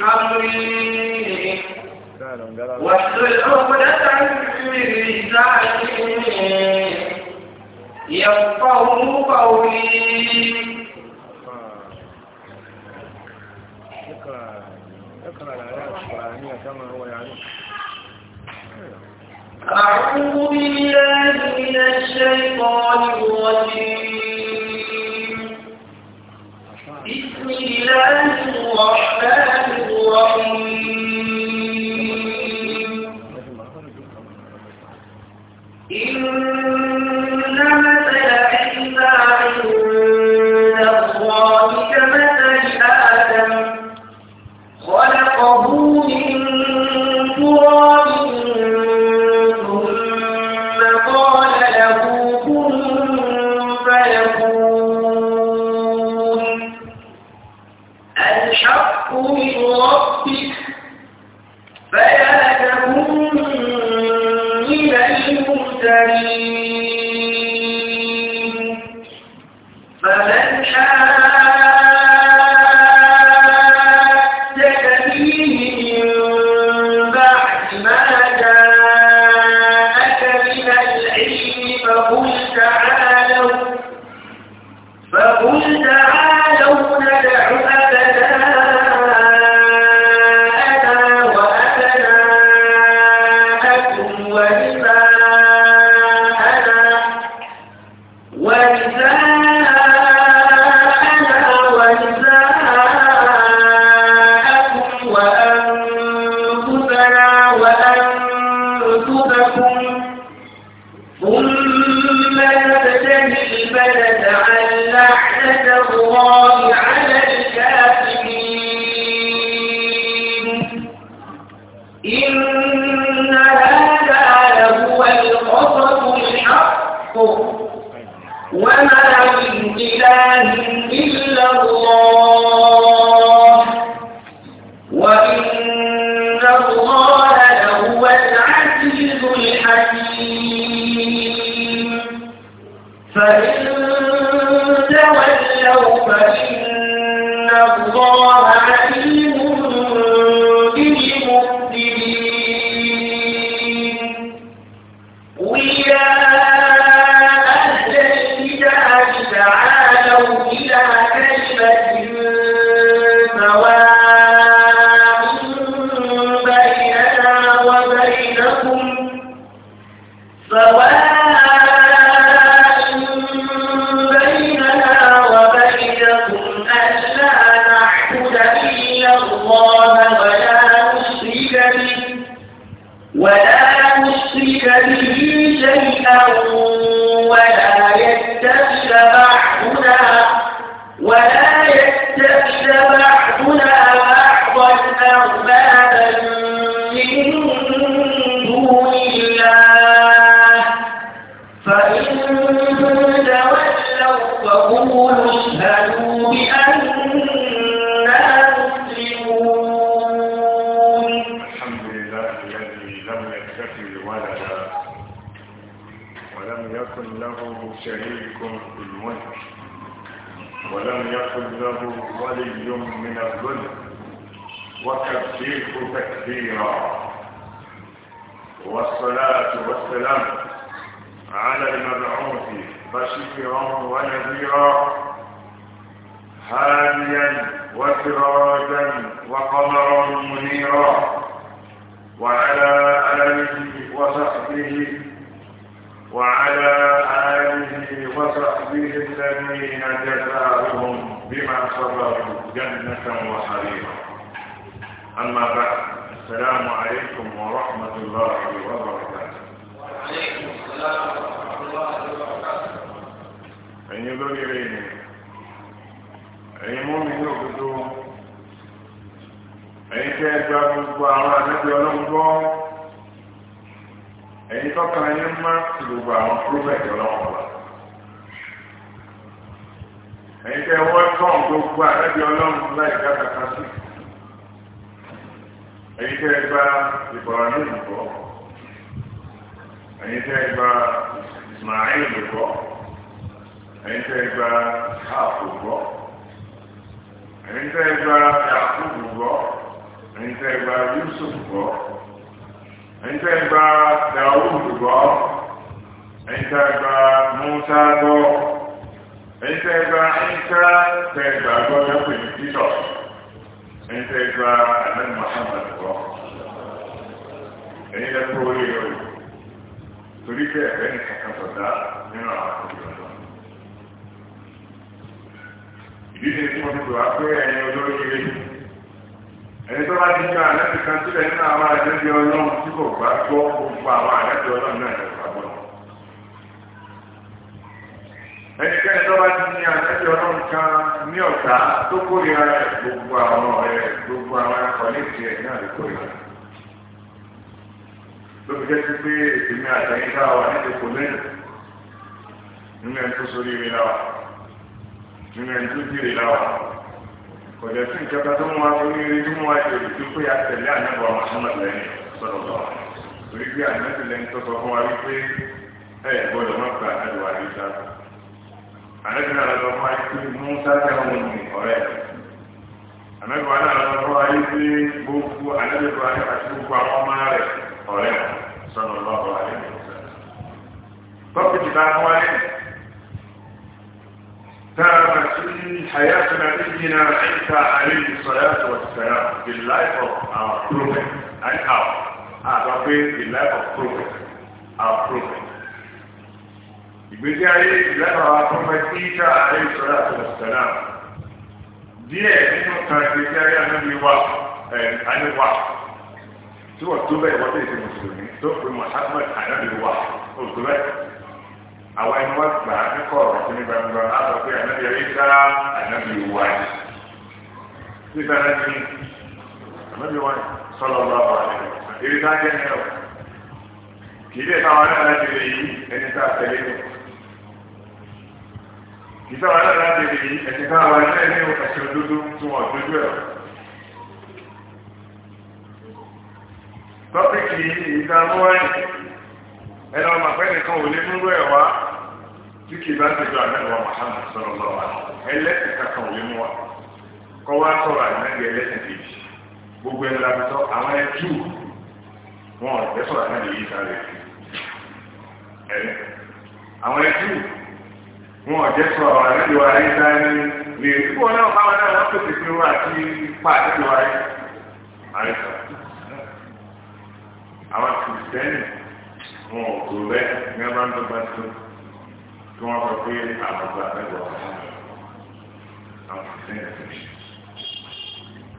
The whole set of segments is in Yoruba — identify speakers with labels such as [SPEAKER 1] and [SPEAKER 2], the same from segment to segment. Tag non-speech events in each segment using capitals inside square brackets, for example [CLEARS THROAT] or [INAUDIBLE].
[SPEAKER 1] بحمده واحلل عقدة من لساني يفقهوا قولي أعوذ بالله من الشيطان الرجيم بسم الله الرحمن الرحيم
[SPEAKER 2] ẹ̀yin tẹ́ wọ́n tán gbogbo àdájọ́ ọlọ́run láì dábàá kan sí ẹ̀yin tẹ́ gba ìbọ̀rọ̀ ní ìbọ̀ ẹ̀yin tẹ́ gba ìsmáìlì ìbọ̀ ẹ̀yin tẹ́ gba káàpù ìbọ̀ ẹ̀yin tẹ́ gba yàkú ìbọ̀ ẹ̀yin tẹ́ gba yusuf ìbọ̀ ẹ̀yin tẹ́ gba dàwùd ìbọ̀ ẹ̀yin tẹ́ gba mùsà ìbọ̀ ẹ̀ńtẹ́gbà ẹ̀ńtẹ́ tẹ́gbà gbọ́dọ̀ pè ní títọ̀ ẹ̀ńtẹ́gbà àlẹ́ Muhammad kọ́ ẹ̀yìn lẹ́kọ́ orí rẹ̀ torí pé ẹ̀fẹ́ nìkan kan sọ̀dá nínú àwọn àkókò ọ̀dọ́ ìdíje tí wọ́n ti pè wá pé ẹ̀yin olórí ilé ẹni tó bá ti gba àlẹ́ kan sílẹ̀ nínú àwọn àjẹjẹ ọlọ́run tí kò gbá gbọ́ gbogbo àwọn àjẹjẹ ọlọ́run náà ẹnikẹ́ni tó bá ti ní àtẹ́jọ́ ọlọ́run kan ní ọ̀tá tó kórìíra rẹ̀ gbogbo àwọn ọ̀rẹ́ gbogbo àwọn akọ̀ létí ẹ̀ náà lè kórìíra. ló fi jẹ́ sí pé èmi àtẹ̀yìn tá a wà nídìí kò lẹ́yìn nínú ẹni tó sórí ire láwà nínú ẹni tó jèrè láwà kò jẹ́ sí ìjọba tó mú wa oríire tó mú wa jèrè tó pé àtẹ̀lé ànábọ̀ àwọn sọ́nà lẹ́yìn sọ̀rọ̀ àlejò náà lọ fún ayé pé musa tẹ̀wọ̀n ní ọ̀rẹ́ rẹ̀ àlejò náà lọ fún ayé pé gbogbo àlejò ayé àti gbogbo àwọn ọmọ rẹ̀ ọ̀rẹ́ rẹ̀ sọ̀rọ̀ lọ́wọ́ ayé rẹ̀ sọ̀rọ̀. tọ́pù ti bá fún ayé تابع في حياتنا إبنا عيسى عليه الصلاة والسلام the life of our prophet and our, our the life of prophet our prophet ìgbésí ayé ìlànà àtúnfẹ́ tííkà ayé ìṣọ́lá àtọ̀sẹ̀lá díẹ̀ nínú kan ìgbésí ayé ànábi wa àníwá tí wọ́n tó bẹ́ẹ̀ wọ́n tẹ̀sí mùsùlùmí tó pe Muhammad ànábi wa òtún bẹ́ẹ̀ àwọn ẹni wọ́n gbà á ní kọ̀ọ̀rọ̀ sí ní gbangba àbọ̀ pé ànábi ayé ká ànábi wa ni síta náà ní ànábi wa sọlọ bá wà ní ìrìnàjẹ́ ní ẹ̀wọ̀n kìí ẹ̀ka wọn náà láti lè yí ẹni tá a tẹ̀lé lọ. kìí sáwọn náà láti lè yí ẹni tá a wà náà ní ẹ̀sìn òdodo tí wọ́n dojú ẹ̀. tọ́pìkì ìdánwòrán ẹni ọmọ àpẹ́ nìkan ò lè múlò ẹ̀ wá tí kìí bá ti jọ àmẹ́wọ̀ Muhammad sọ̀rọ̀ lọ́wọ́ ẹlẹ́sìn kankan ò lè mú wa kọ́ wá sọ̀rọ̀ àmẹ́gbẹ̀ ẹlẹ́sìn kejì gbogbo ẹ̀ lọ́wọ́ àwọn ẹ̀ wọn ò tẹ́sọ̀rọ̀ àmẹ́gbẹ̀ yìí sáré fi ẹ̀rẹ́ àwọn ẹ̀jú wọn ọ̀jẹ́ sọ ọ̀rọ̀ àti ìwà ayé dání lè kó náà káwọn náà wọ́n pèsè fún wa àti ipa àti ìwà ayé ayé sọ. àwọn kìrìsìtẹ́nì wọn ò tó bẹ́ẹ̀ ní wọ́n bá ń dọ́gba tó kí wọ́n sọ pé àwọn ọgbà mẹ́wàá àwọn kìrìsìtẹ́nì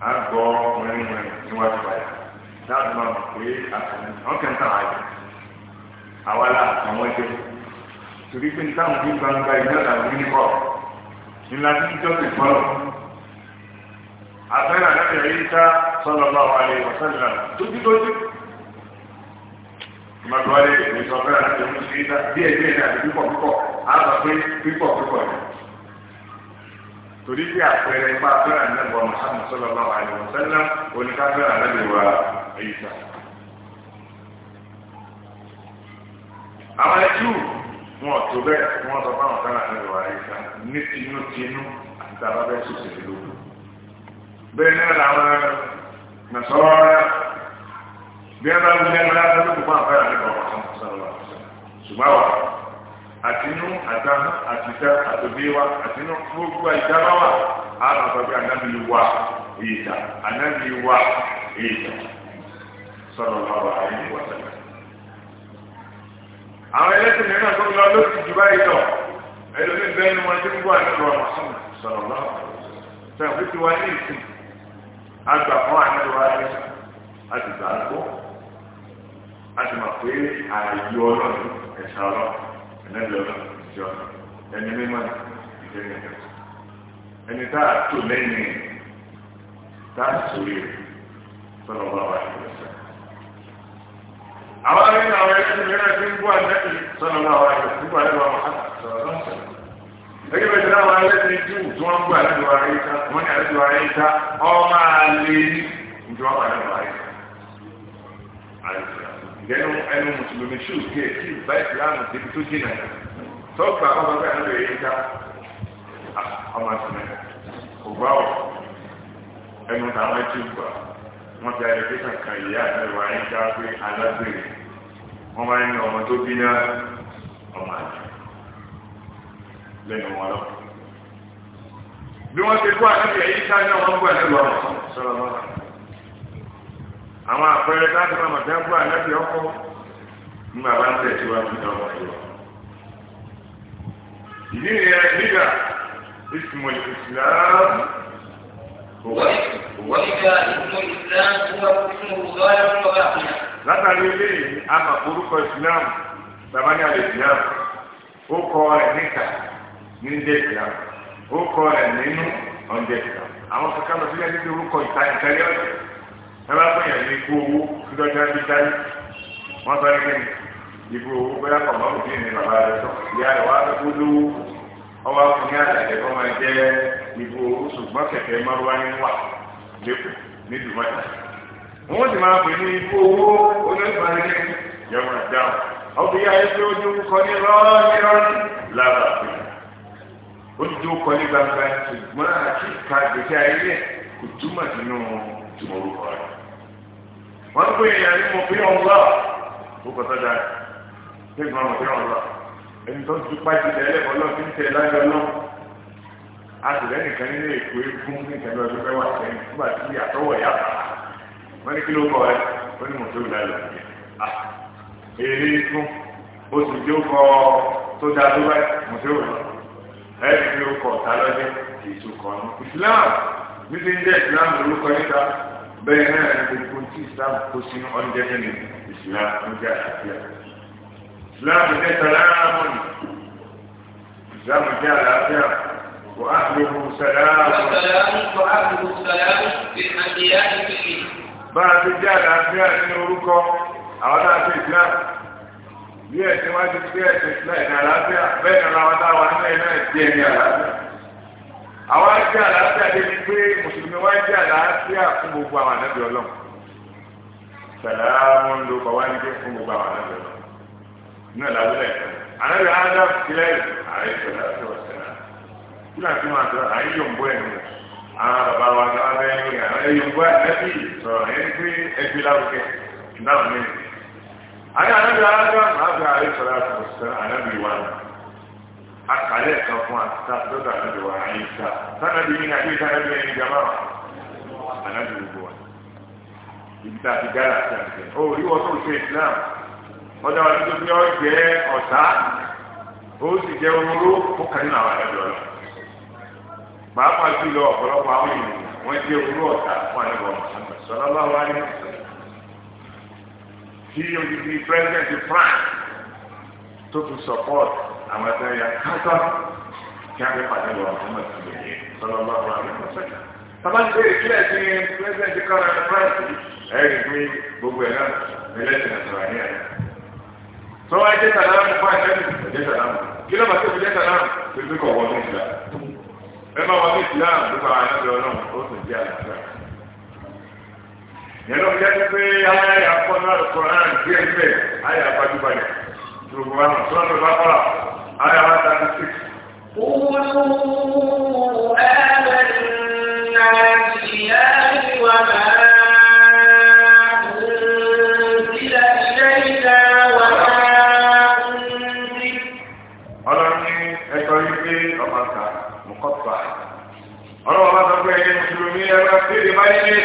[SPEAKER 2] àgọ́ ọkùnrin wọn ni wọ́n ti wáyà láti máa pè é àtúntò ọ̀kẹ́ńtà ayé àwa la àwọn ẹgbẹ́ torí pé táwọn fi gbangba iná làwọn fi ní kọ́ ńlá tí jọ́sìn fọlọ́ àfẹ́rẹ́ àlẹ́ yìí ká sọ́nà bá wà lè wọ́n sọ́nà tójútójú ìmọ̀tò wálé ìgbè sọ fẹ́rẹ́ àlẹ́ yìí ṣe é dá díẹ̀ díẹ̀ àti púpọ̀ púpọ̀ àbá pé púpọ̀ púpọ̀ ni torí pé àpẹẹrẹ ipá fẹ́rẹ́ àlẹ́ wọ́n sọ́nà bá wà lè wọ́n sọ́nà oníkàfẹ́rẹ́ àwọn ẹjú wọn tó bẹ́ẹ̀ wọn sọ fáwọn kan láti wà ẹ̀ka ní tinútinú àti tàbá bẹ́ẹ̀ sọ̀sẹ̀ lóko bẹ́ẹ̀ náà làwọn nàṣọ́rọ́ bí ẹ bá wulẹ̀ ńlá lóko fún àfẹ́rẹ́ àti bàbá kan sọ̀rọ̀ ṣùgbọ́n wà àtinú àtàmú àtìtà àtòbíwá àtinú gbogbo àìjábá wà á máa sọ pé ànábì wà èyíta ànábì wà èyíta sọ̀rọ̀ lọ́wọ́ àyè ìwọ̀sẹ̀lẹ̀ àwọn ẹlẹ́sìn mìíràn tó ń lọ lóṣù jù báyìí lọ ẹlòmíì bẹ́ẹ̀ ni wọ́n ti ń gbọ́ àdúgbò àmọ́sùn sọ̀rọ̀ lọ́wọ́ sọ̀rọ̀ pé tiwa ní ìsìn àgbà fún àdúgbò ayé àti gbàgbọ́ àti mà pé ààyè ọlọ́run ẹ̀ṣà ọlọ́run ẹ̀nẹ́bí ọlọ́run ìjọ ẹni mímọ́ ìjẹ́ni ẹni tá a tò lẹ́yìn tá a sọ̀rọ̀ lọ́wọ́ àdúgbò àwọn arìnrìn àwọn ẹgbẹ́ mìíràn tí ń bú àdẹ́kì sọ́nà láwọn àyọ̀ nígbà lẹ́wọ̀ Muhammad sọ̀rọ̀ lọ́sẹ̀ gẹ́gẹ́ bẹ́ẹ̀ tí láwọn ẹlẹ́sìn jù tí wọ́n ń bú àdẹ́kì wa rí ta wọ́n ní àdẹ́kì wa rí ta ọmọ àlè ìjọ wà lẹ́wọ̀ àyè ìgbẹ́nu ẹnu mùsùlùmí ṣù kí èsì ìgbà ìsìlámù débi tó jìnà tọ́gbà ọmọ bẹ́ẹ̀ ló rí wọ́n ti ayẹyẹ kankan ìyá àtẹwà yín pé alágbèrè wọ́n máa ń ní ọmọ tó bí náà ọmọ àjẹ lẹ́nu wọn lọ. bí wọ́n ti kó àtẹ̀bí ẹ̀yí ká ní ọmọ gbọ́ àtẹ̀bí ọmọ sọ̀rọ̀ lọ́wọ́. àwọn àpẹẹrẹ láti máa màtá gbọ́ àtẹ̀bí ọkọ ń tẹ̀síwájú ní ọmọ ìdí nìyẹn nígbà látàrí eléyìí a máa forúkọ islam bàbá ní alẹ́ islam ó kọ rẹ̀ níta ní jẹ́ islam ó kọ rẹ̀ nínú ọ̀njẹ́ islam àwọn kankan lọ sílẹ̀ níbi orúkọ ìta ìtàlẹ́ ọ̀jẹ̀ ẹ bá pè yàn ní ikú owó sídọ́jà bí dáyé wọ́n sọ ẹgbẹ́ ní ikú owó bóyá kọ̀ọ̀mọ́ òbí ni bàbá rẹ̀ sọ ìyá rẹ̀ wá lọ́wọ́ lówó ọba fún ní àtàlẹ kọ́ máa jẹ́ ìbò ṣùgbọ́n kẹ̀kẹ́ márùwá ní wà lẹ́kọ̀ọ́ ní dùmọ̀tà wọ́n sì máa pè ní ibú owó onígbàlẹ́ yọmọ dáhùn ọbí ayé pé ó dúró kọ ní rọ́ọ̀rì lábà fún ó dúró kọ ní gbangba ṣùgbọ́n àti ìka gbèsè ayé kò túmọ̀ sínú ìtumọ̀ orúkọ rẹ̀ wọ́n ń pè é yàrá ìmọ̀ pé ọ̀nlá ẹni tó ti pàṣẹ tẹ́lẹ̀ ọlọ́sìn tẹ lájọ náà a sì lẹ́nìkan nínú èkó eégún ní ìtẹ́lẹ̀ ọdún mẹ́wàá sẹ́yìn nígbà tí àtọwọ̀ yà bá wọ́n ní kí ló kọ́ ẹ ó ní mọ̀tò ìlà lọ sí i èrè ikún oṣù tí ó kọ tó dáa tó bá mọ̀tò ìlà ẹni tí ó kọ ọ̀tá lọ́jọ́ èso kan ní Islam bí ti ń jẹ́ Islam lórúkọ níta bẹ́ẹ̀ náà ní gbogbo tí Islam kó sínú ọ̀njẹ́ nínú Islam ló jẹ́ àṣà ìsìláàmù jẹ́ sàlámù ìsìláàmù jẹ́ àlàáfíà wà á fi hù sàlámù.
[SPEAKER 1] wà á fi hù sàlámù bí àdìyá ìpìlì.
[SPEAKER 2] bá a ti jẹ́ àlàáfíà nínú orúkọ àwọn náà ti ìsìláàmù bí ẹ̀sìn wájú bí ẹ̀sìn ìsìláàmù ní àlàáfíà bẹ́ẹ̀ ni àwọn táwọn náà náà jẹ́ ní àlàáfíà àwa jẹ́ àlàáfíà débi pé mùsùlùmí wa jẹ́ àlàáfíà fún gbogbo àwọn ànábì ọlọ́run ló kọ́ wá ní pé fún gbogbo àwọn ànábì ní ọ̀làwílẹ̀ ànábì ádám sílẹ̀ àìsọ̀lá sí ọ̀sẹ̀lá nígbà tí wọ́n àtọ́ àyíyọ̀mbó ẹ̀ nù àwọn bàbá wa tó wá bẹ́ẹ̀ ní àyíyọ̀mbó ẹ̀bí sọ̀rọ̀ ẹni pé ẹbí lárugẹ náà ní. àyà ànábì ádám àbí àìsọ̀lá sí ọ̀sẹ̀lá ànábì wa àkàlẹ̀ kan fún àtúntà tó dàbí wa àyíṣà sànàbí ní àbí sànàbí ẹni jama ànábì gbogbo wa ibi tá a ti dára sí àgbẹ̀ ó rí wọ́n Islam ọ̀dà wà tó fi ọ̀jẹ́ ọ̀tá ó sì jẹ́ oró ó kàn nínú àwọn àdájọ́ lọ. pàápàá jùlọ ọ̀pọ̀lọpọ̀ àwọn ènìyàn wọ́n jẹ́ oró ọ̀tá fún àyẹ̀wò ọ̀sán sọlá bá wà ní tí odidi pírẹsidẹ́ntì France tó fi support àwọn ẹgbẹ́ ya kátó kí a fi pàdé lọ ọ̀sán sọlá bá wà ní ọ̀sán tàbátì bẹ́ẹ̀ kílẹ̀ sí pírẹsidẹ́ntì kọ́ra France ẹ̀rí pé gbogbo ẹ̀ náà ẹlẹ́sìn àtàwọn ẹ̀yà tó wá jẹ́ sàlámù fún àjẹ́bù kò jẹ́ sàlámù kí ló máa tó fi jẹ́ sàlámù tó fi kọ̀ wọ́n ní ìlà ẹ máa wọ́n ní ìlà nípa àyànfẹ́ ọlọ́run ó sì jẹ́ àlàáfíà. yẹn ló jẹ́ pé ayé àkọ́nà àlùkòrán díẹ̀ díẹ̀ ayé àbájúbalẹ̀ gbogbo àwọn sọ́nà bá wà ayé àwọn thirty
[SPEAKER 1] six.
[SPEAKER 2] ọlọ́wọ́ bá sọ pé ẹ̀yẹ mùsùlùmí ẹ̀rọ kéde báyìí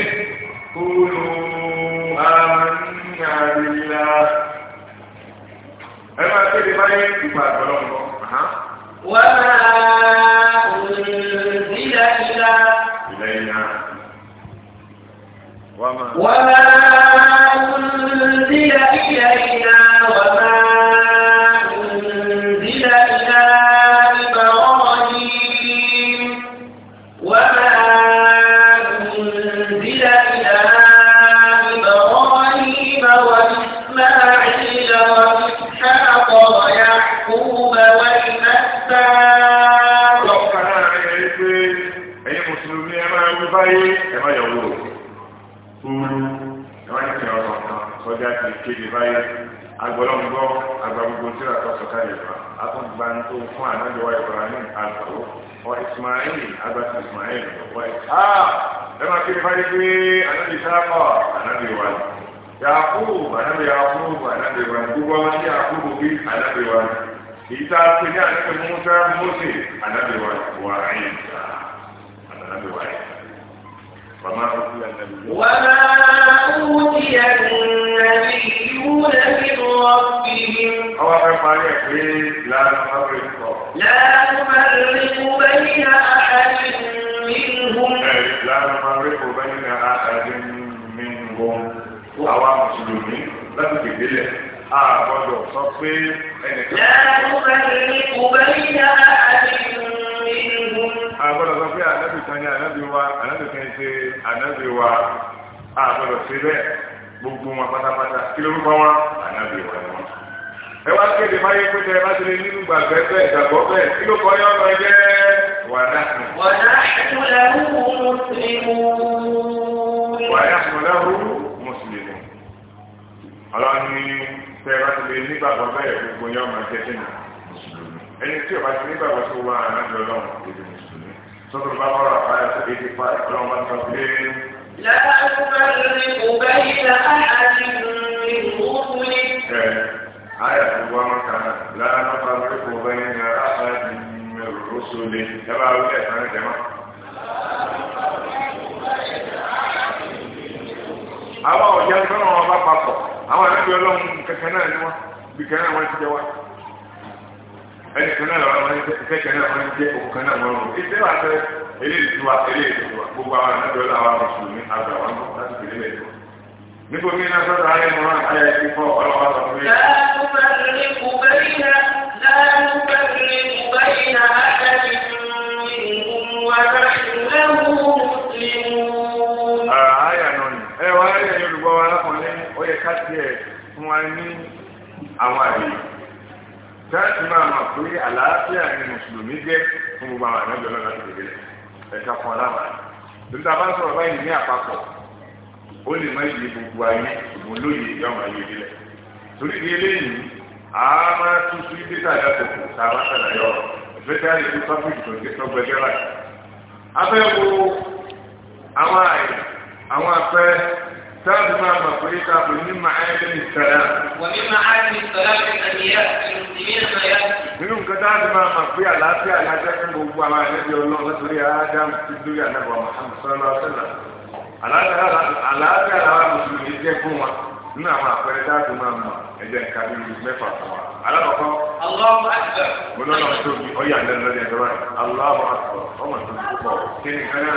[SPEAKER 2] mẹ́fà fún wa. alákọ̀ọ́kọ́.
[SPEAKER 1] aláwọ̀ àgbà. mo lọ lọ tóbi ọyà lẹ́nu lọ́dẹ ẹ̀dọ́ wa
[SPEAKER 2] aláwọ̀ àgbà ọmọ tó ti pọ̀ kí ni kan náà.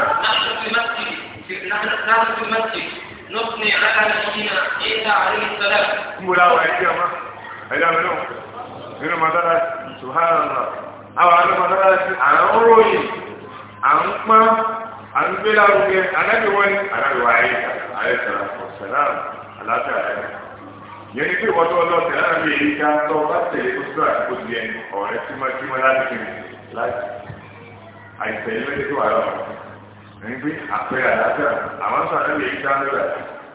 [SPEAKER 1] náà ti mẹ́tì lọ́sùn ní alákàtúntìnà ẹ̀ka àríwí sọ́dà. n
[SPEAKER 2] bolo àwọn ẹ̀jẹ̀ ọmọ ẹ̀dá mi náà nínú madara subhanallah àwọn àlọ́ madara àwọn oróyìn àwọn pọ́n àwọn gbé lárugẹ anábìwọ́ni anábìwọ́ ayé ayé sọ̀rọ̀ sọ̀rọ̀ aláàbẹ̀ ayé. yẹn ní pé wọ́n lọ́ọ̀tẹ̀ lára mi èyí ká tọ́ bá tẹ̀lé tó tó àti oṣù yẹn ọ̀rẹ́ tímọ́tímọ́ láti kiri láti àìsàn yìí lọ́dẹ̀ tó wà lọ́wọ́ ẹni pé àpẹẹrẹ àdájọ́ àwọn sọ àdájọ́ èyí ká lọ́wọ́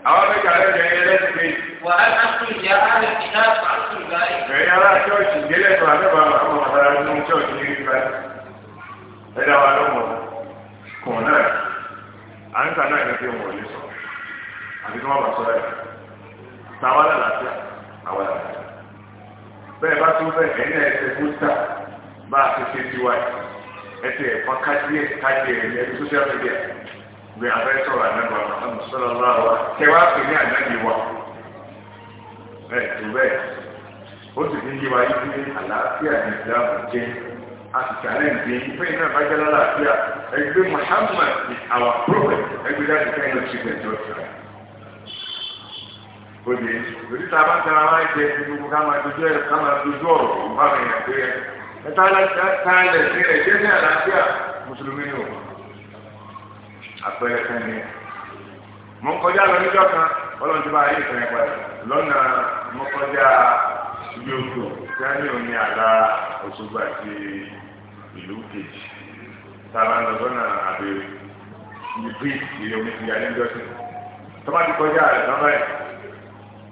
[SPEAKER 2] àwọn mẹ́ta rẹ̀ yẹn yẹn lẹ́sìn pé.
[SPEAKER 1] wàá nàkú ìyá àrẹ̀kí náà fàákùn báyìí. ẹ̀yin ará ṣọ́ọ̀ṣì ìgbélẹ̀ tó àdébà àwọn
[SPEAKER 2] ọmọ ara nínú ṣọ́ọ̀ṣì yìí nípa ẹ̀dá wa lọ́wọ́ kùn náà à ń ta náà ní pé wọn ò ń bẹ̀ ẹ̀yìn ẹ̀sẹ̀ búta bá a ti ṣe tiwa ẹ̀sẹ̀ ẹ̀fọn kájíẹ̀ kájíẹ̀ ẹ̀yẹ social media bí a fẹ́ sọ̀rọ̀ ànábọ̀ àmọ̀ sọ̀rọ̀ lọ́wọ́ kẹwàá pè ní ànábì wa bẹ́ẹ̀ tó bẹ́ẹ̀ ó sì fi yí wa yí pé àlàáfíà ní ìdáàbò jẹ́ àtìkálẹ̀ ìfẹ́ iná bájá lálàáfíà ẹgbẹ́ Muhammad is our prophet ẹgbẹ́ dáàbò kẹ́hìn ló ti gbẹ̀jọ́ òní òní tá a bá tẹ̀ra wá jẹ gbogbo ká máa dojú ẹ̀ ká máa dojú ọ̀rọ̀ òun bá mi yàn pé ẹ ẹ tá a lẹ̀ sí ẹ̀ ní àlàáfíà mùsùlùmí ni o àpẹẹrẹ kan ni mo ń kọjá lọ níjọ́ kan ọlọ́run ti bá ayé ìfẹ́ yẹn padà lọ́nà mo kọjá ibi ojú tí a ní òní àlá Òṣogbo àti ìlú kejì tá a bá lọ lọ́nà àbẹ̀rẹ̀ ibi ìrìn omi ti yà níjọ́ sí tọ́ba ti kọjá rẹ̀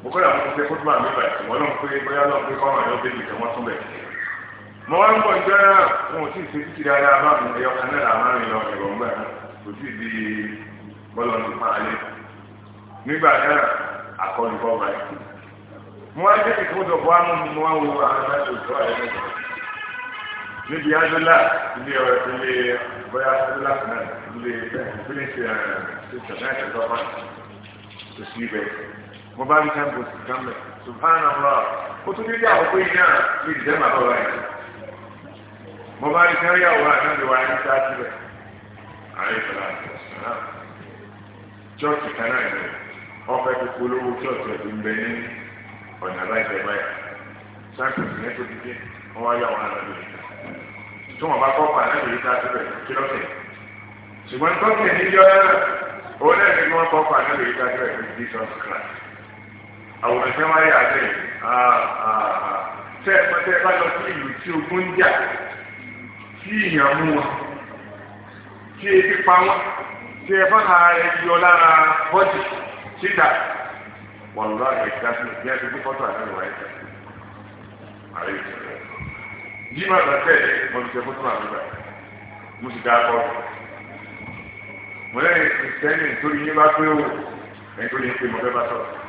[SPEAKER 2] bókọ́lá mo ṣe kó tó máa mi bẹ̀ wọ́n náà pé bóyá náà pé kọ́mọ̀ ẹ̀yọ́ bébì kan wọ́n tún bẹ̀. mo wá ń bọ̀ ìjọ náà wọn ò tí ì ṣe títí dáadáa bá mi ẹ̀yọ kan náà máa rìn lọ ẹ̀rọ ńgbà náà kò tí ì di bọ́lọ̀ ní pàálẹ̀. nígbà náà àkọlù bọ́ báyìí. mo wá jẹ́ ìfowópamọ́ bọ́ àmú mi mo wá wo àwọn aláṣẹ òṣù níbi adola ilé ọ̀rẹ́ tó lé bóyá adola náà ilé bẹ́ẹ̀ ní pílẹ̀sì ẹ̀ ṣe tẹ̀lé ẹ̀ tó bá tó sí ibẹ̀ mo bá rí time bó ti dán mẹ́ subhana allah ó tún dídí àwọn péye náà lè jẹ́ màá lọ́wọ́ ẹ̀ mo bá rí time yàwó àtàndé wa ní sáájú rẹ̀ ààrẹ ìfọ̀lá àtọ̀sán chọ́ọ̀kì kan náà ni ọ̀fẹ́ tó polówó chọ́ọ̀kì ẹ̀ tó ń bẹ ní ọ̀nà àbáyé báyà sáńtò sí ẹ̀tọ́ ti dé wọ́n wá yàwó àtàndé tí wọ́n bá kọ́ pa àtàndé yìí sáájú rẹ̀ kí lọ́sẹ̀ ṣùgbọ́n tọ́kì ẹ̀ níjọ́ náà ó lẹ́ẹ̀kí wọ́n kọ́ pa àtàndé yìí sáájú rẹ̀ Jesus Christ àwòrán tí wọ́n yà sẹ́yìn tẹ́ ẹ bá lọ sí ìlú tí ogun ń jà tí ìyàn mú wọn tí ebi pa wọn tí ẹ bá ha ẹ lára bọ́dì síta wọ́n lọ àgbẹ̀ ìdásí ní ẹ ti gbé àti ìwà ẹ̀sẹ̀ àrẹ ìṣẹ̀lẹ̀ yìí máa bàtà ẹ̀ mo ti ṣe fọ́tò àbúrò mo sì dá bọ́ọ̀lù mo lẹ́yìn kristẹni torí yín bá pé o ẹ̀ tó yẹ pé mo fẹ́ bá sọ̀rọ̀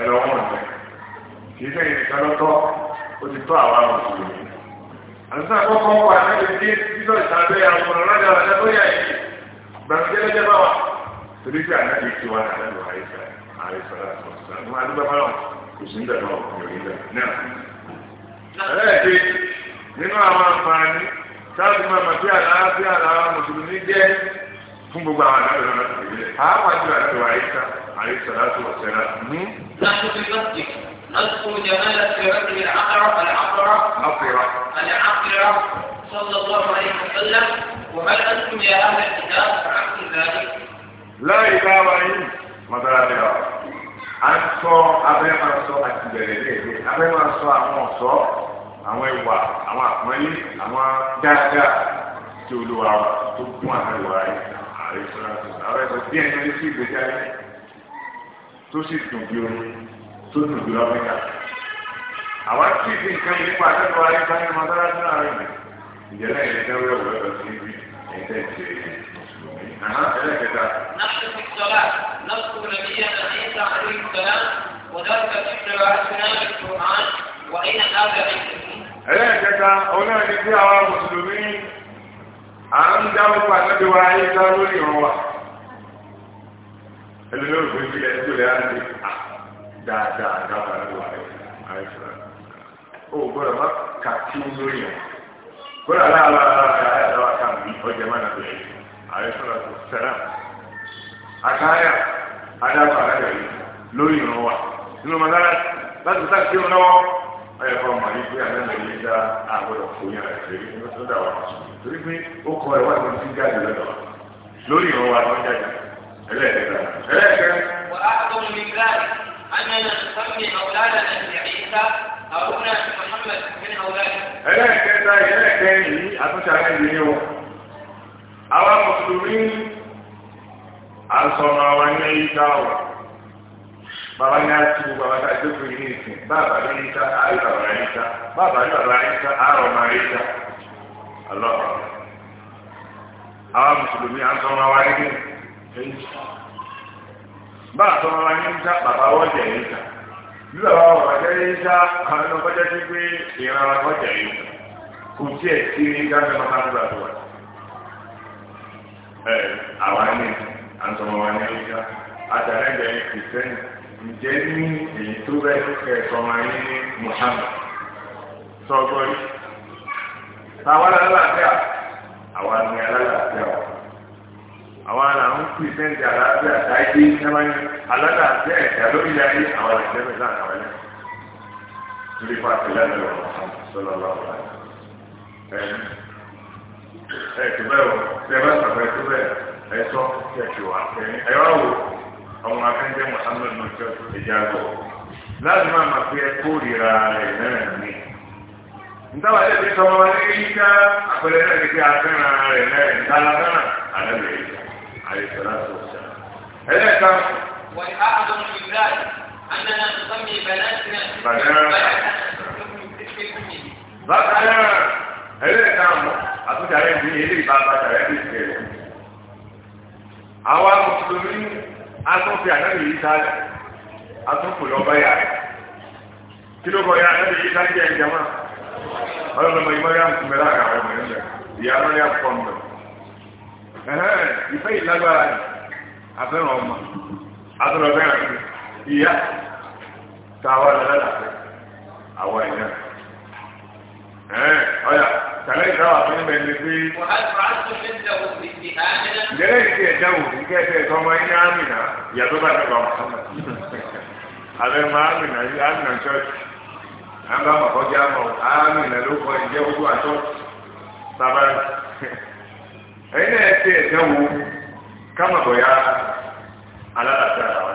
[SPEAKER 2] ẹ̀rọ wọn rẹ̀ kì í sẹ́yìn nìkan lọ́tọ́ ó ti tọ́ àwa mùsùlùmí. àtúntà kọ́kọ́ wà láti dé títọ́ ìtàgbé àwọn ọ̀rọ̀lọ́dà ọ̀dà tó yà yìí gbàgbé lẹ́jẹ́ bá wà torí pé ànágbé ti wà láti wà àìsàn àìsàn àti ọ̀sán ní wàá dúpẹ́ fọlọ́ kò sí nígbà náà kò ní ìgbà náà. ẹlẹ́ẹ̀kẹ́ nínú àwọn àǹfààní táàbù máa mà pé àlàáfíà làwọn mùsùlùmí jẹ́ fún gbogbo àwọn àdáyé lọ́nà tó gbélé àwọn àjọ àti àyíká àyíká láti wọ̀ sẹ́ra ní.
[SPEAKER 1] láti fi lọ́sì lọ́sùn jẹ́mẹ́lá ti rẹ́pì àkàrà àlàkàrà. àkàrà. àlàkàrà sọ́dọ̀ lọ́wọ́ àyè mọ̀sálà wọ́n bá lọ́sùn yà á lẹ́ ìdá àti ìdájí.
[SPEAKER 2] láì bá wa yín mọ̀tàlá ni wa a ń sọ abẹ́ máa sọ àti bẹ̀rẹ̀ léèrè abẹ́ máa sọ àwọn ọ̀ṣọ́ àwọn ìwà àwọn àpọ́nlé àwọn dáadáa tí olúwa tó gún àwọn ìwà yìí. àwọn ẹ̀sọ́ díẹ̀ ní ẹni sí ìgbésí ayé tó sì dùn bí orin tó dùn bí lọ́fíkà. àwa tí ìdí nǹkan yìí nípa akẹ́kọ̀ọ́ ayé bá ní mọ́tàlásí náà rẹ̀ mí ìjẹ́lẹ̀ yẹn ní ọwọ́ ọ̀rọ̀ sí ibi ẹ̀ńtẹ́ ìṣe mùsùlùmí. àhán ọ̀nà ni bí mùsùlùmí à ń dárúkọ àtẹ́bí wa ayé dá lórí ìrún wa ẹni lórí òfin ti ẹni tó lè á ti dáadáa dábàá lórí wa ayé sọ ó gbọ́dọ̀ má kàtí lórí ìrún gbọ́dọ̀ aláàlá ayé àdáwà kan bí ọjà má nàbẹ̀ ayé sọ̀rọ̀ sẹ́rà àtàyà adábàá lórí ìrún wa nínú mọ́tàlá láti sáà kí wọn lọ́wọ́ ọyọ kọ màá yí pé àlẹ́mọ̀ yìí dá àgbọ̀dọ̀ kò yẹn rẹ̀ ṣe ní tó dà wà torí pé ó kọ ẹ̀ wá ní ti jáde lọ́dọ̀ wa lórí ìran wa ló jáde ẹlẹ́ẹ̀kẹta
[SPEAKER 1] ẹlẹ́ẹ̀kẹta. wà á tó ń bí gáàdì ánìyàn sọ́mi ọ̀gáàdà ẹ̀yà
[SPEAKER 2] ẹlẹ́ẹ̀kẹta ẹlẹ́ẹ̀kẹrin yìí àtúnṣe àwọn ènìyàn o àwọn mùsùlùmí àsọ̀nà àwọn ẹ̀yìn ìta ọ̀rọ̀ bàbá ní àti gbogbo àwọn àti àjọpọ̀ yìí ní ìsìn bàbá ní ìta àyè bàbá ní ìta bàbá ní bàbá ní ìta àrò máa ní ìta alọ́ọ̀bà. àwọn mùsùlùmí à ń sọ wọn wá ní kí bàbá sọ wọn wá ní ìta bàbá wọ́n jẹ̀ ní ìta bí bàbá wọn wà jẹ́ ní ìta àwọn ẹni ọkọjá sí pé ìran wa wọ́n jẹ̀ ní ìta kò tí ẹ̀ sí ní gáàsì máa ń gbà tó wà. ẹ àwọn ẹni à ń sọ wọn wá ní ìta àtàlẹ́gbẹ̀ẹ́ kìrìsìtẹ́nì ǹjẹ́ ní èyí tó bẹ́ẹ̀ kẹ̀kọ́ máa ń ní Muhammad sọgbọ́n táwa lálàáfíà àwa ni alálàáfíà wa àwa là ń pè sẹ́ńtì àlàáfíà dáìdé sẹ́wáyé alálàáfíà ẹ̀dá lórí ayé àwa là ń jẹ́ mẹ́ta àwọn ẹ̀ torí fún àtìlẹ́ ní ọ̀rọ̀ sọlọ lọ́wọ́ ẹ̀ ẹ̀ tó bẹ́ẹ̀ o tẹ́ bá sọ̀rọ̀ ẹ̀ tó bẹ́ẹ̀ ẹ̀ sọ kẹ̀kẹ́ wa ẹ̀ ẹ̀ wá wò ọmọ akẹ́ńtẹ́ Muhammad nọjọ́ tó ti já lọ láti máa máa fi ẹkọ ìrira rẹ̀ náà ní. ntàwọn ẹgbẹ́ sọ wọn ní yíká àpẹẹrẹ náà ti fi àfẹ́ràn rẹ̀ náà ntàlágánà àdàbẹ̀ ìjà àyẹ̀sọ̀lá tó ṣá. ẹlẹ́ka.
[SPEAKER 1] wọ́n á àdó ìgbà ànàlà sọ́mi bàlẹ́sìnà.
[SPEAKER 2] bàtà náà ẹlẹ́ka mọ́ àtúntà bí ilé ìbá bàtà rẹ̀ bí ìṣẹ̀lẹ̀. àwa mùsùlùmí atọ́fẹ́ àtàbí yìí sáré atọ́fẹ́ lọ́ba yà rẹ̀ kí ló kọ́ ya àtàbí yìí sáré jẹ́ ìjàmá ọlọ́mọ ìmọ̀lẹ́ àmùkùnmẹ́ láàrin àwọn ọmọ ẹ̀mẹ́ ìyá ọlọ́lẹ́ àmùkùnmẹ́ ẹ̀hẹ́n ìfẹ́ ìlágbára àfẹ́ràn ọmọ atọ́lọ́fẹ́ràn ìyá táwa lọ́lá àfẹ́ àwọn ẹ̀yà ẹ̀hẹ́n ọ̀yà tàlẹ́ ìdáwà fún ẹgbẹ́ ni pé.
[SPEAKER 1] ìdẹ́lẹ́ yìí ti ẹ̀dá
[SPEAKER 2] wò ní kẹ́sẹ̀ ẹ̀tọ́ ọmọ yín ámìnà ìyàtọ̀ bá dàgbà wọn. àbẹ̀ mọ ámìnà yìí ámìnà chọ́ọ̀chì àbá mọ̀ kọjá mọ̀ ámìnà ló kọ ìjẹ́ ojú àtọ́ sábà. ẹ̀yin náà ti ẹ̀dá wò kámọ̀ bọ̀yá alálàáfíà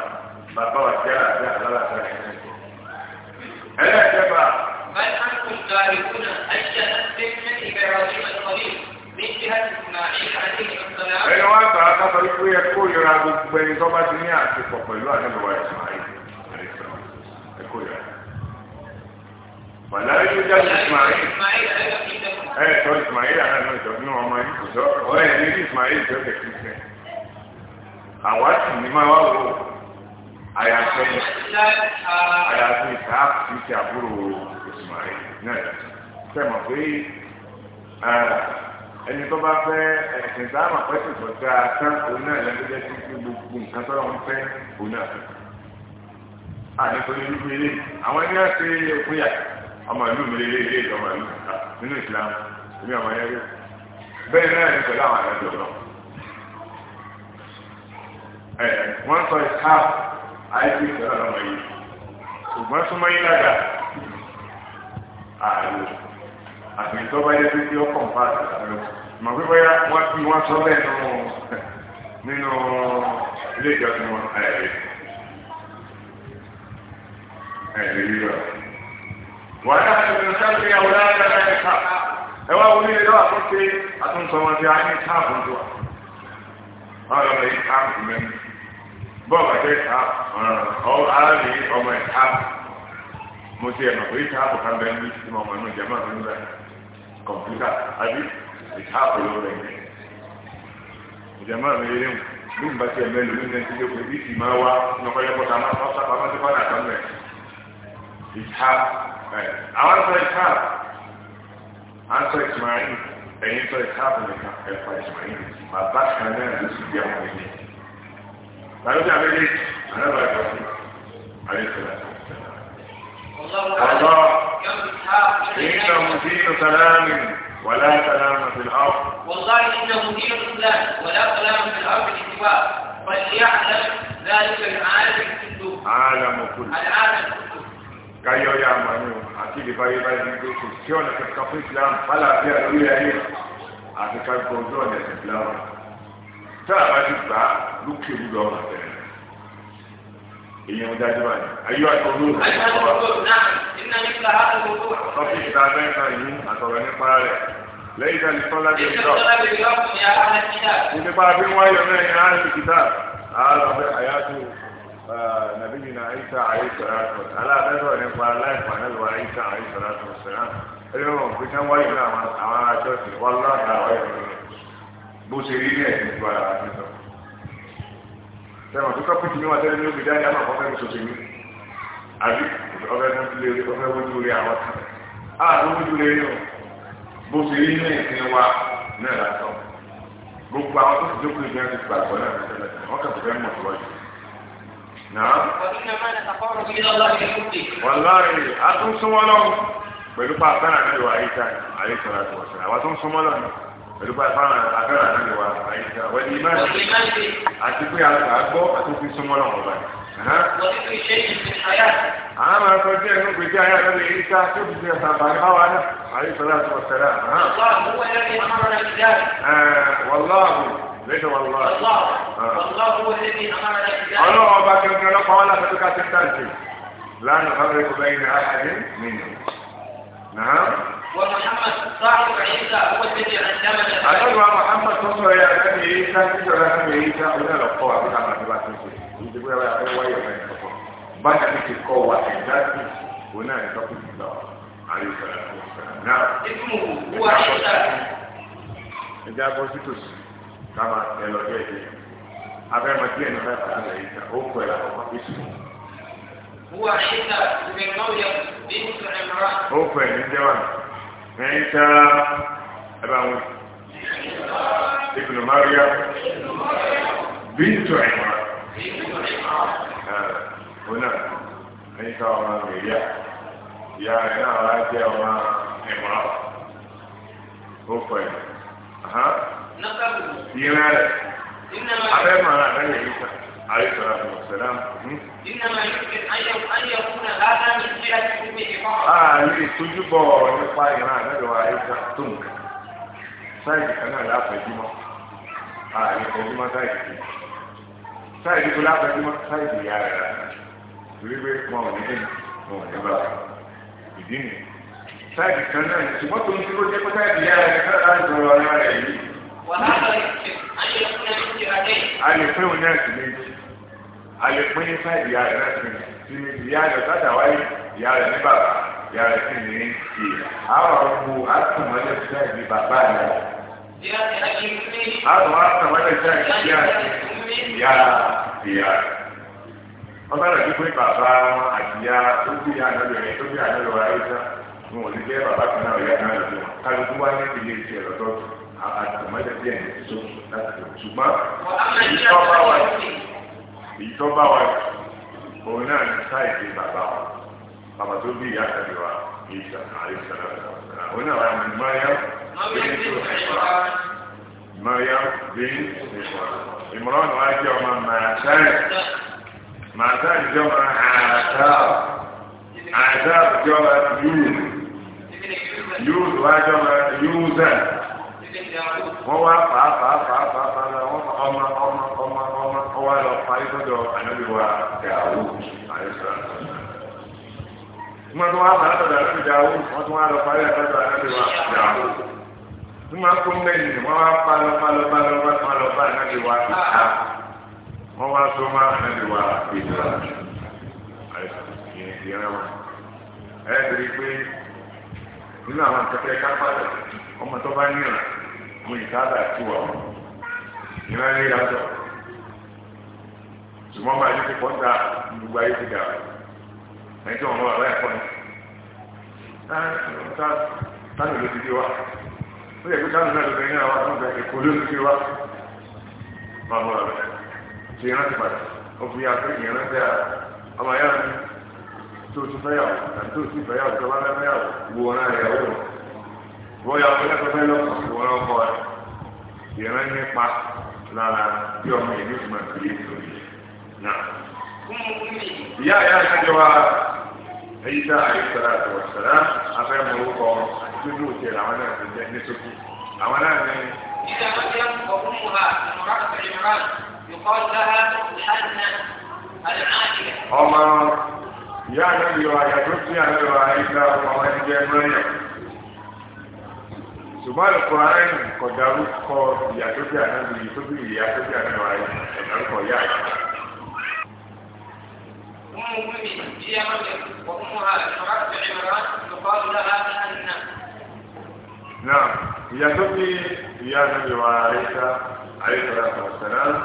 [SPEAKER 2] bàbá wa ti alálàáfíà alálàáfíà ẹ̀yìn náà. ẹ̀yin náà
[SPEAKER 1] بل أنتم تاركون أجل من إبراهيم الخليل من جهة إسماعيل عليه السلام. ẹni wá
[SPEAKER 2] gbà á sábà wípé ẹ kó ìrora gbogbo ẹni tó bá ti ní àtìpọ̀ pẹ̀lú àdébọ̀wá ìsmáyé ẹ kó ìrora. Wàlá yóò jáde Ismail.
[SPEAKER 1] Ẹ sọ Ismail
[SPEAKER 2] àná ìjọ nínú ọmọ yìí kò sọ ọ̀rẹ́ ẹ̀ ní Ismail tó tẹ̀ sí sẹ́. Àwa sì ní máa wá wò àyàfẹ́ àyàfẹ́ ìsáàpù ti àbúrò náà sẹ́mọ̀ pé ẹni tó bá fẹ́ ẹ̀sìn tá a máa pẹ́sì tó tá a tán òun náà lẹ́nu jẹ́ sí sí gbogbo nǹkan tó lọ́n fẹ́ òun náà fẹ́. àdìpọ̀lẹ̀ olúkú ilé àwọn ẹni náà ṣe ìpínyà ọmọ ìlú mi lé ilé ìjọba ìlú kàkà nínú ìsìlámù èmi ọmọ yẹn rí bẹ́ẹ̀ náà ní pẹ̀lú àwọn àdájọ́ náà. ẹ sọ ìkáàbù àìsí ìṣẹ̀lẹ̀ ọmọ yìí ṣùgbọ́n súnmọ́ yín lágbàá ààrẹ àtúntò bá yẹ kí ó kàn pa àtàlù mọ̀ pé bóyá wọ́n ti wọ́n sọ bẹ́ẹ̀ nù nínú ilé ìjọsìn wọn ààrẹ ààrẹ yíyọ. wàá dà sí ìlú sábẹ́ ìyàwó dáadáa láti ká ẹ wá wọlé ìlú àkókò àtúntò wọn ti á ní káàbù tó wà. wọ́n lọ bẹ káàbù mẹ́rin bọ́ọ̀lù àti káàbù ọ̀rọ̀ ọ̀rọ̀ ààrẹ ọmọ ẹ̀ káàbù mo ti ẹ̀mọ̀ pé ìtaàbù kan bẹ́ẹ̀ ní títí ọmọ inú jẹ́mọ̀ ní bẹ́ẹ̀ kọ̀m̀pútà àbí ìtaàbù ló rẹ̀ jẹ́mọ̀ mi rí mu bí mo bá ti ẹ̀mẹ́ lórí ní ẹni tí ó pé bí ìtì máa wá nọkọ̀yẹ́pọ̀ tá a máa fọ́ sábà máa ti fọ́nà kan bẹ̀ ìtaàbù àwọn sọ ìtaàbù àwọn sọ ìtìmáyìn ẹ̀yin sọ ìtaàbù nìkan ẹ̀fà ìtìmáyìn bàbá kan náà ló sì jẹ́ àwọn ẹ̀yìn. tàbí àbẹ́lẹ́ àná
[SPEAKER 1] قضاء إنه دين سلام ولا
[SPEAKER 2] سلام في الأرض
[SPEAKER 1] والله إنه دين سلام ولا سلام في الأرض الاتفاق فليعلم ذلك العالم كله عالم كله العالم كله
[SPEAKER 2] kayo ya manu akili bali bali ndicho siona katika Islam wala pia dunia hiyo akikakontrol ya Islam sasa basi ba luki budo na tena èèyàn dájú báyìí ayé àtọ
[SPEAKER 1] olóòtú tọ́pì ìta
[SPEAKER 2] abẹ́ǹkà yìí àtọ̀rọ̀ nípa rẹ̀ lẹ́yìn tàbí sọ́lá bí ọjọ́ nípa bí wọ́n yọ náà yẹn áhùn kìtà àlọ́fẹ́ àyájú nàbí yìí náà àyíṣà àyíṣà aláàbẹ́sọ̀rọ̀ nípa aláìpà náà lọ́wọ́ àyíṣà àyíṣà sọ̀rọ̀ ẹni wọn pé kí wọ́n yọ náà àwọn aṣọ́ọ̀sì wọ́n lọ́ọ̀ sẹ́wọ̀n tó kọ́pù tí mi wà tẹ́lẹ̀ ní òbí dáadáa máa kọ́fẹ́ sọ̀tẹ̀ mi àbí ọ̀fẹ́ fún ti lè ọ̀fẹ́ fún ti lè àwọn kan ààrùn fún ti lè rí o bó ṣe rí ní ìpín wa náà lásán gbogbo àwọn tó ti dókòó ìgbà ti gbàgbọ́ náà tẹ́lẹ̀ wọ́n kàn fẹ́ mọ̀ tọ́jú.
[SPEAKER 1] wàláyé a tún súnmọ́ lọ́wọ́
[SPEAKER 2] pẹ̀lú pàápàá náà ní ìwà àyíká àyíká láti wọ̀ pẹ̀lú pé afárá afárá náà lè wà àyíká wọ́n ní má ṣe àti pé àgbọ̀ àti òfin súnmọ́ náà wọ̀ báyìí. wọ́n
[SPEAKER 1] ti fi ṣe ìsìn àyà.
[SPEAKER 2] àwọn máa sọ díẹ̀ nínú gbèjì àyà lórí èyí ká tó fi ṣe àtàbà ní báwa náà àyè sọlá àti ọ̀sẹ̀rà. wàláhù lẹ́nu wàláhù. ọlọ́wọ́ bá kankan lọ́pàá wọn láti tó ká ti tàǹtì lánàá fábíríkù bẹ́ẹ̀ ní àhàdín nìyẹn. نعم
[SPEAKER 1] ومحمد صاحب عيسى هو الذي علمنا أتبع محمد صلى الله عليه
[SPEAKER 2] وسلم عيسى تسعى لهم عيسى ولا لقوا بها ما تبع تنسي يجب أن يقول ويا ما يقول بنا في القوة الذاتي هنا يقول الله عليه الصلاة والسلام نعم اسمه هو
[SPEAKER 1] عيسى
[SPEAKER 2] إذا بوزيتوس كما يلوجيه أبي ما تيجي نفسه على عيسى هو كلا هو اسمه هو عيسى بن مريم بنت عمران هو فين الجواب عيسى أبا ابن مريم بنت عمران هنا عيسى وما مريم يا أنا راجع وما عمران هو فين ها نقبل يلا أبا ما أنا عيسى عليه الصلاة والسلام إنما
[SPEAKER 1] يمكن أن يكون هذا من جهة أمه آه لي
[SPEAKER 2] سجبا nípa ìran àdájọ́ àìsà tó nǹkan sáìdì kan náà láfẹ̀júmọ́ àìfẹ̀júmọ́ sáìdì sáìdì tó láfẹ̀júmọ́ sáìdì ìyá rẹ̀ torí pé wọn ò ní dé wọn ò ní bá ìdí nì sáìdì kan náà ṣùgbọ́n tó ń dúró jẹ́ pé sáìdì ìyá rẹ̀ ká láti sọ̀rọ̀ ọ̀rẹ́ rẹ̀ yìí. wàhálà ìṣe
[SPEAKER 1] àyẹ̀wò náà ti rà dé. a lè fẹ́ òun
[SPEAKER 2] náà sì méjì a lè pín ní fún ìyá rẹ̀ láti rìn sí ní ìyá rẹ̀ sáta wáyé ìyá rẹ̀ ní bàbá ìyá rẹ̀ sì ní ìyè àwọn ọmọ àtúmọ̀lẹ́ fún ìdí bàbá rẹ̀.
[SPEAKER 1] àwọn àtúmọ̀lẹ́ fún ìdí ìyá ìyá
[SPEAKER 2] wọ́n bá dàbí pé bàbá àtìyá tó bí ànábìrin tó bí ànábìrin ayé sá wọn ò ní jẹ́ bàbá kan náà ìyá náà lọ́dún wọn kálukú wá ní ìdílé iṣẹ́ lọ́dọ́ọ̀tún àtúmọ̀lẹ́ bí ẹ̀ ní tó láti lọ ṣùgbọ́n èyí tó bá wa òun náà ní sáìdì bàbá wa bàbá tó bí ìyá àtàbí wa èyí sàmà àyè sàmà òun náà wà ní mọ́yá bíi tó ṣèwà mọ́yá bíi ṣèwà ìmọ̀ràn wa jẹ́ ọmọ màtáì màtáì jẹ́ ọmọ àtàw àtàw jẹ́ ọmọ yúù yúù wá jẹ́ ọmọ yúù zẹ̀ wọ́n wá pàápàá pàápàá pàápàá ọmọ ọmọ ọmọ ọwọ́ lọ parí sọ́dọ̀ ànábìwá dàwó àyẹ̀sọ́ nígbà tó wá bàrà sọ́dọ̀ ànábì dàwó wọ́n tún wá lọ parí sọ́dọ̀ ànábìwá dàwó nígbà tó mẹ́rin wọ́n wá palọ́ palọ́ palọ́ palọ́ palọ́ ànábìwá ìta wọ́n wá sọ má ànábìwá ìta àyẹ̀sọ́ ìyẹn ìyẹn wọn ẹ̀ẹ́dẹ̀rẹ̀ pé nínú àwọn akẹ́kẹ́ kápálẹ̀ ọmọ tó bá ní ọ̀nà mo ì sábà tí wọ́n ṣùgbọ́n bá yẹ kó kọ́ da gbogbo ayé ti dà ẹni tí wọ́n mọ bàbá kọ́ ni. sani ló ti di wa ó yẹ kó sani náà ló bẹ̀rẹ̀ náà wá fún èkó ló ti di wa máa mọ bàbá ṣe ìrántí padà ó fi yà pé ìrántí à ọmọ yà mí tó ti fẹ́ yàwó àti tó ti fẹ́ yàwó tó bá fẹ́ fẹ́ yàwó wo ọ̀nà ìyàwó rẹ̀ wọ́n yà wọ́n lẹ́kọ̀ọ́ fẹ́ lọ́kọ̀ wọ́n lọ́kọ̀ ìrántí pa lára ìyá ìyá ìṣẹ́jọ́ wa èyí tá àyíṣẹ́ra àtọ̀wọ̀ṣẹ́ra afẹ́mọ̀ orúkọ àtúndú òkè làwọn náà ti jẹ́ ní sókè àwọn náà ní.
[SPEAKER 1] ìjà tó jẹ́ ọ̀húnmùhà ìmọ̀ràn ìmọ̀ràn yòókọ́ dáhà ìhànà àlùmáàdìyà. ọmọ
[SPEAKER 2] ìyá ànábì wa yàtọ̀ sí ànábì wa àyíṣẹ́ ọmọ wọn jẹ́ mẹ́rin. ṣùgbọ́n Al-Qur'an kọ̀dárúkọ ìyàtọ̀ sí ànábì نعم يا تبي يا نبي وعائشة عليه الصلاة والسلام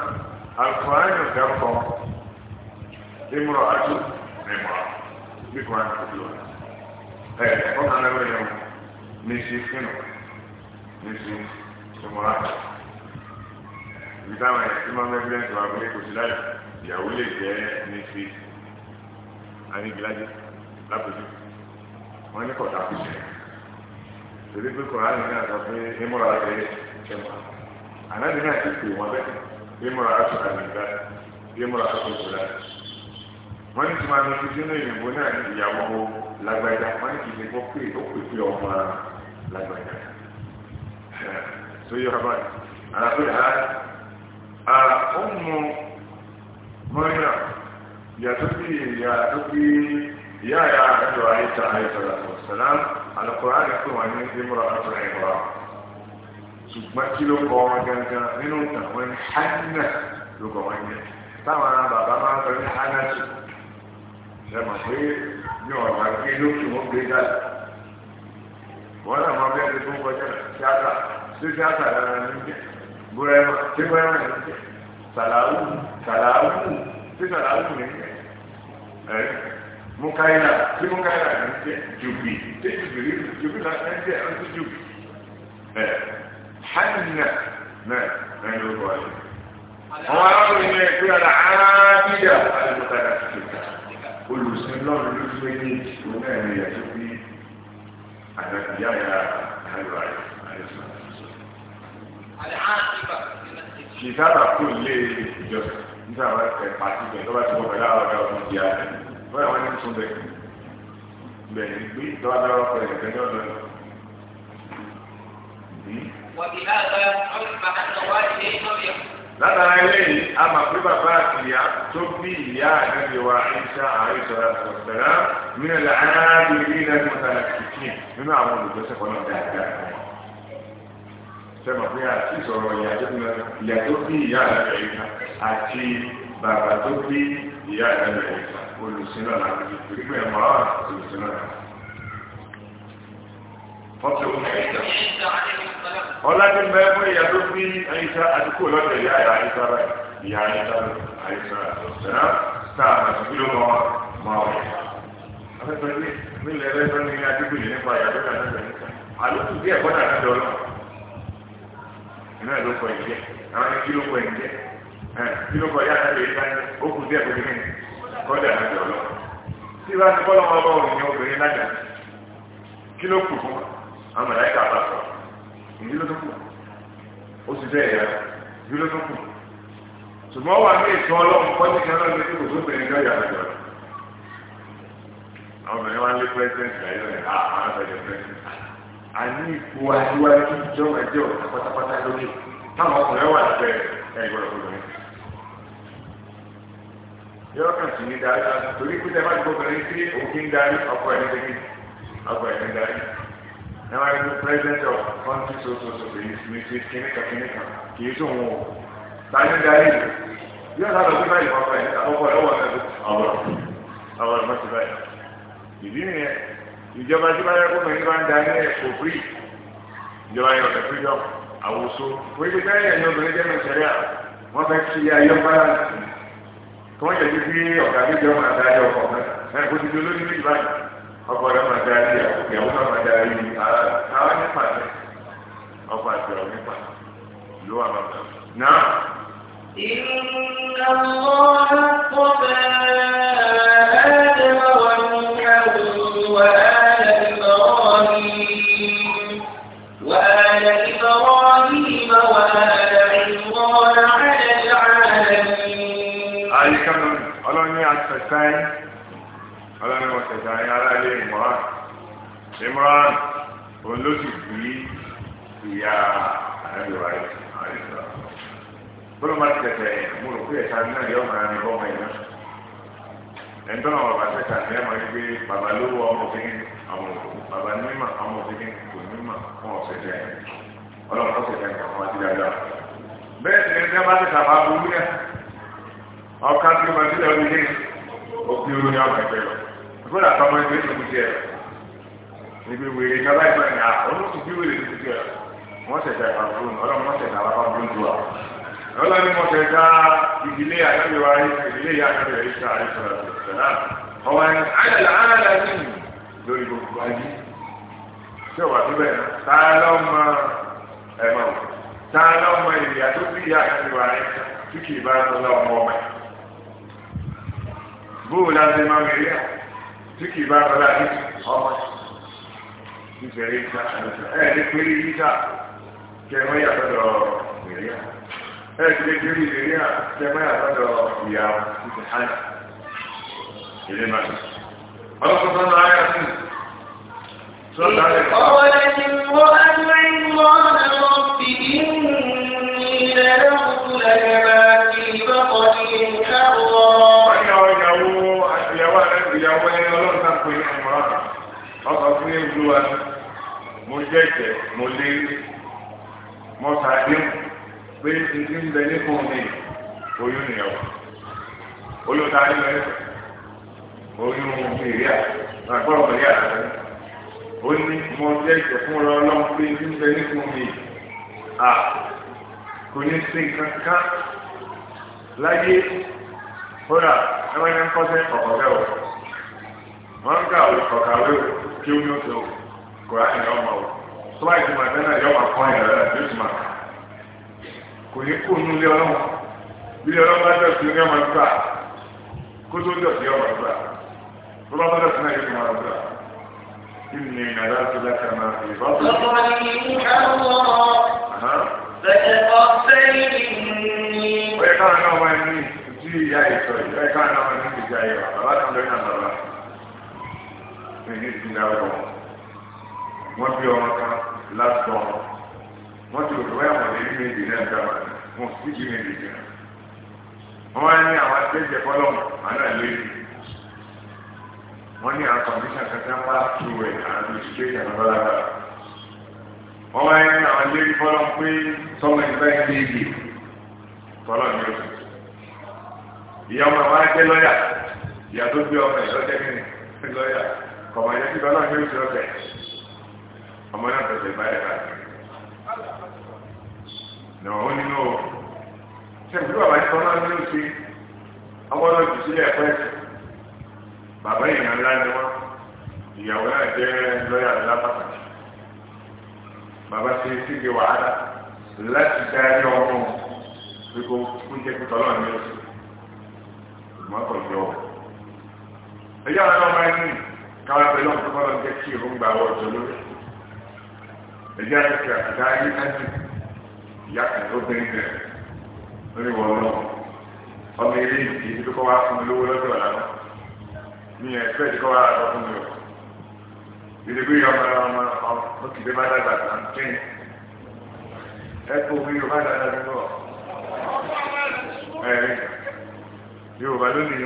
[SPEAKER 2] القرآن يذكر امرأة امرأة بقرآن كتلون إيه قلنا مريم نسي خنو نسي امرأة ìdáhùn ẹ̀ tí wọ́n mẹ́gbẹ́ ń sọ àbúlé kò sí anigilajẹ lápẹjù wọn ní kọta kù torí pé kòránì náà sọ pé ìmúra ẹ ṣe mọ ànábì náà ti pè wọn bẹ́ẹ̀ ìmúra aṣọ àgbègbè ìmúra aṣọ ìgbòlá wọn ní tí máa ní títí ní ìyìnbó náà ní ìyàwó lágbàdá wọn ní kìí kó pè ó pè pé ọmọ lágbàdá sóyè ọba àlàfo yàrá ọmọ mọ́ríyà. Ya tó Ya ìyá Ya Ya, ìyá ìyá ẹ̀dọ̀ àyíṣà àyíṣà àtọ̀ sàlám alùpùpù àti pé wọ́n ní ìmúra ọ̀tọ̀ ìwà ṣùgbọ́n kí ló kọ́ wọn gangan nínú ìtàn wọn ní hánà ló kọ́ wọn yẹn táwọn bàbá máa ń sọ ní hánà tù ṣe mọ̀ pé ní ọ̀gá gbé lókè wọn gbé jáde wọn náà máa bẹ́ẹ̀ tó kọjá tíátà sí tíátà lára ní jẹ búrẹ́mà sísọ làásù ní ẹ mukaila tí mukaila ní jẹ jubi tí jubi jubi la ní jẹ ọtí jubi ẹ hanna náà náà ló bọ ẹ àwọn arákùnrin yẹn pé ọ̀la ábíyà alùpùpàdà tìkà olùsìnlọ́run ló fẹ́ ní ìṣòro náà ní ìyàtọ̀ bí àdàbíyà yà àlọ́ àyè àyè sọ̀rọ̀. kìtàbà kò lè ìjọsìn. nígbà wà tẹ pàtí bẹ lọ́wọ́ tí mo bẹ̀ láwọn ọ̀dọ́ ọdún di ààrẹ lọ́wọ́ àwọn ẹni tún bẹ̀ bẹ̀ ní gbé lọ́wọ́ bẹ̀ wọ́n pẹ̀lẹ́ bẹ̀ lọ́dọ̀ látara eléyìí a máa pé bàbá àti tó bí ìyá àdébí wa ìṣá àìsọ̀rọ̀ àtọ̀sẹ̀rá mílẹ̀ àárín ìrìnàjò mọ́tàlá kìkì nínú àwọn olùgbésẹ̀kọ́ náà dáadáa sẹ́mọ̀ pé àti ìsọ̀rọ̀ ìyá tó bí ìyá àlẹ́ ìka àti bàbá tó bí ìyá àlẹ́ ìka olùsínà láti fi pé ẹ̀ máa olùsínà láti. Ọlá ti bẹ fún ìyá tó bí àyíṣà àdúgbò lọ́dọ̀ ìyá ìyá àyíṣà rẹ̀ ìyá àyíṣà rẹ̀ àyíṣà ọ̀sẹ̀rá táà àti kí ló mọ máa wọ̀. Afẹ́fẹ́ ní ilẹ̀ ẹgbẹ́ ní adúgbò yìí nípa ìyá tó kà náà ló kọ ìjẹ́ àwọn ẹni kí ló kọ ìjẹ́ kí ló kọ ìyá àtàlẹ́ yìí sáyẹn ó kù sí ẹ̀kọ́ nínú kọ́dà àti ọ̀lọ́ tí wàá ti bọ́lọ́ wọn bá wọn ní obìnrin lájà kí ló kù fún àwọn mọ̀láìkà bá sọ ìdí ló tó kù ó sì bẹ́ẹ̀ yára ìdí ló tó kù ṣùgbọ́n wà ní ìtàn ọlọ́run kọ́jú kan náà lé kókò tó bẹ̀rẹ̀ ní ọ̀yà àwọn obìnrin wa ń lé pẹ́sẹ́ǹtì àní ipò àdíwájú ìjọba ẹjẹ ọ̀tá pátápátá lókè táwọn ọkùnrin wà lábẹ́ ẹgbẹ̀rún ọkùnrin. yọ ọkàn sì ní darí torí pé tẹ́lá ti gbọ́kànlẹ́ sí òkè ń darí ọkọ̀ ẹni tẹ́lẹ̀ ọkọ̀ ẹni darí. ẹ máa gbé president of country so so so èyí sì ní ṣe kíníkà kíníkà kì í sùn wọn o. tani darí yóò sábà gbé báyìí ọkọ̀ ẹni ọkọ̀ ẹ̀ wọ̀ ọ̀rọ̀ ọ̀rọ̀ mọ́tì báyìí. ìdí nìyẹn ìjọba tí bá yẹ kó mẹ́rin bá ń darí ẹ̀ kò fúri ìjọba yẹ ọ̀tẹ̀ fúri jọ àwòsó wọ́n ti bẹ́ẹ̀ yẹn ní obìnrin jẹ́ mẹ́sẹ̀rẹ́ à wọ́n fẹ́ kí ayọ́ bá kí wọ́n yẹtu bí ọ̀gá bíjọ́ máa darí ọkọ̀ mẹ́ ẹ̀ kó ti di olóyún méjì báyìí ọkọ̀ rẹ̀ máa darí ìyàwó máa darí ara táwọn nípa ọkọ̀ àti ọ̀rọ̀ nípa ló wà náà. Imran òun ló sì bí ìyá àyẹ̀wò àyẹ̀sọ̀ bọ́lá máa tẹ̀tẹ̀ mo rò pé ẹ̀ka náà yọ máa ní bọ́ọ̀mù yìí náà ẹ̀ńtọ́ náà bàbá tẹ̀ka ní ẹ̀mọ́ yìí pé bàbá lówó ọmọ òfin àwọn òkú bàbá nímọ̀ àwọn òfin kò nímọ̀ fún ọ̀sẹ̀ jẹ́ ọlọ́run ọ̀sẹ̀ jẹ́ nǹkan wọn ti dáadáa bẹ́ẹ̀ ni ẹ̀ńtẹ́ bá tẹ̀ka bá burú yẹn ọ̀ka tí mo ti lọ́ọ́ nílé níbi wèrè ní ọlá ìgbà náà olóòtú bí wèrè ní títí ẹ wọn ṣẹ̀dá ìfàbùrún ọlọ́run wọn ṣẹ̀dá ìfàbùrún ju wa lọ́la ni mo ṣẹ̀dá ìdílé àtàbíwá ìdílé ìyá àtàbíwá ìṣà àìsàn ṣẹ̀dá ọwọ́ ẹni àyàlà àyàlà ní lórí gbogbo ayé tí ọba tó bẹ́ẹ̀ náà tá a lọ́ mọ ìrìyà tó bí ìyá àtàbíwá ìṣà tí kì bá lọ́ ọmọ bóòlù àti mọ̀ mẹ́rìà bá lọ́la ọmọ ṣíṣe ìṣá ẹ̀ ní pé ìṣá kẹmọ́ yàtọ̀dọ̀ ìrìnà ẹ̀ ti lè gbérí ìrìnà kẹmọ́ yàtọ̀dọ̀ ìyá ṣíṣe hàn ilé máa ọlọ́pàá náà ayà sí sọ́dọ̀ rẹ̀. ọ̀rọ̀
[SPEAKER 1] ẹ̀sìn wọ́n á ń rí wọn lọ sí ìrìnlẹ̀ lọ́kùnrin máa ń fi bọ́kọ̀dé káwọ́.
[SPEAKER 2] ọ̀yàwó ìyàwó àti ìyàwó ẹ̀rọ ìyàwó ẹ̀rọ ọlọ́run tá a pè é ọmọ ọkọ̀ fún ewu wa mo jẹ́jẹ́ mo lé mo sàdéhùn pé ibi ń bẹ ní fún mi oyún nìyẹn o oyún ta ni mẹ́rin oyún mi rí à àgbọ̀ mi rí àgbẹ̀ ó ní mo jẹ́jẹ́ fún ọlọ́run pé ibi ń bẹ ní fún mi à kò ní sí nǹkan ká láyé kódà ẹ wáyé ń kọ́sẹ́ ọ̀kọ̀ọ̀kẹ́ o wọ́n ń kà ọ̀kọ̀kàwé o kí ó ní ó tó kura ni ọmọ o tó bá ìtumọ̀ ẹ̀fẹ́ náà yọ̀wọ̀ kọ́ ẹ̀yà rẹ̀ yóò tuma kò ní kó nu ilé ọlọ́mọ ilé ọlọ́mọ bá dọ̀tí ní ọmọ ìgbà kó tó dọ̀tí ọmọ ìgbà tó bá bá dọ̀tí náà yóò tuma ìgbà ìnìyàn nàdá tó lẹ́ka máa fi bá tó. lọ́wọ́ ni ìyàwó
[SPEAKER 1] bẹ̀rẹ̀ ọ̀sẹ̀ yìí.
[SPEAKER 2] ó yẹ káwọn náà wáyé ní ti ìyá ìtọ́ ìyá ìkáwọn náà wáyé ní ìjà ìyá bàbá tó ń lọ wọ́n bí ọmọ kan lásán wọ́n ti rò pé àwọn èyí méjì náà dábàá wọn sì jí méjì náà wọ́n wá ní àwọn àtẹ́jẹ́ fọ́lọ́mù àná lẹ́yìn wọ́n ní àwọn kọ̀míṣán kankan bá tu ẹ̀ àti ìṣèjì àbálágbà wọ́n wá ní àwọn lẹ́yìn fọ́lọ́mù pé sọ́mọ ìgbà yẹn léyìí fọ́lọ́mù yóò sùn ìyá ọmọ àwọn ajẹ́ lọ́yà ìyá tó gbé ọmọ ẹ̀ lọ́jẹ́ kí ni lọ́yà kọ̀mọ̀ ìyá tí bá ọmọ náà fẹsẹ̀ báyìí káàkiri nà ó nínú o sẹ́yìn bí bàbá ìfọ̀n náà nínú ṣe ọwọ́ náà jù sílẹ̀ ẹ̀kọ́ ẹ̀sìn bàbá ìyàn ńlá ni wọ́n ìyàwó náà jẹ́ lọ́yà ńlá pàtàkì bàbá ṣe síbi wàhálà láti dárí ọmọ gbogbo kúndé kútọ́ náà ní oṣù ìmọ̀kọ̀ yọ ọ́ ẹ̀yà àwọn ọmọ ẹni káwọn pẹ̀lú ọ̀pọ̀lọpọ̀ jẹ́ kí ìrúgbà wọ́n jọ lórí ẹjẹ ẹka ẹka ayé ẹsẹ ìyá kẹtọ bẹ̀rẹ̀ bẹ̀rẹ̀ lórí wọn lọ ọmọ ilé ìdí tó kọ wá fún mi lówó lọ́dọ̀ ọlá náà mi yẹn ẹgbẹ́ tí kọ wá àtọ fún mi o ìdígbé yọ ọmọ ọmọ ọmọ ó kì í bẹ bá dàgbà tán kéyìn ẹ kó omi yóò bá dàgbà tó lọ ẹ yóò bá lónìí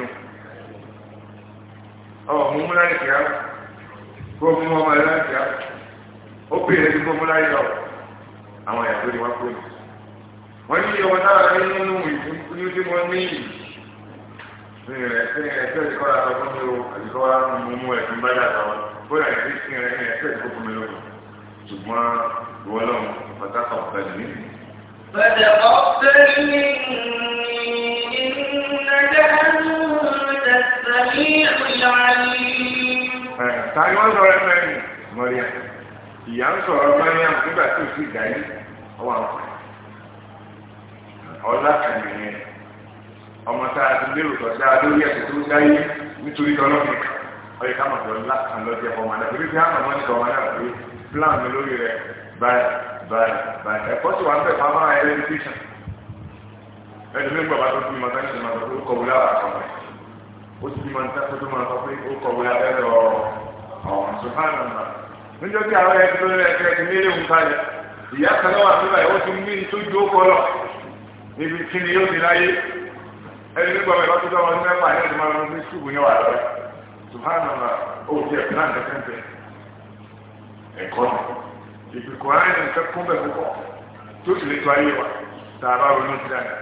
[SPEAKER 2] o ọ mú múlá ìkíá kó mú ọmọ ẹ láìkíá ó béèrè tó fún láyé lọ àwọn ìyàwó ni wọ́n kó ní. wọ́n ní ìyẹ̀wò náà rí nínú ìfúnni tí wọ́n ní yìí. sínú rẹ̀ sínú rẹ̀ sẹ́ẹ̀dì kọ́ra sọ fún mi o àti kọ́ra mú mú ẹ̀ fún bájà sọ bóyá ìdí sínú rẹ̀ sínú rẹ̀ sẹ́ẹ̀dì kó fún mi lónìí. ṣùgbọ́n ìwọ lọ́n pàtàkì ọ̀pẹ mi.
[SPEAKER 1] bàtà ọ̀pẹ mi ìnàjà ń tẹ̀sán
[SPEAKER 2] ní ìyá ń sọ̀rọ̀ mẹ́rin nígbà tí o sì dá yìí ọwọ́ àwọn ọ̀la kàní yẹn ọmọ tá a ti lérò tọ́ dáa lórí ẹ̀sìn tó dá yìí nítorí ọlọ́run ọyẹ ká mọ̀ tó ńlá kan lọ́jọ́ ọmọ náà torí fi hàn mọ́ nípa ọmọ náà pé plan mi lórí rẹ̀ báyìí báyìí báyìí ẹ̀kọ́ sì wà ń bẹ̀ pamọ́ ayẹyẹ education ẹni mi gbọ́dọ̀ tó bímọ tó ń ṣe máa tó kọ̀ wúlá wà kọ̀ọ̀mọ̀ ó ti bímọ níjọ́ tí àwọn ẹ̀kọ́ lórí ẹ̀kọ́ ẹ̀kọ́ nílé òun kalẹ̀ ìyá kan náà wà nígbà yìí ó ti mí tó ju ó kọlọ̀ níbi tí ni yóò di láyé ẹni nígbà wọn ìbátú tó wọn ní mẹ́fà ní ọdún márùn ní ṣùgbọ́n yẹn wà lọ́wọ́ subhanahu wa owó tí ẹ̀kọ́ náà kẹ́kẹ́ bẹ̀ ẹ̀kọ́ ìpìkọ́ ayé nìkan kún bẹ̀ púpọ̀ tó sì lè tó ayé wa tá a ti dáná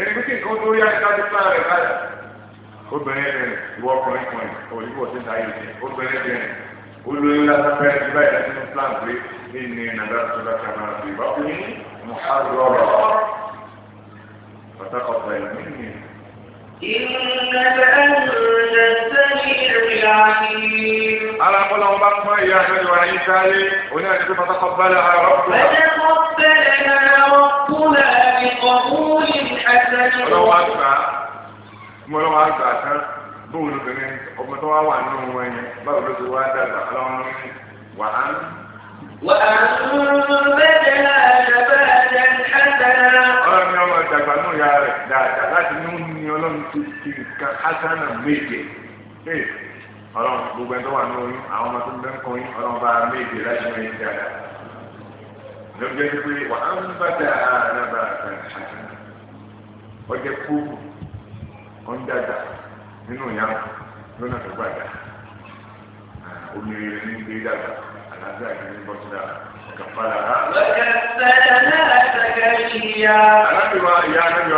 [SPEAKER 2] ẹni pé kí tó yá ìdájọ́ fúnra rẹ̀ káyà obìnrin ẹ̀rìn ìwọ ọkùnrin kan òyìnbó ti dáyé obìnrin ẹ̀rìn olóyún lásán bẹ́ẹ̀ ní báyìí láti fún plan pé ní ní nàdá tó bá kà máa fi bá fún muharrọ̀rọ̀ pátákọ̀tà ìlú ní. Ala kọ́lọ́ wọn bá kún ẹ̀yà àtọ́jú wa yín sáré, oní àti pé pátákọ̀ bálẹ̀ àrọ́ kù. Pátákọ̀
[SPEAKER 1] bẹ̀rẹ̀ àrọ́ kù láàrin ọ̀hún ìrìn àtẹ́jú. Ọlọ́wọ́ àgbà,
[SPEAKER 2] mo lọ́wọ́ àgbà tán. bóun lóbìnrin ọmọ tó wá wà nínú wọn yẹn báwo ló ti wá dàgbà ọlọ́run ní wà á. wà á bẹ̀rẹ̀ àdàbà àdàbà. ọlọ́run ní ọmọ ìdàgbà nù ya rẹ̀ dáadáa láti ní òun ní ọlọ́run ti ti nǹkan ásánà méje ọlọ́run gbogbo ẹni tó wà nínú oyún àwọn ọmọ tó ń bẹ́ ń kọyún ọlọ́run bá méje láti mọ ẹni dáadáa. lọ́jọ́ ẹni pé wà á ń bàtà àdàbà àdàbà ọjọ́ kúrú ọ̀ ń dàgbà nínú ìyá lọ́nà tó gbàgbà omi rere ní gbé dàgbà àlàáfíà ní ní bọ́sílà kàfàlà rà. alábìwá ìyá alábìwá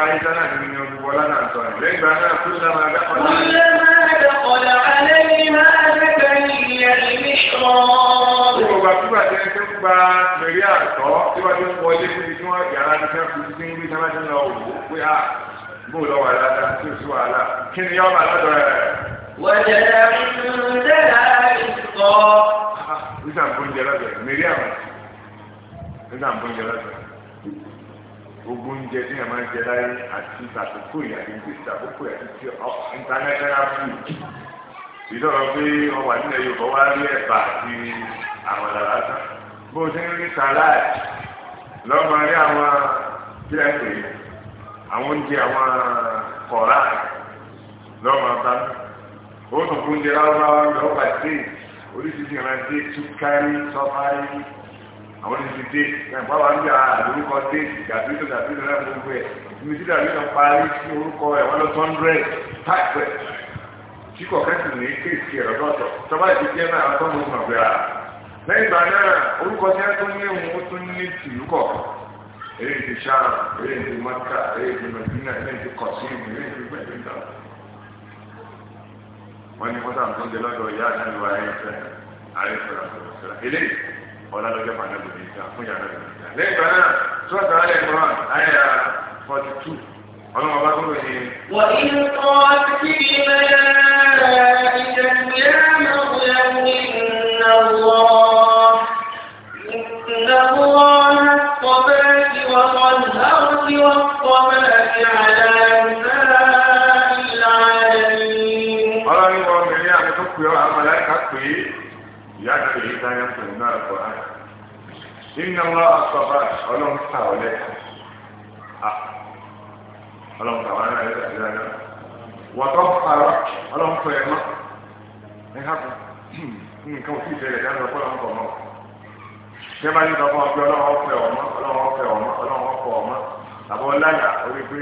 [SPEAKER 2] ayíṣá náà ní ní ọdún wọlá náà sọ àná lẹ́gbàá náà kú lámà dákọ̀lá. kúlẹ̀
[SPEAKER 1] máa dọ̀kọ̀lá alẹ́ ní máa dẹ́gbẹ̀ ìyá ìmí sọ. Gbogbo
[SPEAKER 2] bàbá tí bàtí ẹni tó ń gba mẹ̀rí àtọ́ tí wọ́n ti ń wọlé níbi tí wọ́n yàrá bó lọ wà lára tí o sí wàhálà kí ni yọba lọ́dọ̀ rẹ̀. wọ́jẹ̀ ǹdẹ́ àìsọ. nígbà tó ń jẹ lọ́dọ̀ rẹ̀ mẹ́rí àwọn nígbà tó ń jẹ lọ́dọ̀ rẹ̀ gbogbo oúnjẹ tí yàrá máa ń jẹ láyé àti ìtàkùkù yìí àti ìgbésí àkókò yìí àti international food ìdọ̀rọ̀ pé ọwà nílẹ̀ Yorùbá wá rí ẹ̀bà àti àwọn làlásà bó o ń rí sàláàdì lọ́mọ rí àwọn tí ẹ pè é. àwọn oúnjẹ àwọn kọ̀ọ̀rá lọ́mọ bá ó tún fún oúnjẹ lárúbáwá ń lọ́ọ́ pàṣẹ oríṣiríṣi ìran dé túkárí sọ́fárí àwọn oríṣiríṣi dé ẹ̀pá ń jà lórúkọ dé gàdúró gàdúró náà gbogbo ẹ̀ ìmì tí dàbí kan parí sí orúkọ ẹ̀ wọ́n lọ tọ́ndrẹ́d táìpẹ́ tí kọ̀ọ̀kan sì ní kéèsì ẹ̀rọ tọ̀tọ̀ tọ́ba ìdíjẹ́ náà lẹ́yìn ìgbà náà orúkọ tí tún ní eléyìí ti ṣáà eléyìí ti mọ́tíkà eléyìí ti mẹ́tínà eléyìí ti kọ̀sìn eléyìí ti gbẹ̀dẹ̀ náà. wọ́n ní mọ́tà tó ń jẹ lọ́dọ̀ ìyá àdúgbò ayẹyẹsẹ̀ ayẹyẹsẹ̀ ọ̀sẹ̀ eléyìí ọ̀la lọ́jọ́ pàdé lòdì ìta fún yàrá lòdì ìta. lẹ́yìn ìgbà náà sọ́ọ̀tà ayẹyẹ kọ́ran ayẹyẹ forty two ọlọ́mọ bá gbọ́dọ̀ yìí. wọ́n táyà fún inú àgbọ̀ á. Iná wá àkọ́bá ọlọ́run ta ọ lẹ́ka. Ọlọ́run ta wá náà lẹ́ka sí ara. Wọ́tọ́ parọ́ ọlọ́run fọ ẹ̀ mọ́. Ẹ há bọ̀ nǹkan ò sì bẹ̀rẹ̀ dáná ọkọ ọlọ́run kọ̀ mọ́. Ṣé bá ní ìdọ́kọ̀ ọgbẹ́ ọlọ́run ọ̀fẹ́ ọ̀mọ́ ọlọ́run ọ̀fẹ́ ọ̀mọ́ ọlọ́run ọ̀fọ̀ ọ̀mọ́ àbọ̀ lánàá orí pé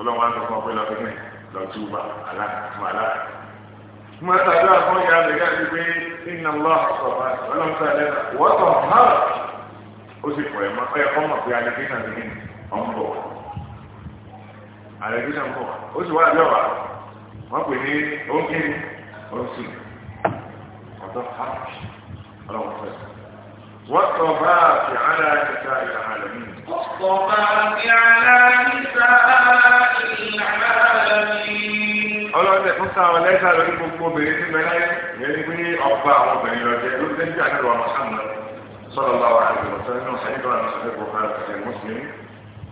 [SPEAKER 2] ọlọ́run á sọ fún ọpẹ́ lọ́dún mẹ́ lọ́tún bá àlá fún àlá. mo ń sàdúrà fún ìyá mi gáàsì pé iná lọ sọ̀rọ̀ ọlọ́run sọ àlẹ́ wọ́tọ̀ hàn ó sì pọ̀ ẹ̀mọ́ ẹ̀ kọ́ mọ̀ pé alẹ́gbẹ́sà ti ní ọ̀n bọ̀ alẹ́gbẹ́sà ń bọ̀ ó sì wá àbí ọ̀wà wọ́n pè ní oúnjẹ oṣù ọ̀tọ̀ hàn ọlọ́run sọ̀rọ̀ والصفات على نساء العالمين والصفات
[SPEAKER 1] على نساء
[SPEAKER 2] ọlọ́dẹ fún sáwọn lẹ́sà lórí gbogbo obìnrin tí mẹ́lá yẹn ní pé ọba àwọn obìnrin lọ jẹ lórí lẹ́sà ní ọmọ sáàmù sọlọ bá wà nínú ọ̀sán nínú ọ̀sán nínú ọ̀sán nínú ọ̀sán nínú ọ̀sán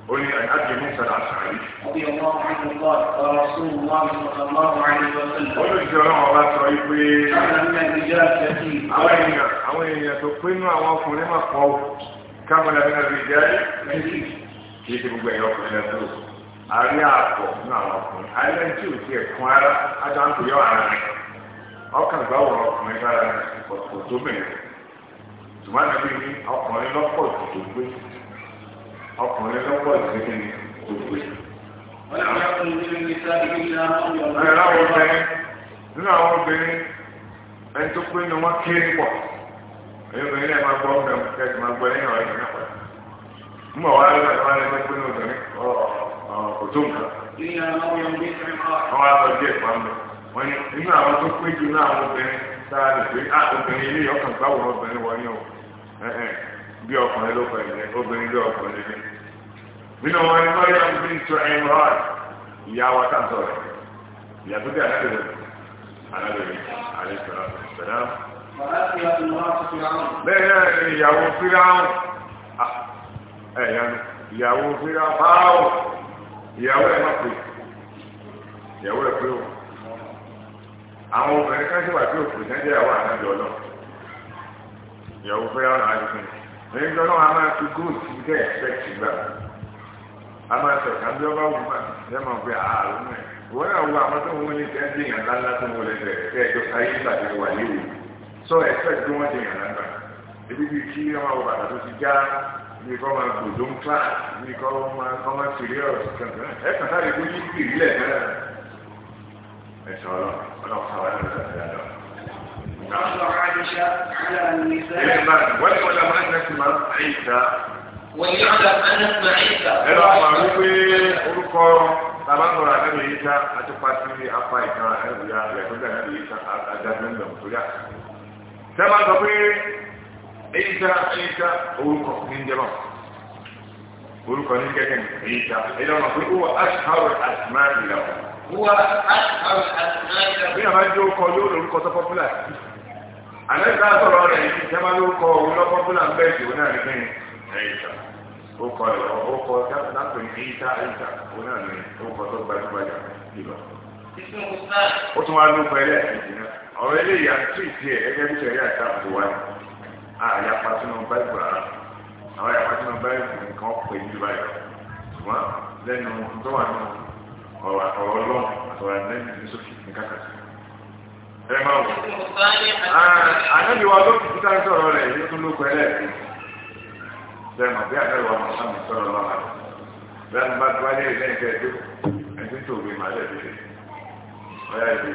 [SPEAKER 2] قولي أن أجل موسى الأشعري رضي الله عنه قال قال رسول الله صلى الله عليه وسلم قل الجرام الله تعيبي أعلم الرجال كثير أوين أوين يتقن وأوفر ما قوف كما لبنا الرجال كثير كيف يبقى يوفر إلى الدروس àrí àpọ̀ ní àwọn ọkùnrin àìlẹ́yìn tí ò ti ẹ̀kún ara ajáǹkó yọ ara rẹ̀ ọkàn gbáwọ̀ ọkùnrin lára ọ̀pọ̀ tó bẹ̀rẹ̀ tùmọ́nà bí ní ọkùnrin lọ́pọ̀ tó gbé ọkùnrin lọ́pọ̀ tó gbé tó gbé. ẹ láwọn obìnrin nínú àwọn obìnrin ẹni tó pé ní wọ́n kéré pọ̀ ẹni obìnrin náà máa gbọ́ ọ́n bẹ̀rù kẹ́sì máa gbọ́ ẹ̀yìn ọ̀rẹ́ ìgbà pẹ̀lú. mú ọ̀wá rẹ̀ wá lẹ́gbẹ̀ẹ́ pé ní obìnrin ọ̀rọ̀ kò tó nǹkan. wọ́n wá sọ díẹ̀ pa mọ́ wọ́n ní inú àwọn tó pé jù náà àwọn obìnrin tá a lè pé ah, obìnrin ilé ọkàn gbáwò obìnrin wọ̀ ní o bí ọkùnrin ló pẹ̀lú ẹ̀ obìnrin bí ọkùnrin lé nínú wọn ni wọ́n yọ bí tó ẹ̀yìn rọ́ọ̀d ìyá wa tá n sọ rẹ̀ ìyá tó dé àlẹ́ alábẹ̀rẹ̀ alẹ́ sọ̀rọ̀ sọ̀rọ̀. bẹ́ẹ̀ náà ni ìyàwó fíráhùn ah, ẹ̀yàn ìyàwó fíráhùn ìyàwó ẹ̀ má pè ìyàwó ẹ̀ pé o àwọn obìnrin kan ṣe wà tí òkú ìdájẹ́ ìyàwó ànájọ lọ ìyàwó fẹ́ ọ̀nà àdìsìn lẹ́yìn tó náà a máa fi góòlù sí ilé ẹ̀fẹ́ ti gbà a máa sọ tàbí ọba wù mà ṣe máa fi àárò mẹ́ wọ́n náà wọ àwọn tó ń wọlé tẹ́ ń dìyàn lánlá tó ń wọlé tẹ́ tẹ́ ẹjọ́ káyé tàbí wà léwu sọ ẹ̀fẹ́ tí dìyàn lánlá ebi bíi kí ọmọ àwọn bàtà tó ti já bí kọ́ máa gbòdó ń fà bí kọ́ máa kọ́ máa sèré ọ̀rọ̀ kankan ẹ kàn sáré kó yí kiri lẹ̀ náà ẹ̀sọ́ ọlọ́ ọlọ́ kàwé náà sàtẹ̀ àlọ́. نصر
[SPEAKER 1] عائشة على النساء. ولم أن اسم
[SPEAKER 2] عيسى. وليعلم أن اسم عيسى. إلى معروفة أذكر tabakura anabi isa ati pati apa ikan anabi ya ya kuda anabi isa ada nendam tu ya. Saya mahu Isa Isa orúkọ ní jẹba orúkọ ní kẹ́kẹ́ Isa ẹ̀yọ́ ọmọ pé wọ́n aṣáwọ̀ àtìmá ìlà wọ́n aṣáwọ̀ àtìmá ìlà bí àwọn ajé orúkọ yóò lórúkọ tó pọ́pùlà àlẹ́sà sọ̀rọ̀ rẹ̀ yìí jẹ́ máa lórúkọ òun lọ pọ́pùlà ń bẹ́ẹ̀ jù náà nígbẹ́ Isa orúkọ rẹ̀ orúkọ lápẹ̀ ní Isa Isa òun náà ní orúkọ tó gbajúgbajà jùlọ. ó tún wá lórúkọ ẹlẹ́ẹ̀kejì náà ọ̀rọ̀ eléyìí àti Ah, àyà pàtínú báyìí rà àwọn àyà pàtínú báyìí nǹkan pè ní báyìí ṣùgbọ́n lẹ́nu tó wà nù ọ̀rọ̀ ọlọ́run àtọ̀rọ̀ lẹ́nu ní sókè ní kàkàtì.
[SPEAKER 1] ẹ máa wọ.
[SPEAKER 3] Ah,
[SPEAKER 2] ànábì wa ló fi kíkà sọ̀rọ̀ rẹ̀ yóò tún lóko ẹlẹ́ẹ̀kẹ́. bẹ́ẹ̀ mọ̀ bí ànábì wa mọ̀ sáà mi sọ̀rọ̀ lọ́la bẹ́ẹ̀ ni bá tó wáyé lẹ́yìn kẹ́ẹ̀dó ẹ̀dín tó gbé màá lẹ́ẹ̀dẹ́ ọ̀yà ìdè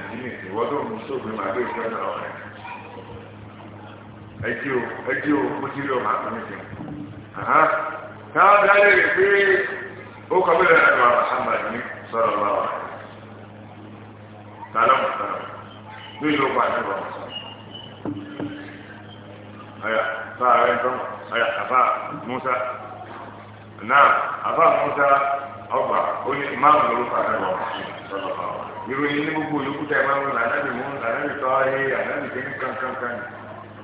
[SPEAKER 2] ẹjí o ẹjí o mo ti rí ọmọ àtúnṣe sí táwọn dáadé rẹ̀ pé ó kọ bí lọ́nà àwọn Muhammad ní sọ̀rọ̀ lọ́wọ́ tààlọ́ mùsùlùmí ní ìlú ọgbà àti ìwà mùsùlùmí ayà sáà rẹ̀ ń tọ́ ayà àfà Musa náà àfà Musa ọgbà ó ní máàmù lórúkọ àti ìwà mùsùlùmí sọ̀rọ̀ lọ́wọ́ ìròyìn ní gbogbo ni ìmáàmù lànà ìmú lànà ìtọ́ ayé ànà ìkẹ́ni kankan kankan.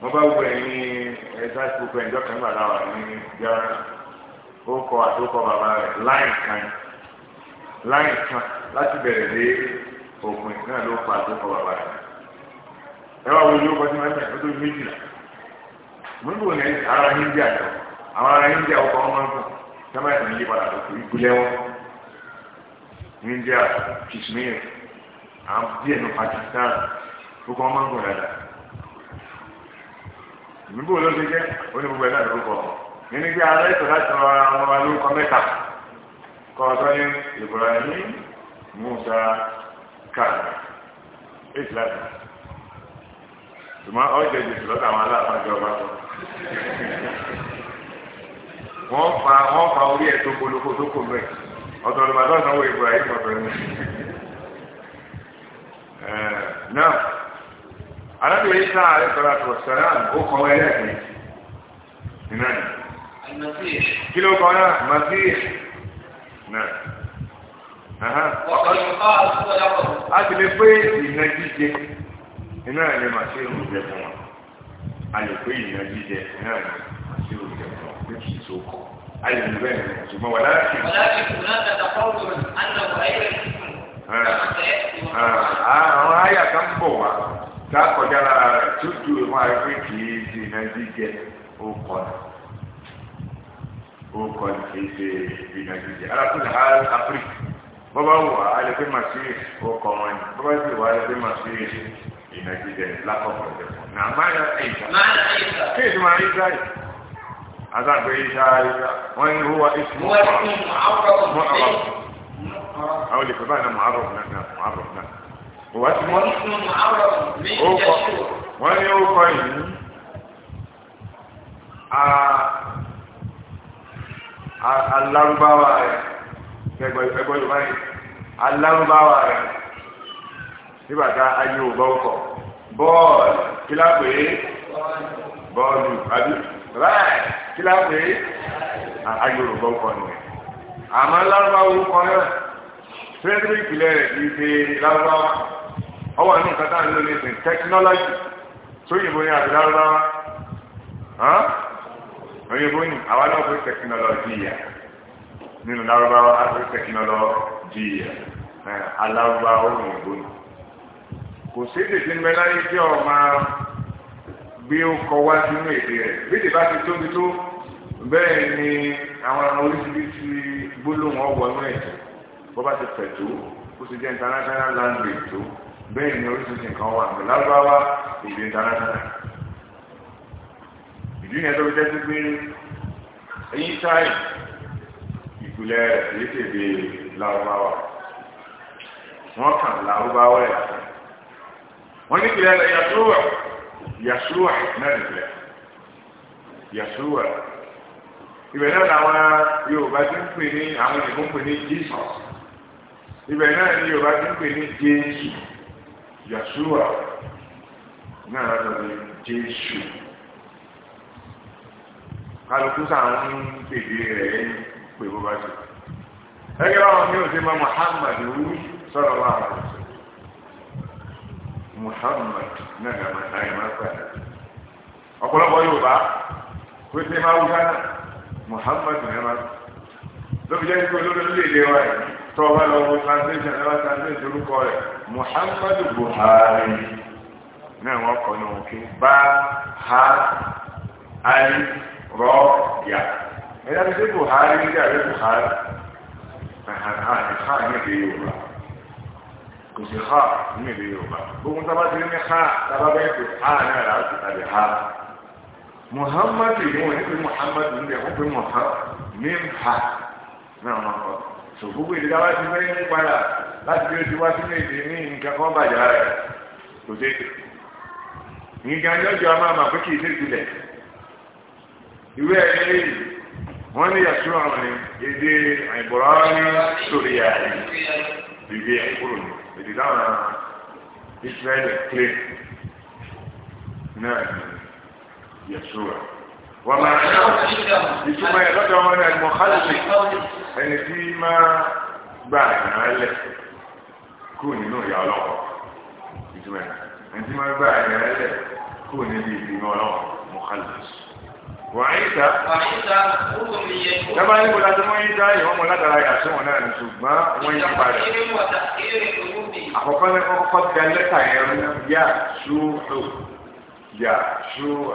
[SPEAKER 2] wọ́n bá gbogbo ẹ̀ ní ẹ̀dá ẹ̀jọ́ kan gbà láwà ní yàrá ó kọ àtòkọ bàbá rẹ̀ láì kan láì kan láti bẹ̀rẹ̀ dé ògùn náà ló kọ àtòkọ bàbá rẹ̀ ẹ wá ọkọ tí ó tó méjìlá mo ń bò ní ara India àwọn India ọkọ ọmọ sábà níbo ló ti jẹ́ onígbogbo ẹ̀ náà lórúkọ nínú bí ara ìtọ́ láti rọ ọmọ wa lórúkọ mẹ́ta kọ́ ọ̀tọ́ ní Ibrahim Musa kàdà èsì láti ṣùgbọ́n ọ̀jẹ̀ jù lọ́tà àwọn aláàfáàjọ ọba wọ́n fa wọ́n fa orí ẹ̀ tó polówó tó kò mẹ́ ọ̀tọ̀ ló bá tọ́ Ibrahim ọ̀tọ̀ ní. náà arábìnrin sá ààrẹ sọ̀rọ̀ àtọ̀ sọ̀rọ̀ ó kọ́ ẹlẹ́ẹ̀kejì nínú ẹ̀. kí ló kọ́ náà màsíì náà. a ti lè pé ìná jíjẹ iná ẹ̀ ni màsíì ò jẹ fún wa a lè pé ìná jíjẹ iná ẹ̀ ni màsíì ò jẹ fún wa pé kì í so kọ́ a lè lè bẹ́ẹ̀ ni ṣùgbọ́n wà láti. wà láti
[SPEAKER 1] kùn náà tàtà fọ́ọ̀mù àná wà ayé rẹ̀ tuntun. àwọn
[SPEAKER 2] àyà kan bọ̀ wá tá a kọjá lára rẹ̀ tó ju ìwọ̀n àìpé kì í ṣe iná jíjẹ ó kọ́ ni ó kọ́ ni kì í ṣe iná jíjẹ alákùnrin ha áfíríkì bọ́bá wù wá alẹ́pẹ́ màsíyè ó kọ́ wọn ni bọ́bá sì wà alẹ́pẹ́ màsíyè iná jíjẹ lákọ̀ọ́kọ́ ọ̀jẹ̀ fún un náà má yà ẹ̀yà kí máa yí sáyé azagbe yí sáyé wọ́n ní wọ́n ìsúnmọ́ àwọn olùkọ́ báyìí náà mọ̀ wá sí mọ́ wọ́n ní ó kọ́ yìí alárúbáwá rẹ̀ ẹgbẹ́ yorùbá yìí alárúbáwá rẹ̀ nígbàtá ayé ò bọ́ kọ̀ bọ́ọ̀lù kílápé bọ́ọ̀lù àbí ráì kílápé ayé ò bọ́ kọ̀ nìyẹn àmọ́ alárúbáwá orúkọ náà fẹ́ẹ́ tó ìpìlẹ̀ rẹ̀ kì í ṣe lárúbáwá ọwọ́ àánú nǹkan tá à ń lò lẹ́sìn tẹkinọ́lọ́jì sóyìnbó ní àbí lárúbáwá òyìnbó ní àwa náà fún tẹkinọ́lọ́jì yà nínú lárúbáwá á fún tẹkinọ́lọ́jì yà alárúbáwá òyìnbó ní. kò sí èdè ń bẹ láyé tí ọ máa gbé ọkọ wá sínú èdè rẹ bí èdè bá ti tóbi tó bẹ́ẹ̀ ni àwọn oríṣiríṣi gbólóhùn ọ̀wọ́ inú ẹ̀jẹ̀ bó bá ti fẹ̀ tó ó ti jẹ́ international language tó bẹ́ẹ̀ ni oríṣiríṣi nǹkan wà pẹ̀lú lágbáwá èdè international ìdí yẹn tó fi jẹ́sí pé ẹyin táì ìpìlẹ̀ ìlétèdè lárúbáwá wọ́n kàn lárúbáwá ẹ̀ wọ́n ní ìpìlẹ̀ yasuwa yasuwa náà nìpìlẹ̀ yasuwa ibẹ̀ náà làwọn Yorùbá ti ń pè ní àwọn ìbò ń pè ní Jesus ibẹ̀ náà ni Yorùbá ti ń pè ní Jésù. Yasuwa náà látọ̀dọ̀ jésù kálukú sáà ń pèdè rẹ̀ ń bó bá ṣe. ẹgbẹ́ ní máa Muhammad wú sọ̀rọ̀ wà á lọ Muhammad náà ní àmà náà ìmọ̀ àgbàdo. ọ̀pọ̀lọpọ̀ Yorùbá kó tẹ́ máa wú Muhammad náà lọ́bi jẹ́ kí olórí ló tọ́ba lọ wo translation ẹ bá translate orúkọ rẹ̀ Muhammadu Buhari náà wọ́n kọ́ ní òkè bá ha ali rọ yà ẹ dábí sí Buhari ní ìdàgbé Buhari ha ní èdè Yorùbá kò sí ha ní èdè Yorùbá gbogbo tábà ti ní ha tábà bẹ́ẹ̀ pé ha ní àlá ti tàbí ha Muhammadu yìí wọ́n ní pé Muhammadu ní ẹ̀ wọ́n pé Muhammadu ní ha náà wọ́n kọ́ sòfúgbò èdè tá a bá ti fẹ́ ní padà láti bí o ti wá sínú èdè ní nǹkan kan bàjá rẹ̀ kò dé nǹkan ní ọjọ́ a máa mà pé kì í ṣe ìpìlẹ̀ ìwé ẹ̀yẹ lẹ́yìn wọ́n ní yàtú àwọn ni èdè àìbọ̀rọ̀ ní sórí ààrẹ ìwé ẹ̀kúrò ní èdè táwọn Israẹli kílẹ̀ náà yàtú àwọn. وما يسمى يغدر من المخلص ان يعني فيما بعد ما قالك كوني نوري على يسمى ان فيما بعد ما قالك كوني لي في نور مخلص وعيسى
[SPEAKER 1] كما يقول لازم عيسى يوم ولد راي اسمه انا
[SPEAKER 2] نسوب وين بعد
[SPEAKER 1] أخوانا أخوات
[SPEAKER 2] يا شو يا شو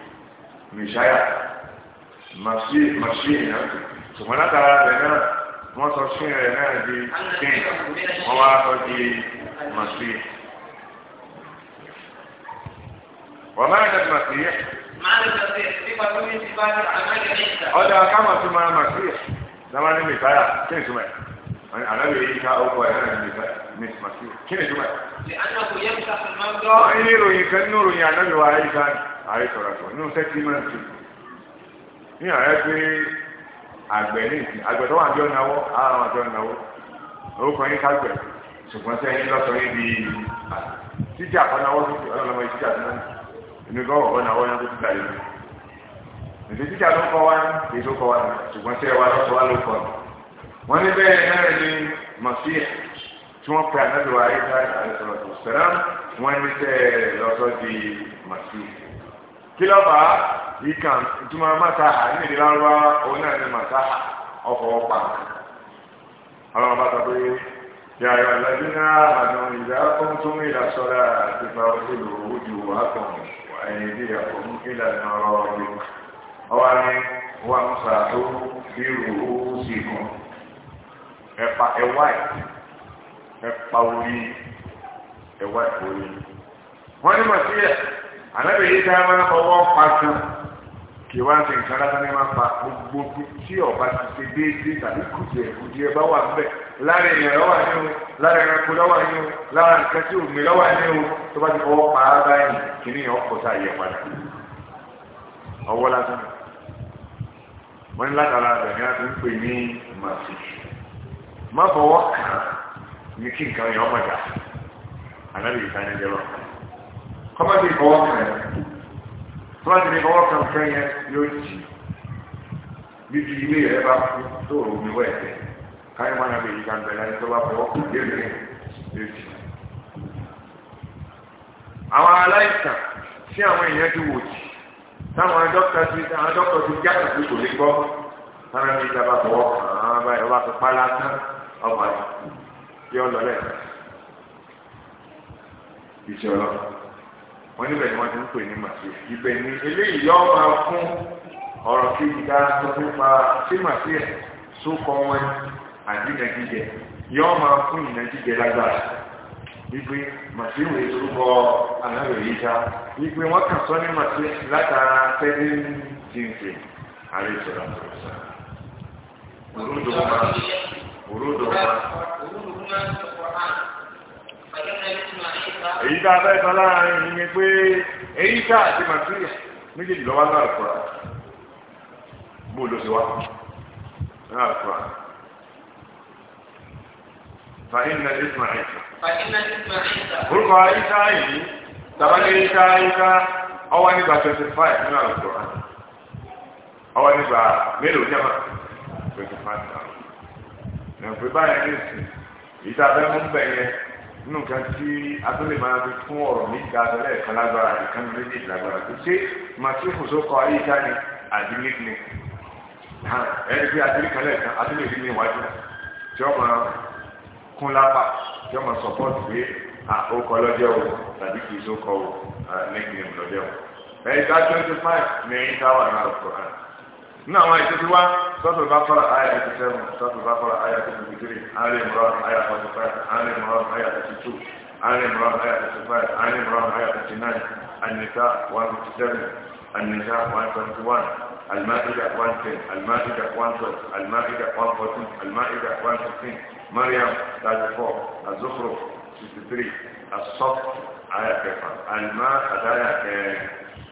[SPEAKER 2] mìsáyà màṣíì náà ṣùgbọ́n látara rẹ̀ náà wọ́n sọ sí rẹ̀ náà di sin wọ́n wá sọ di màṣíì. wọ́n máa ń dẹ̀ màṣíì. ọ̀dà káwọn tó máa màṣíì dáwọn ní mìsáyà kí ni túmọ̀ ẹ̀ ànábì yìí ká ó kọ ẹ̀ náà ní màṣíì kí ni túmọ̀ ẹ̀.
[SPEAKER 1] ìròyìn kan ní
[SPEAKER 2] ìròyìn ànábì wa ayé sáà àìsọ̀rọ̀sọ̀ nínú sẹ́tímẹ́ǹtì ní ọ̀rẹ́ pé àgbẹ̀ ní ìsìn àgbẹ̀ tó wà ní ọ̀nàwọ́ ara wọn jọ ọ̀nàwọ́ orúkọ yín kágbẹ̀ ṣùgbọ́n sẹ́yìn lọ́sọ̀ yín di títí àfọ̀nàwọ́ sí ọlọ́mọ títí àfọ̀nàwọ́ èmi gbọ́ ọ̀nàwọ́ yẹn tó ti dàrí mi èdè títí àlọ́ kọ́ wa èyí tó kọ́ wa ṣùgbọ́n sẹ́yìn wa lọ́sọ̀ wa ló kọ́ wọn ní bẹ́ẹ̀ náà ni màsíyà tí wọ́n pè ànábìwá ayé kílọ̀bà ìkà ìtumọ̀ màtáhà ní ìdílé arúgbó òun náà ní màtáhà ọkọ̀ ọ̀pá ọlọ́run bá sọ pé yàrá ìlàjú náà àná ìdá fún tún ìlà sọ́ra àti fa òṣèlú ojú àkàn ẹ̀yìn ìdí àkàn ìlà ìnáwó ọdún ọwọ́ ni wọ́n ń sàtó bírù owó sí kan ẹ̀pà ẹ̀wá ẹ̀pà orí ẹ̀wá ìkórè wọ́n ní màtíyà àlẹ́bẹ̀ yìí ká máa fọwọ́ pa kan kì wá sí nǹkan lásán ní máa pa gbogbo tí ọba ti ṣe déédéé tàbí kùjẹ kùjẹ bá wà bẹ́ẹ̀ lára èèyàn lọ́wọ́ ní o lára ẹranko lọ́wọ́ ní o lára nǹkan tí òmìnir lọ́wọ́ ní o tó bá ti fọwọ́ pa á báyìí kìnìún ọkọ̀ tá a yẹ padà ọwọ́ lásán wọ́n ní látara àgbẹ̀mí àti ń pè ní màsí má fọwọ́ kàn ní kí nǹkan yẹn ọmọdà ànábìyí ká ní jẹ́ lọ́kàn tọ́ba ti kọ́wọ́ kan tọ́ba ti kọ́wọ́ kan kẹ́yẹ yóò jì bíbi ilé rẹ̀ bá kú tó o mi wẹ̀ ẹ̀ káyọ̀ wọn àbẹ̀ yìí kan bẹ̀rẹ̀ ẹ̀ tọ́ba kọ́wọ́ kan yé mi yóò jì. àwọn aláìsàn tí àwọn èèyàn ti wò jì táwọn dókítà ti àwọn dókítà ti jáde pé kò lè gbọ́ táwọn ẹni ìjọba kọ́wọ́ kan àwọn abáyọ̀ wá fi pálá tán ọgbà yọ lọ lẹ́yìn wọ́n níbẹ̀ ni wọ́n ti ń pè ní màsíù ibẹ̀ ni eléyìí yọ máa fún ọ̀rọ̀ kejì dára tó nípa ṣé màsíù ẹ̀ sókọ wọn àdínà jíjẹ yọ máa fún ìnà lágbára wípé màsíù ẹ̀ sókọ aláwẹ̀ yìí já wípé wọ́n kàn sọ ní màsíù látara tẹ́lẹ̀ jíǹsì àrẹ ìṣọ̀rọ̀ àtọ̀rọ̀sà. òródò máa òródò máa. èyí tá a fẹ́ láàrin yìí ni pé èyí tá àti màtíríà méjèèjì lọ́wọ́ náà kura bó ló ṣe wá náà kura. فإن الاسم عيسى
[SPEAKER 1] فإن الاسم عيسى
[SPEAKER 2] yìí tàbí Ìsá Ìsá ó nígbà twenty ní nínú nǹkan tí atọ́lẹ̀ máa fi fún ọ̀rọ̀ ní ìdájọ́ ẹ̀kan lágbára ìkan ní méjì lágbára tó ṣe màtífù tó kọ ayé ìta ni àdílé ni ẹni pé àdílé kan lẹ́ẹ̀kan àdílé ìdí ní iwájú tí ọmọ kún lápá tí ọmọ sọpọ́ọ̀tì pé àkókò lọ́jọ́ o tàbí kì í sókọ o nígbìmọ̀ lọ́jọ́ o. ẹ̀ka twenty five ní ìtawà náà kọ̀ nínú àwọn àìsàn ti wá sọ́tò bá fọ́ra àyà ti sẹ́wọ̀n sọ́tò bá fọ́ra àyà ti twenty three àárín mìíràn àyà forty five àárín mìíràn àyà thirty two àárín mìíràn àyà thirty five àárín mìíràn àyà thirty nine ànìká one fifty seven ànìká one seventy one àlùmáìdà one ten àlùmáìdà one twelve àlùmáìdà one fourteen àlùmáìdà one fifteen mariam thirty four azokro sixty three asọ́f àyà kẹfà àlùmá àdáyà kẹrin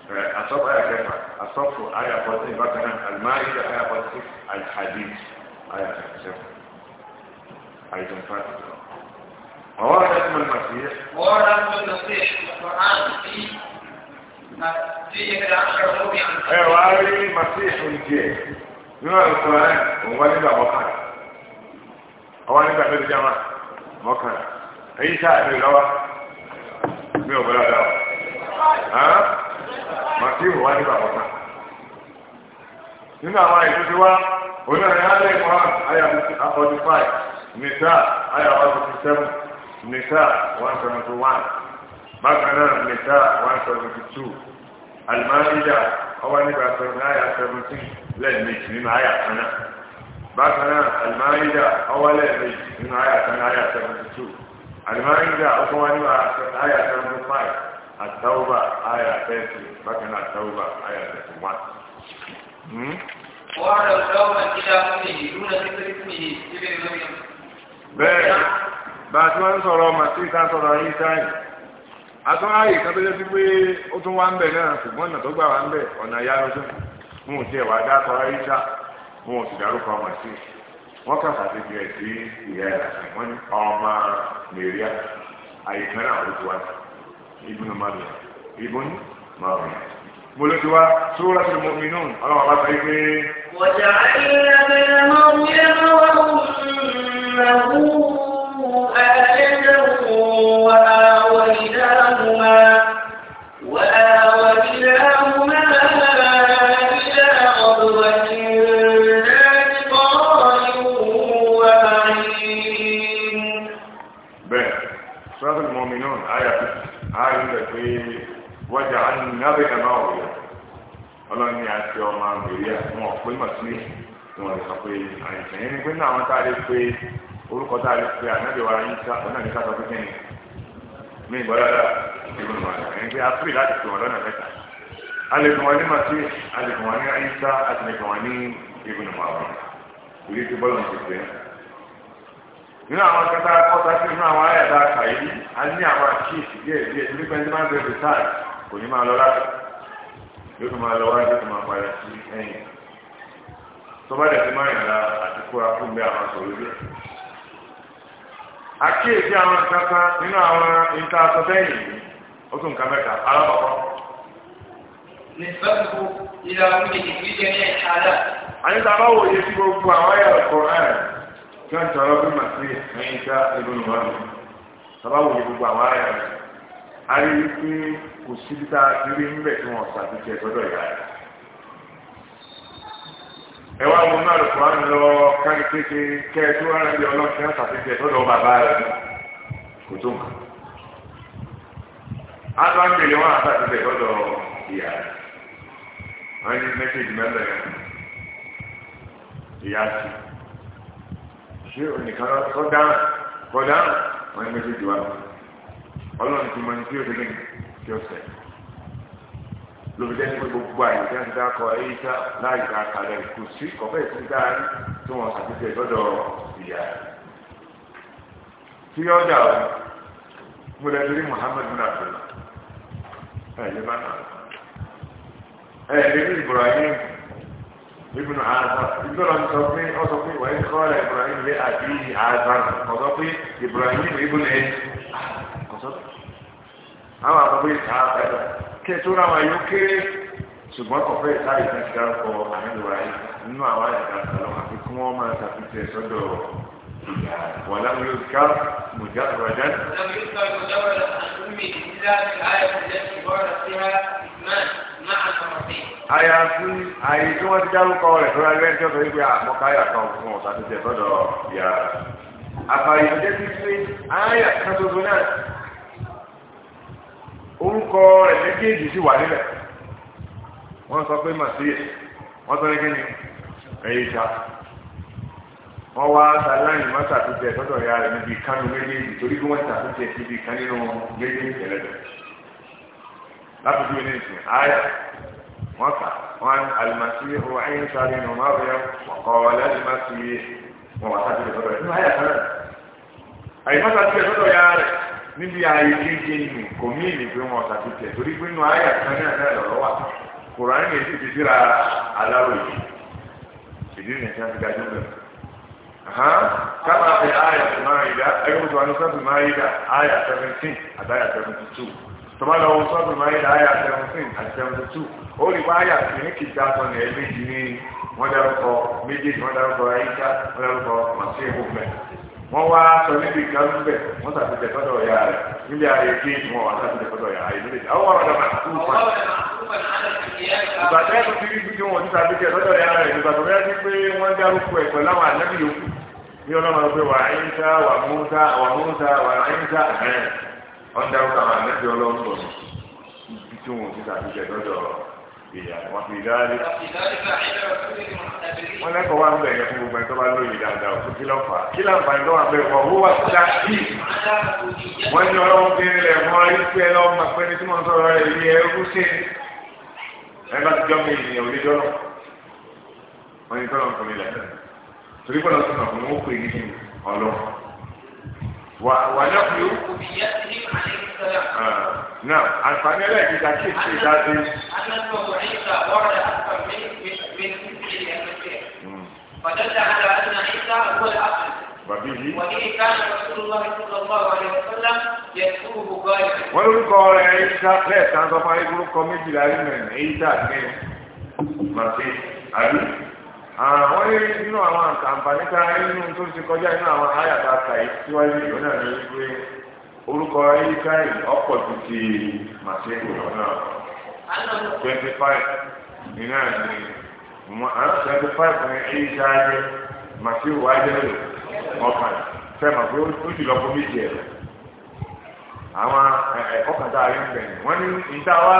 [SPEAKER 2] asọ́fù àyà kẹfà asọ́fù àyà fourteen bákan náà alimáyídà àyà fourteen alhadid àyà kẹfà àìsàn fàtì. ọ̀wọ́ rẹ̀ tó máa ti yẹ.
[SPEAKER 1] ọ̀wọ́ rẹ̀ tó máa ti yẹ ọ̀hán sí ẹ wá
[SPEAKER 2] rí màsíìsì díẹ̀ nínú àlùkò rẹ òun wá nígbà mọ́kànlá ọwọ́ nígbà mẹ́rin jáma mọ́kànlá èyí sáà mi lọ́wọ́ mi ò bọ́lá dáwọ́ màtíwò wá ní bàbá kan nínú àwọn àìsàn ti wá onírin alẹ́ ìmọ̀ràn àyà forty five nìta àyà one forty seven nìta one seventy one bákan náà nìta one seventy two alimánidà ọwọ́ nígbà sọ̀rọ̀ àyà seventeen lẹ́ẹ̀mejì nínú àyà kan náà bákan náà alimánidà ọwọ́ lẹ́ẹ̀mejì nínú àyà kan náà àyà seventy two alimánidà ọkọ̀ wá nígbà sọ̀rọ̀ àyà seventy five. التوبة آية 30 فكان التوبة آية 31
[SPEAKER 1] وعلى التوبة إلى أمه دون ذكر اسمه ابن مريم
[SPEAKER 2] bẹ́ẹ̀ bá tí wọ́n ń sọ̀rọ̀ màtí ìta sọ̀rọ̀ yìí sáyìn àtúnráyè kan tó jẹ́ sí pé ó tún wá ń na náà ṣùgbọ́n ọ̀nà tó gbà wá ń bẹ̀ ọ̀nà ìyá lọ́sùn fún òtí ẹ̀wà dá sọ̀rọ̀ ibùnú màdùn ibùnú màdùn mọlẹ́tí wa sóra tó mọ̀ mínú ọlọ́wọ́ bá sọ pé.
[SPEAKER 1] wọ́jà ayé abẹ́rẹ́ máa ń yẹ lọ́wọ́ wà wọ́n ìdáhùn
[SPEAKER 2] nábẹ́ka náà wọ̀ ọrụ ya àti ọmọ àgbèrè àwọn ọ̀pẹ́ màtí wọn lè sọ pé àìsàn yẹn ni pé náà a lè pe orúkọ a lè pe ànábẹ́wà yín sá ọ̀nà ní sábà pínpín mi ìgbọ́dọ̀ dà ìgbìmọ̀ àgbà yẹn pé a pè láti pè wọn lọ́nà mẹ́ta alẹ́kùn wọn ní màtí alẹ́kùn wọn ní àyíṣá àtìlẹ́kùn wọn ní ìgbìmọ̀ àgbà ti nínú àwọn sí nínú kò máa lọ láti yóò tún máa lọ wájú tó máa padà sí ti máa àti kó akúnbẹ́ àwọn sọ̀rọ̀ bí. àkíyèsí àwọn kankan nínú àwọn nǹkan aṣọ yìí ó tún nǹkan mẹ́ta alákọ̀ọ́kọ́.
[SPEAKER 1] nìfẹ́kù ìlà ní ẹ̀ka
[SPEAKER 2] bá gbogbo àwọn kí wọ́n ti màsí ẹ̀yìn ká ayé wípé kò síbi tá a ti rí níbẹ̀ tí wọ́n ṣàtúnṣe gbọ́dọ̀ yá rẹ̀. ẹ wá wọn náà lọ́kọ̀ á lọ kárí kéke kẹ́ ẹ tó wá rẹ̀ bí ọlọ́sìn náà ṣàtúnṣe gbọ́dọ̀ bàbá rẹ̀ kò tó nǹkan. á lọ ń gbèlè wọn àtàtúnṣe gbọ́dọ̀ ìyá rẹ̀. wọ́n ní mẹ́sẹ̀jì mẹ́lẹ̀ ìyá sí. ṣé onìkan kọ́ dáhùn kọ́ dáhùn wọ́n ní mẹ́sẹ̀jì wà lọ́wọ́ ọlọ́run ti mọ ní tí ó ti lẹ́yìn tí ó sẹ̀ lóbi jẹ́ pé gbogbo àyè tí wọ́n ti dákọ̀ èyí tá láì dá kalẹ̀ kò sí kọ̀fẹ́ ìsìn dáadé tí wọ́n ṣàtúnṣe lọ́dọ̀ ìyá tí yọ́ dà mo lẹ́ torí Muhammad bin Abdullah ẹ̀ lè má nà ẹ̀ lè ní Ibrahim ibùnú àzà ìgbọ́dọ̀ ń sọ pé ọ sọ pé wọ́n ń kọ́ Ibrahim lé àbí àzà ọ̀sọ́ pé Ibrahim ibùnú ẹ̀ sọ́tọ̀ àwọn àkọ́kọ́ yìí sáà pẹ̀lú kí ẹ tó ra wọn yóò kéré ṣùgbọ́n kò fẹ́ sáré fún ti dárúkọ àmìlúwa yìí nínú àwọn àyàká àtàlọ́ àti kí wọ́n máa ṣàfihàn sọ́dọ̀ ìyá wọn láwọn yóò ká mùjá rọ̀dá.
[SPEAKER 1] àyàfi àyè tí wọ́n
[SPEAKER 2] ti dárúkọ rẹ̀ tó ra lẹ́jọ́ tó yí pé àmọ́káyà kan fún ọ̀sán ti tẹ̀ sọ́dọ̀ ìyá. àfàyè jẹ́
[SPEAKER 1] ti pé àyà kan tuntun náà
[SPEAKER 2] orúkọ rẹ̀ méjèèjì sì wà níbẹ̀ wọ́n sọ pé màsíyè wọ́n sọ nígbẹ́ ni ẹ̀yíṣà wọ́n wá sàláyìn má ṣàtúnṣe ẹ̀tọ́tọ̀ ìyá rẹ̀ níbi kánú méjèèjì torí bí wọ́n ṣàtúnṣe síbi kan nínú méjèèjì ẹlẹ́dẹ̀ láti bí ní ìsìn ayé wọ́n kà wọ́n alimasi ọ̀ ẹ̀yíṣà rẹ̀ nù má rẹ̀ wọ̀kọ́ alimasi wọ́n wá sàtúnṣe ẹ̀tọ́tọ̀ ìyá rẹ̀ níbi ààyè kéje ni kò ní ìlì pé wọn ọ̀sà ti tẹ̀ torí pé inú ayé àtúnyẹ̀ náà lọ́wọ́ wà kùránì yẹn sì ti síra aláròyé ìdí nìyẹn tí wọ́n ti dájú bẹ̀rẹ̀. كما في آية المائدة أيوة عن سورة المائدة آية 17 حتى آية 72 ثم لو سورة المائدة آية 17 حتى 72 ó rí báyà ní kìtà sọnù ẹ̀ẹ́dẹ́jì ní wọ́n dárúkọ méjèèjì wọ́n dárúkọ ẹ̀yíká wọ́n dárúkọ màsí ẹ̀kọ́ mẹ́rin wọ́n wá sọ níbi kan bẹ̀ wọ́n tàbí jẹ fọ́dọ̀ ọ̀yà rẹ̀ níbi ààyè kí wọ́n wá tàbí jẹ fọ́dọ̀ ọ̀yà rẹ̀ níbi àwọn ọ̀rọ̀ dàgbà tó fà.
[SPEAKER 3] ìgbà tẹ́ tó ti rí bí wọ́n ti tàbí jẹ fọ́dọ̀ ọ̀yà rẹ̀ ìgbà tó fẹ́
[SPEAKER 2] pé wọ́n dárúkọ ẹ̀ pẹ̀lú àwọn ànábì yòókù bí ọlọ́run pé wà á ń sá wà mú sá wà mú sá wà á ń sá ẹ̀ ọ́n dárúkọ àwọn ànábì ọlọ́run wọ́n fi dáadé. wọ́n lẹ́kọ̀ọ́ wá ń bẹ̀rẹ̀ fún gbogbo ẹ̀ tó bá lóye dáadáa òkú kí lọ́fà kí láǹfààní lọ́wọ́ abẹ́ kọ̀ owó wà síta kí. wọ́n ní ọlọ́run fi rẹ̀ mọ́ ìfẹ́ lọ́wọ́ máa pẹ́ ní tí wọ́n sọ̀rọ̀ rẹ̀ yí ẹrú sí i. ẹ bá ti jọ mi ènìyàn ò ní jọ́ lọ. wọ́n ní tọ́lọ̀ fún mi lẹ̀ torí pé lọ́sọ̀rọ̀ fún ó pè ní ọlọ́run. ونفي
[SPEAKER 1] ربوبيتهم عليه
[SPEAKER 2] السلام نعم الفعل لا إذا كيف إذا أن
[SPEAKER 1] الموعظ ورد أكثر من من من فدل على أن عيسى هو الأصل وبه وبه كان رسول الله صلى الله عليه وسلم يذكره غالبا ولو قال عيسى
[SPEAKER 2] لا تنظر ما يقول قومي بلا علم عيسى مسيح أبي àwọn ah, ní nínú àwọn àǹfààní ká nínú tó ti kọjá nínú àwọn àyàtà kàí síwájú ìlú náà ní wípé orúkọ ayíkáì ọ̀pọ̀ ti ti màṣẹ́kù lọ́nà twenty five ní náà ní twenty five ní ayíká ayé màṣẹ́kù ayé ọkàn pé ó méjì ẹ̀ àwọn tá a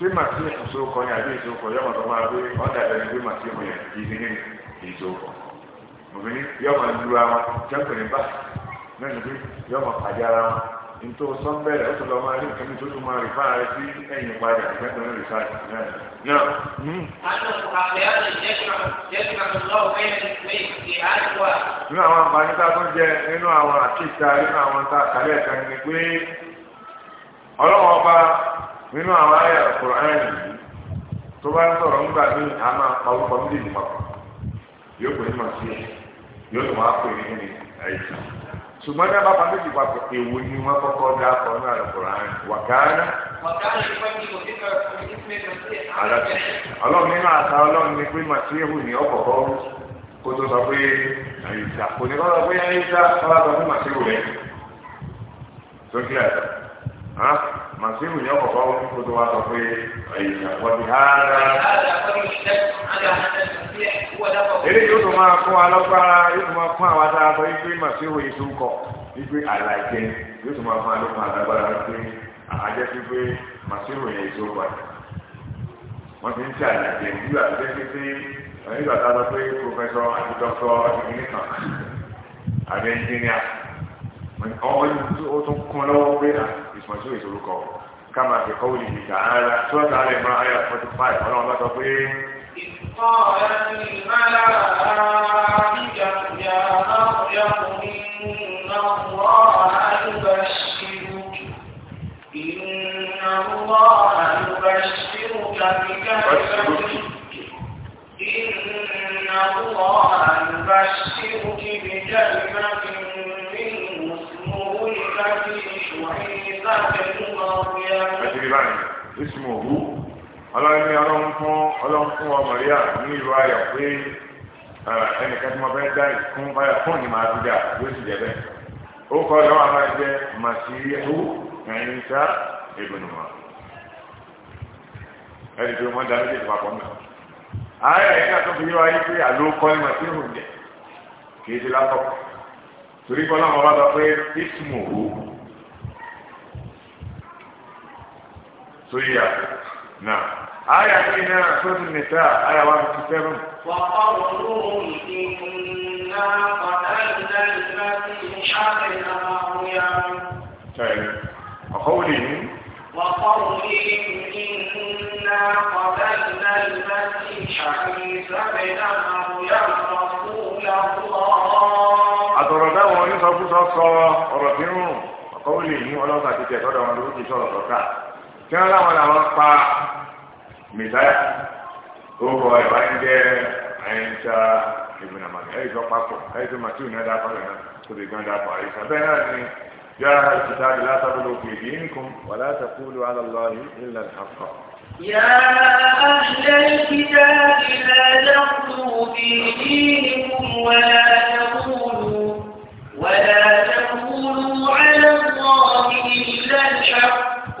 [SPEAKER 2] pé màsíìkù tó kọ ní àbí ìsòkò yọmọ tó ọ gbé ọ̀dà ìbẹ̀rẹ̀ pé màsíìkù yẹn kì í ní ìsòkò obìnrin yọmọ lu àwọn jẹ́pẹ̀rẹ̀ bá mẹ́rin yọmọ wọn nítorí sọ́ńbẹ̀rẹ̀ ó tó lọ máa rí nǹkan tó tó máa rí fáà rẹ sí ẹ̀yìn padà ìgbẹ́kùnrin rẹ̀ sáà náà. náà. nínú àwọn àǹfààní tá a tún jẹ nínú àwọn nínú àwọn tá a nínú àwọn ayé Kùránì yìí tó bá ń sọ̀rọ̀ ńgbà ní àmà ọ̀pọ̀ ń dìbò papọ̀ yóò pè ní màsí yóò tún wá pè ní ní àìsàn ṣùgbọ́n ní abáfà méjì papọ̀ èwo ni wọ́n kọ́kọ́ dá ọ ní àlọ́ Kùránì
[SPEAKER 1] ọlọ́run nínú àṣà
[SPEAKER 2] ọlọ́run ni pé màsí èwù ní ọ̀pọ̀pọ̀ kó tó sọ pé àyíṣà kò ní kọ́ sọ pé àyíṣà ọlọ́run ní màsí èwù rẹ̀ tó kí àṣà màsíwù ní ọkọ̀ báwọn kí kótó wa sọ pé ẹ̀yìn àpọ̀jù hàrá.
[SPEAKER 1] eré yóò tó máa fún alọ́gbára
[SPEAKER 2] yóò tó máa fún àwọn tá a sọ yí pé màsíwù yìí tó ń kọ̀ yí pé àlàjẹ yóò tó máa fún alọ́gbára alágbára yí pé àjẹ́ sí pé màsíwù yẹn tó wà. wọ́n ti ń ṣe àlàjẹ nígbà tó dé pé nígbà tá a sọ pé pòfẹ́sọ àti dọ́kítọ̀ àti kìnìkan àbẹ̀ ẹnjìníà ó tún kún lọ́wọ́ pé àti ah, ìsìnkú ìsorúkọ kama fi kọ́wé ní ta'ala sọ́ọ́ ta'ala ìmọ̀ ayé forty five ọlọ́run bá sọ pé.
[SPEAKER 1] ìfọ̀ọ́lá ti máa ń bá ìjà ìjà náà yẹ kó nínú ọ̀rọ̀ àdúgbò ṣílù ìnà ọ̀rọ̀ àdúgbò ṣílù tàbí kẹ́kẹ́ إن الله يبشرك بكلمة
[SPEAKER 2] ẹ̀sìn bíbá yẹn ìsìnkú òwú ọlọ́run ní ọlọ́run fún ọlọ́run fún wa Màríà ní ìlú ayọ̀ pé ẹnìkan tí mo fẹ́ dá ìkún báyà fún ìmọ̀ àbújá yóò sì jẹ bẹ́ẹ̀ ó kọ́ ọ̀dọ́ wa máa jẹ màsíhù ẹ̀yìn sá ìbùnùmọ̀ ẹni tí wọ́n dá méjèèjì papọ̀ mọ́ ààrẹ ẹ̀yìn àtúntò yóò wáyé pé àló kọ́ ẹ̀ màsíhù jẹ kì í ti lápapọ̀ torí kọ́ ọlọ́run ọba sọ pé ìsìnkú òwú. sórí à náà àyà sí náà sọ́tún nìta àyà wà fún sẹ́fún. wà á wọ̀lú
[SPEAKER 1] ìdíná pàtàkì láti ṣáàlì àwọn ya.
[SPEAKER 2] sẹ́yìn ọ̀kọ́ wòlé yìí.
[SPEAKER 1] wà á wọ̀lé ìdíná pàtàkì láti ṣáàlì sábẹ̀ àwọn ya àtọ̀rọ̀ táwọn onísọkúsọ
[SPEAKER 2] sọ ọ̀rọ̀ tí ń rùn ọ̀kọ́ wòlé yìí ọlọ́sà ti tẹ̀ sọ́dọ̀ wọn lórí ti sọ̀rọ̀ sọ́kà. tí wọ́n láwọn làwọn pa mẹ́sáyà ó kọ ìwà ń jẹ́ àyíṣà ìgbìmọ̀ àmàlẹ́ ẹ̀yìn tó papọ̀ ẹ̀yìn tó màtí òní ẹ̀dá pàlẹ́ náà tó lè gbọ́n dá pa àyíṣà bẹ́ẹ̀ náà ni يا أهل الكتاب لا تغلوا في دينكم ولا تقولوا على الله إلا الحق
[SPEAKER 1] يا أهل الكتاب لا láti في دينكم ولا تقولوا ولا تقولوا على الله إلا الحق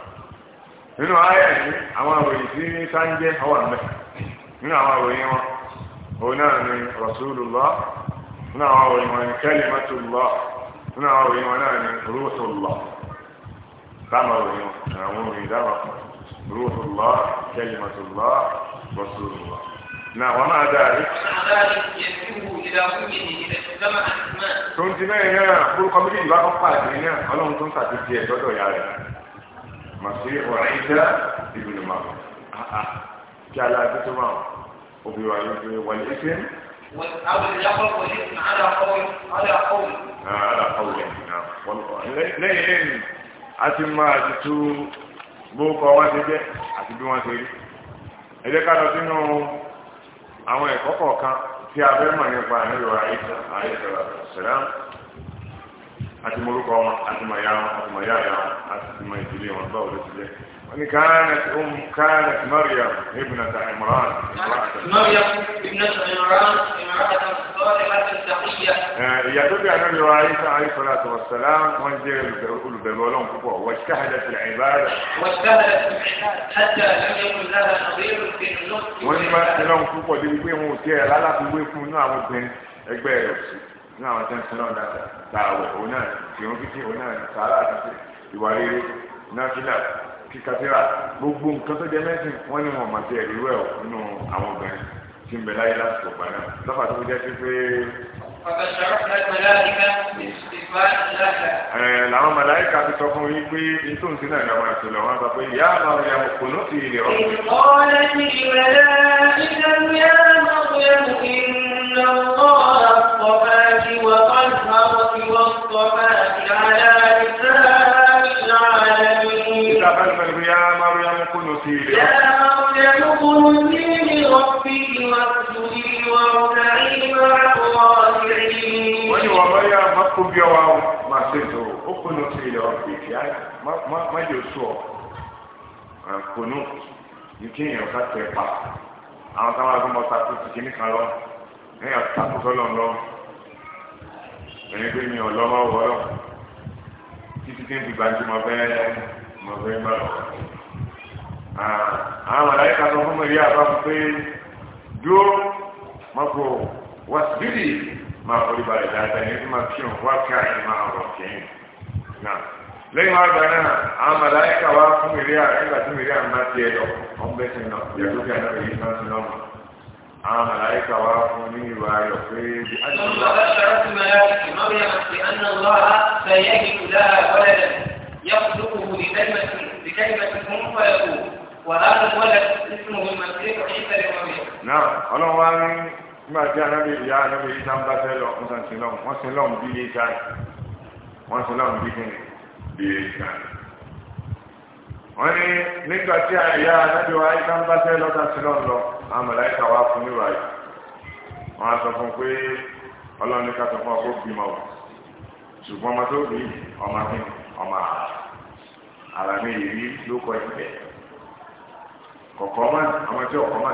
[SPEAKER 2] nínú ayé yìí àwọn àròyìn tí ní sáńjẹ́ ọwà mẹ́ nínú àwọn àròyìn wọn òun náà ni rasulullah nínú àwọn àròyìn wọn ni kalimatullah nínú àwọn àròyìn wọn náà ni ruhullah táwọn àròyìn wọn àwọn òròyìn dáwà kan ruhullah kalimatullah rasulullah náà wọn máa dáa rí.
[SPEAKER 1] tó ń ti náà yẹn náà fúrúkọ
[SPEAKER 2] méjì ìbá kan pàdé náà tó ń sàtìsí ẹ̀ lọ́dọ̀ ìyá rẹ̀ masiihu Isa ibn Maryam kí aláàbí tó máa òbí wa yóò fi wọlé ẹsẹ. lẹ́yìn lẹ́yìn a ti máa ti tú bókọ wá ti jẹ́ àti bí wọ́n ti rí ẹ jẹ́ ká lọ sínú àwọn ẹ̀kọ́ kọ̀ọ̀kan tí a fẹ́ mọ̀ nípa àníyọ̀ àìsàn àìsàn sẹ̀rán. ati muluko um, wa ati mayama ati mayaya ati maitiliya wa zao lesile wani
[SPEAKER 1] يا تبي أنا
[SPEAKER 2] عليه الصلاة والسلام وانزل الأول واجتهدت العبادة واجتهدت
[SPEAKER 1] العبادة حتى لم يكن لها خبير في النص وانما
[SPEAKER 2] لا لا ní àwọn tó ń sin náà dáadáa tààwẹ̀ òun náà tìrún fífi òun náà sàárà àtúnṣe ìwà rere náfìlà kíkàtìrà gbogbo nǹkan tó jẹ mẹ́sìn wọ́n ní wọn màtí ẹ̀rí wẹ̀ nínú àwọn obìnrin tí ń bẹ láyé lásìkò gbà náà lọ́fà tó jẹ́ sí pé.
[SPEAKER 1] làwọn màláìka ti sọ fún
[SPEAKER 2] yín pé nítorí sí náà làwọn àti lọ́wọ́ sọ pé ìyá àwọn ọmọ yàgò kò ló ti ilẹ̀ ọ̀gbìn. ìkọ́lẹ̀
[SPEAKER 1] إن الله اصطفاك وطهرك واصطفاك على نساء العالمين
[SPEAKER 2] يا مريم قنتي يا
[SPEAKER 1] مريم قنتي لربك واسجدي واركعي مع الراكعين ويوم مريم
[SPEAKER 2] مكتوب يوم ما سيدو قنتي لربك يا ما ما ما يسوع قنوت يمكن يوقع تقع àwọn táwọn agbọmọta tó ti kí ní kan lọ ní àtàkùsọ́lọ̀ ńlọ ẹni pé mi ò lọ́wọ́ wọ́ọ́rọ́ títí tí ń fi gbàjú mọ fẹ́ mọ fẹ́ bá lọ. àwọn àlàyé kan sọ fún mi rí àbá fún pé dúró mọ́kò wá síbìlì máa forí balẹ̀ dáadáa ẹni tí máa fi hàn wá kí àyè máa rọ̀ kẹ́yìn náà lẹ́yìn wá gbaná àwọn màláyíkà wá fún mi rí àgbà tí mi rí àmà tiẹ̀ lọ ọ̀n bẹ́sẹ̀ náà yàtọ̀ kí àná àwọn màláìka wá fún ní ìwà ayọ̀ pé bí a ti lọ.
[SPEAKER 1] يخلقه بكلمة بكلمة كن فيكون وهذا الولد اسمه المسيح عيسى بن مريم.
[SPEAKER 2] نعم، أنا وأنا nígbà tí anábì ìyá anábì ìsá ń bá fẹ́ lọ wọ́n sàn sí lọ́wọ́ wọ́n sì lọ́wọ́ bí ìsá wọ́n sì lọ́wọ́ bí kí ni bí ìsá. wọ́n ní nígbà tí àyà anábì wa lọ́dà sí lọ́lọ́ àmàlà ìka wa fún níwà yìí wọ́n á sọ fún pé ọlọ́run ní ká sọ fún ọkọ̀ bímọ wò ṣùgbọ́n ọmọ tó rí ọmọ mi ọmọ mi yìí ló kọ ìbẹ̀ kọ̀kọ́ mọ́ ọmọ tí ọkọ̀ mọ́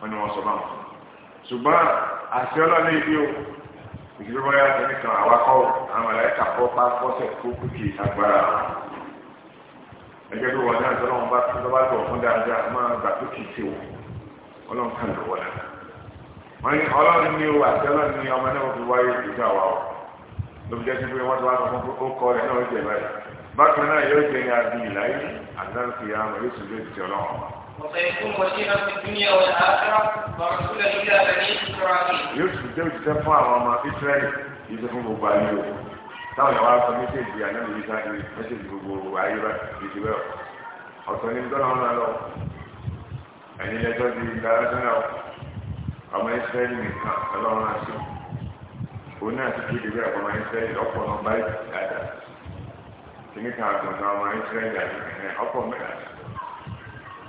[SPEAKER 2] wọ́n ní wọ́n sọ báwọn ṣùgbọ́n àti ọlọ́run ibi o ìdílé nìkan fọ́ kó ẹgbẹ́ bí wọn náà tọ́lọ́wọ́n bá tó bá tọ̀ fún dáadáa máa gbà tó kì í ṣe wò ọlọ́run kan lò wọ́n náà wọ́n ní ọlọ́run ní o àti ọlọ́run ní ọmọ náà fi wáyé ìgbésẹ̀ àwa o ló fi jẹ́ sí pé wọ́n ti wá sọ fún ó kọ́ rẹ̀ náà ó jẹ báyìí bákan náà yóò jẹ́ ní abí ìláyé àdáǹkì àmọ́ yóò sùn lóòtì ọlọ́run. yóò sùn jẹ́ òṣìṣẹ́ fún àwọn ọmọ Ísírẹ́lì yìí tó fún gbogbo ayé o táwọn yàrá sọ méjèèjì ànábi yìí sáà ní méjèèjì gbogbo ayé bá ìdí bẹ́ẹ̀ ọ̀tọ̀ ní dọ́là wọn lọ ẹ̀yin lẹ́jọ́ di dára sọ́nà ọmọ ìsírẹ́lì nìkan ọlọ́run àti òun náà ti kéde bẹ́ẹ̀ ọmọ ìsírẹ́lì ọ̀pọ̀ náà bá dáadáa kìíní kan àgbọ̀nà ọmọ ìsírẹ́lì àti ọ̀pọ̀ mẹ́ta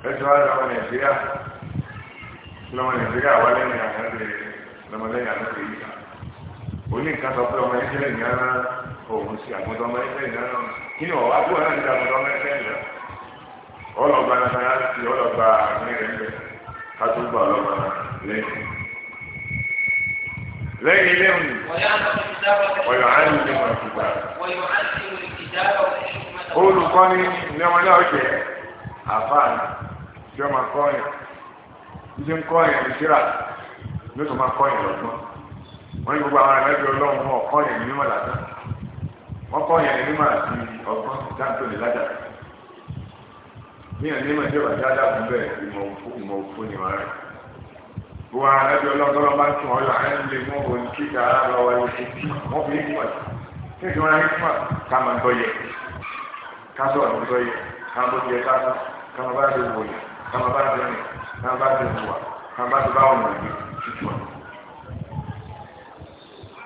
[SPEAKER 2] ẹ̀sọ́ àti ọmọ nàìjíríà lọ́mọ nàìjíríà wà lẹ́yìn àná lọ́mọ lẹ́yìn àná lè yí oníkan sọ pé ọmọ ìsírẹ́lì yẹn òun sí àmúdọ́mọ ẹgbẹ́ ìlú náà kí ni ọ̀wá kúrò náà ti àmúdọ́mọ ẹgbẹ́ ìlú ọlọ́gba nàkàrà ti ọlọ́gba àgbẹ̀rẹ̀ ńbẹ kátólùbà ọlọ́gba lẹ́yìn. lẹ́yìn lẹ́yìn ọ̀yọ̀ á ní ìgbà ìgbà olùkọ́ni ní ọmọ náà jẹ́ àfáà tí ọmọ kọ́yìn tí ń ìṣirà ló tó máa lọ́gbọ́n wọ́n ní gbogbo àwọn ẹ̀rọ wọ́n kọ́ yẹn ní mímọ̀ àti ọgbọ́n dáńtò lè lájà ní ẹ̀mí mọ̀ tí ó bá dáadáa fún bẹ́ẹ̀ ìmọ̀ òfò ni wọ́n rẹ̀ wọ́n alábẹ́ ọlọ́gọ́rọ́ bá tún ọ̀yọ́ àyẹ̀ ń lè mú òun kíkà lọ́wọ́ ẹ̀ wọ́n fi ń pọ̀ sí kí wọ́n á ń pọ̀ ká máa gbọ́ yẹ ká sọ̀rọ̀ gbọ́ yẹ ká bó ti yẹ ká bá ti wò yẹ bá ti rìn ká bá ti wùwà ká bá ti bá wọn wọ̀nyí tuntun.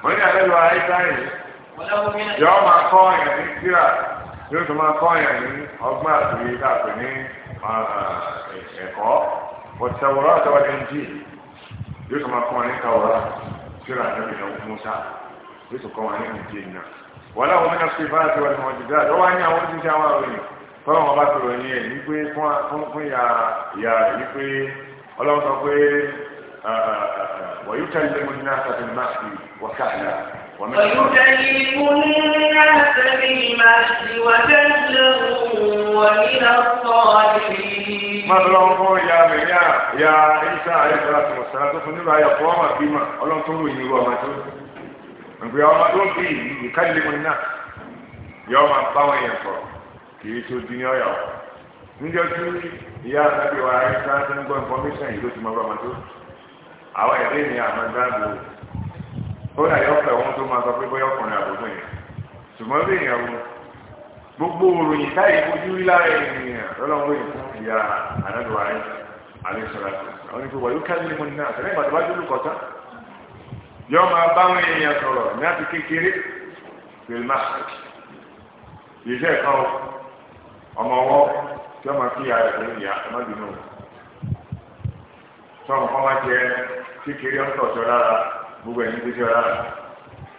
[SPEAKER 2] wọ́n ní àbẹ́lẹ̀ yọ máa kọ́ ọ̀yàn ní tíra yóò tún máa kọ́ ọ̀yàn ní ọgbọ́n àtúnyẹ káàpẹ̀ ní ah, ẹ̀kọ́ ọ̀tẹ̀wọ̀rọ̀ àtẹwọ́dé ń jì yóò tún máa kọ́ ọ̀yàn ní káwọ́rọ̀ tíra níbi ìyàwó musa yóò tún kọ́ ọ̀yàn ní ìjì náà wọ́n láwọn mẹ́ta sí ìbára tí wọ́n ti wọ́n ti dáa lọ́wọ́ á ní àwọn oúnjẹ àwọn àròyìn tọ́lọ́ wọn bá sọ̀rọ̀ yẹn ẹ̀ wípé fún ya ya wípé ọlọ́run sọ pé wọ́n yóò tẹ̀lé mọ́ ní náà sọ́tún náà sí wọ́n káàkiri ويكلم
[SPEAKER 1] الناس بالمهد وكلا ومن
[SPEAKER 2] الصالحين ما الله يا يا يا عيسى عليه الصلاه والسلام tó fún nílò ayọ̀pọ̀ ọmọ bímọ ọlọ́run tó ròyìn irú ọmọ tó nǹkan ọmọ tó ń bí ìkálẹ̀ mu náà yọ ọmọ báwọn èèyàn sọ̀rọ̀ kì í tó di ní ọ̀yà ọ̀ níjọ́ ìyá àtàbí wa ayé sáà tó ń gbọ́ information yìí ló ti mọ ọmọ tó àwọn ẹ̀rí ni àmọ́ gbáàgbó kódà yọ̀ọ̀fẹ́ wọn tó máa sọ pé bóyá ọkùnrin àbúrò yẹn ṣùgbọ́n bí èèyàn wò gbogbo òròyìn táyì fojú rí lára ènìyàn lọ́lọ́wọ́ yìí fún ìyá ànádùá rẹ̀ àlẹ́sọ̀rọ̀ àwọn ìgbé wà yóò ká lé mọ́ni náà tẹ́lẹ̀ ìgbàdúrà tó lùkọ́ tán yọ máa bá àwọn èèyàn sọ̀rọ̀ ní àti kékeré pẹ̀lú máa ìṣe ẹ̀ka ọmọ ọwọ́ tí wọ́n máa fi ìyá rẹ̀ fún ìyá ọmọdé náà tọ́ nǹkan máa jẹ kékeré ọ̀tọ̀ọ̀tọ̀ lára gbogbo ẹ̀yìn tó ti ọ̀rá rẹ̀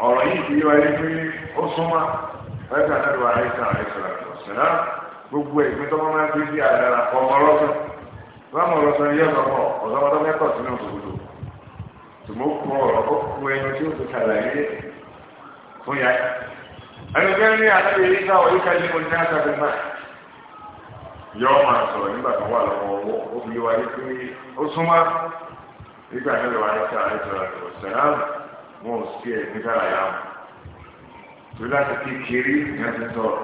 [SPEAKER 2] ọ̀rọ̀ yìí ti yíwa yìí pé ó súnmọ́ ẹ̀ka náà wà ẹ̀ka àìsàn àìsàn gbogbo ẹ̀gbẹ́ tó máa ń gbé sí àdára ọmọ ọlọ́sàn láwọn ọlọ́sàn yẹ ọ̀pọ̀ ọ̀sọ́mọdé mẹ́kọ̀ sínú òkòtò tòmó kún ọ̀rọ̀ ó kún ẹni tí ó ti ṣàlàyé fún yá ẹni tó ń rí àlẹ́ yìí ká ọ̀yí ká yíwọ ní àtàkùn náà yọ ọ́ máa nígbà tó wà lọ́wọ́ ó fi yíwa yìí pé ó súnmọ́ nígbà náà lọ́wọ́ ayé sára ètò ọ̀rọ̀ sàrám wọn ò sí ẹ̀ nígbà láyà wọn tó láti kékeré ní wọn ti sọ̀rọ̀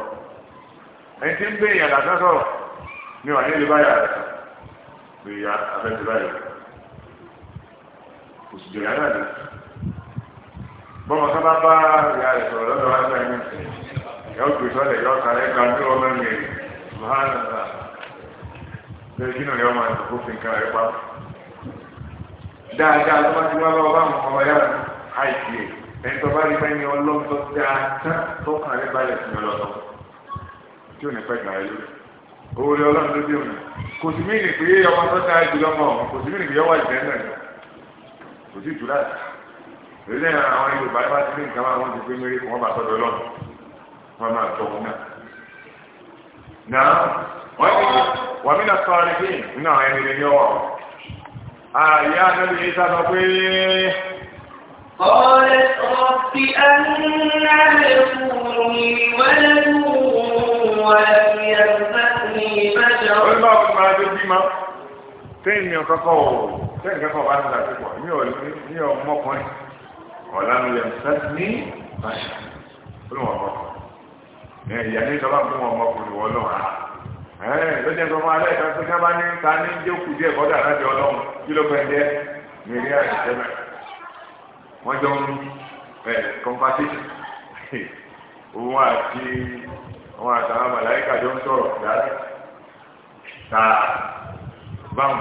[SPEAKER 2] ẹni tí ń gbé èèyàn lásán sọ̀rọ̀ ní wà nílé báyà rẹ̀ lè ya abẹ́tí báyà kò sì jẹ̀yà náà lè bọ́mọ sábà bá ìyá rẹ̀ sọ̀rọ̀ lọ́dọ̀ wá sáyẹn ní ìsìn yọ gbé sọ́lẹ̀ yọ sàrẹ́ gba ní ọmọ mi rẹ̀ lọ́hánà dáadáa tó bá ti wá lọ́wọ́ báwọn ọmọ yára àìsí ẹ̀ ẹni tó bá rí bẹ́ẹ̀ ni ọlọ́run tó dáa tán tó kàn rí balẹ̀ sí ọlọ́run tí ò ní pẹ́ gbà yó oore ọlọ́run ló dé òní kò sí mí nìpé ọmọ tó dáa jù lọ́mọ ọ̀hún kò sí mí nìpé ọwọ́ ìjẹ́ náà kò sí jùlá lórí àwọn Yorùbá bá ti ní nǹkan máa wọ́n ti pé mérí kò wọ́n bá tọ́jú ọlọ́run wọ́n máa tọ́ wọn náà. wọ́n mí náà sọ ààyè àdébí yìí sábà pé. ọ̀rẹ́
[SPEAKER 1] ọ̀fi ẹ̀ńnà rẹ̀ kù ní wẹ́lẹ́kù wọ̀lẹ́kù yẹn sẹ́kù ní ìbẹ́jọ. ó ní báwo ni màá tó bímọ
[SPEAKER 2] tẹ́yìn ní ọ̀kọ́kọ́ ò tẹ́yìn kẹ́kọ̀ọ́ bá ti lójú ẹ̀sọ́ ọmọ alẹ́ ìtàn sọ́jà bá ní ta ní jókòó díẹ̀ kọ́dà láti ọlọ́run kí ló fẹ́ jẹ́ mẹ́rin àìsàn wọ́n jọ ń òun àti àtàwọn màláìkà jọ ń sọ̀rọ̀ dáadáa ta báwọn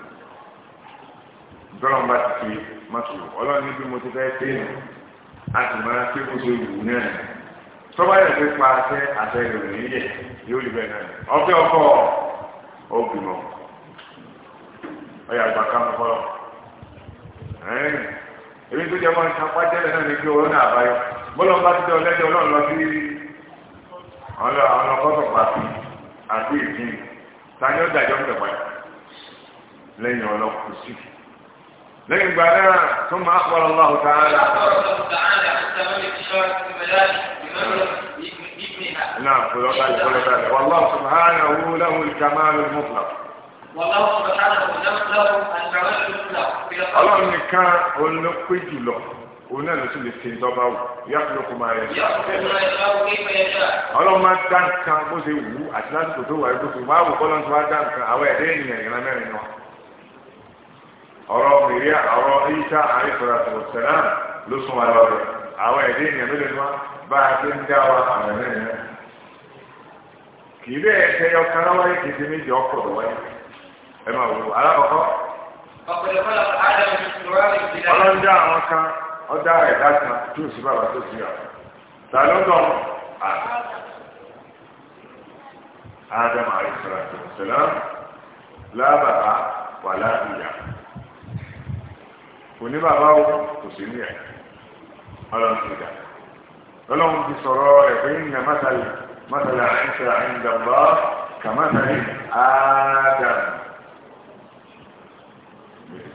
[SPEAKER 2] tọ́lọ́n bá ti fi mọ́tò ọlọ́run níbi mo ti fẹ́ pé nù a sì máa pé kó so ìwù náà tọ́ba yẹn fi pa àṣẹ àṣẹ ìròyìn yẹ yóò rí bẹ́ẹ̀ náà ọ̀fẹ́ ọkọ̀ ọ̀gbìmọ̀ ọ̀yà àgbà kan fọlọ́ èmi tó jẹ́ mọ́ ní apá jẹ́lẹ̀ náà ní kí ọlọ́run náà báyọ̀ bọ́lọ́n bá ti dẹ́ ọlẹ́jọ́ ọlọ́run lọ sí ọ̀nà ọkọ̀tọ̀ pàtì àti ìdí tani ó dàjọ́ lẹ́yìn ọlọ́kùnrin lẹ́yìn ìgbà náà tó máa pọ̀rọ̀ Allahu ta'ala.
[SPEAKER 1] نعم فلوك فلوك والله سبحانه
[SPEAKER 2] له الكمال المطلق
[SPEAKER 1] والله سبحانه له الكمال المطلق الله نكا
[SPEAKER 2] ونكوي جلو òun náà ló sì lè sin tọ́ba wò yàtúlọ́kù máa yẹ. ọlọ́run máa dá nǹkan bó ṣe wù ú àti lásìkò tó wà lóṣù máa wò kọ́ lọ́nà tó wá dá nǹkan àwọn ẹ̀dẹ́ ènìyàn ìran mẹ́rin ni wọn ọ̀rọ̀ mìíríà ọ̀rọ̀ isa àríkọ̀rọ̀ àtọ̀sẹ̀lá ló sún wa lọ rẹ̀ àwọn ẹ̀dẹ́ ènìyàn ló lè mọ́ bá a ti ń dá wa àwọn ẹ̀mẹ́ yẹn. kì í bẹ́ẹ̀ ẹ̀ṣẹ́ yọ kára wáyé kì í ṣe méjì ọkọ̀ wáyé ẹ máa wò alákọ̀ọ́kọ́.
[SPEAKER 1] ọlọ́run dá àwọn
[SPEAKER 2] kan ó dá ẹ̀dá kan tó sì bàbá tó sì yà tà ló ń dán Adam àríkọ̀rọ̀ àtọ̀sẹ̀lá kò ní bàbá o kò sí ní ẹ̀ ọlọ́run ti dà ọlọ́run ti sọ̀rọ̀ ẹ̀ pé ní àmásàlì másàlì àṣìṣe àìndàbọ̀ kàmásàlì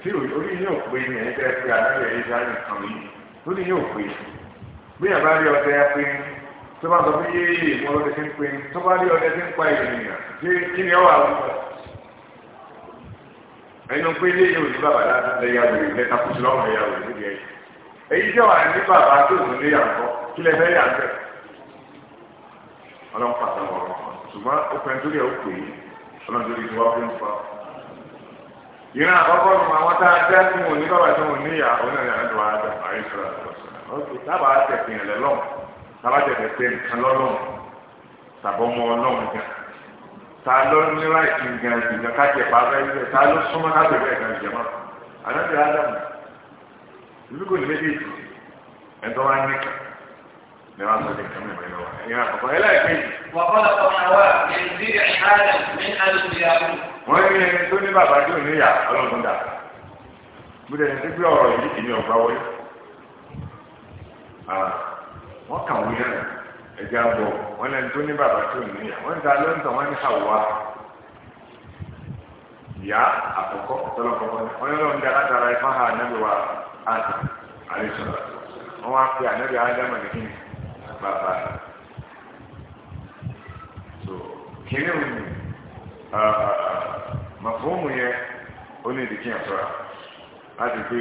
[SPEAKER 2] tí orí yóò pé ní ẹ̀yìn tẹ́ pé àlàyé ẹ̀yìn sáà nìkan yìí lórí yóò pé bí àbá rí ọtẹ pé tó bá sọ pé yéèyè mo lọ́dẹ ń pé tó bá rí ọtẹ tí ń pa ènìyàn kí ni ọ wà lọ́dẹ ẹnu pé ilé yóò ní bàbá lẹ́yàwó rẹ̀ lẹ́ta kùsù lọ́wọ́ lẹ́yàwó rẹ̀ níbi ẹ̀yìn èyí jẹ́ wà ní bàbá tó ń lé yàtọ̀ kí lẹ fẹ́ yàtọ̀ ọlọ́run pàtó ọ̀rọ̀ ṣùgbọ́n ó fẹ́ nítorí ẹ̀ ó pè é ọlọ́run torí tí wọ́n fi ń fa. ìran àkọ́kọ́ nu àwọn tá a dá tí wọn ní bàbá tí wọn ní ìyá ọ̀nà ìyá ẹ̀dùn àádọ́ àyíṣọ́ra ọ̀sán ta ló ní láì kí n gan jù lọ kájẹ pàápàá yìí ta ló súnmọ́ kájẹ bẹ́ẹ̀ gan jẹ mọ́ ànábì ádámù ìlúkò ní méjèèjì ẹ̀dọ́ wa ní kà ní wàá sọ nìkan mi ìwé lọ́wọ́ ẹ̀yìn àkọ́kọ́ ẹ̀ láì kéjì. wọ́n ní ẹni tó ní bàbá tó ní ìyá ọlọ́run dà bí ẹni tó gbé ọ̀rọ̀ yìí èmi ọ̀gbá wọlé wọ́n kà wọ́n yẹn ẹja bọ̀ wọn lẹni tó ní bàbá tó níyà wọn ta ló ń tàn wọn ní àwa ìyá àkọ́kọ́ tọ́lọ́kọ́kọ́ ní wọn lọ́wọ́ ń dá látara ẹ̀fọ́ ha ànábì wa àtà àríṣọ́lá wọn wá pe ànábì ádámà ní kíni bàbá so kíni òun màfóòmù yẹn ó ní ìdíkì àtọ́ra pé.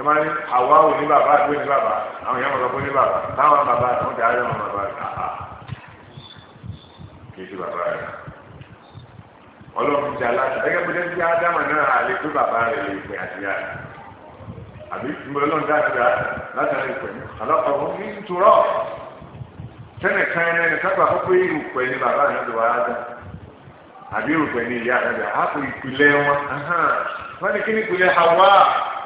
[SPEAKER 2] ẹ máa ní àwa ò ní bàbá àti òní bàbá àwọn èèyàn máa sọ fún ní bàbá táwọn bàbá rẹ wọn ti àárẹ wọn bàbá rẹ àhà kì í ṣe bàbá rẹ ọlọ́run ti aláṣẹ ẹgbẹ́ pé dẹ́sí ádámà náà àlè pé bàbá rẹ lè pè àtìyá rẹ àbí ìmọ̀ ọlọ́run dáadáa látàrí ìpè ní àlọ́kọ̀ ọ̀hún ní ìtura sẹ́nẹ̀ kan ẹni ẹni sábà kó pé ìrùpẹ̀ ní bàbá rẹ ló wà á dá àbí ní ìyá rẹ ló wà á kó wọn wọ́n kí ní ìpìlẹ̀ Hawa.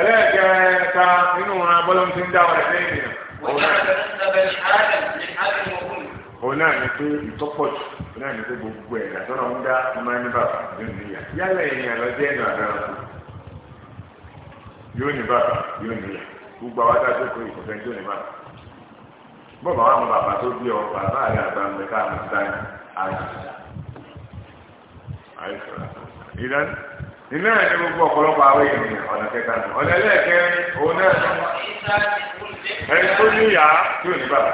[SPEAKER 2] ẹlẹ́ẹ̀kẹta nínú wọn abọ́lọ́m ti ń dá wọn ẹ̀fẹ́ ènìyàn. òun náà ni pé ìtọ́pọ̀ jù òun náà ni pé gbogbo ẹ̀dá tọ́nà ń dá máa ní bàbá yóò níyà yálẹ̀ ènìyàn lọ jẹ́ ẹ̀dùn àdára yóò ní bàbá yóò níyà gbogbo àwọn adájọ́ pé ìkọ̀fẹ́ yóò ní bàbá bọ́ọ̀bà wa mú bàbá tó bí ọ bàbá rẹ àgbà mẹ́ta àmì sáyẹn àìsàn àìsàn ìdánù iná ẹ̀ ní gbogbo ọ̀pọ̀lọpọ̀ àwọn ènìyàn ọ̀nà kẹta nù ọ̀nà ẹlẹ́ẹ̀kẹrin òun náà ẹni tó ní ìyá tí ò ní bàbá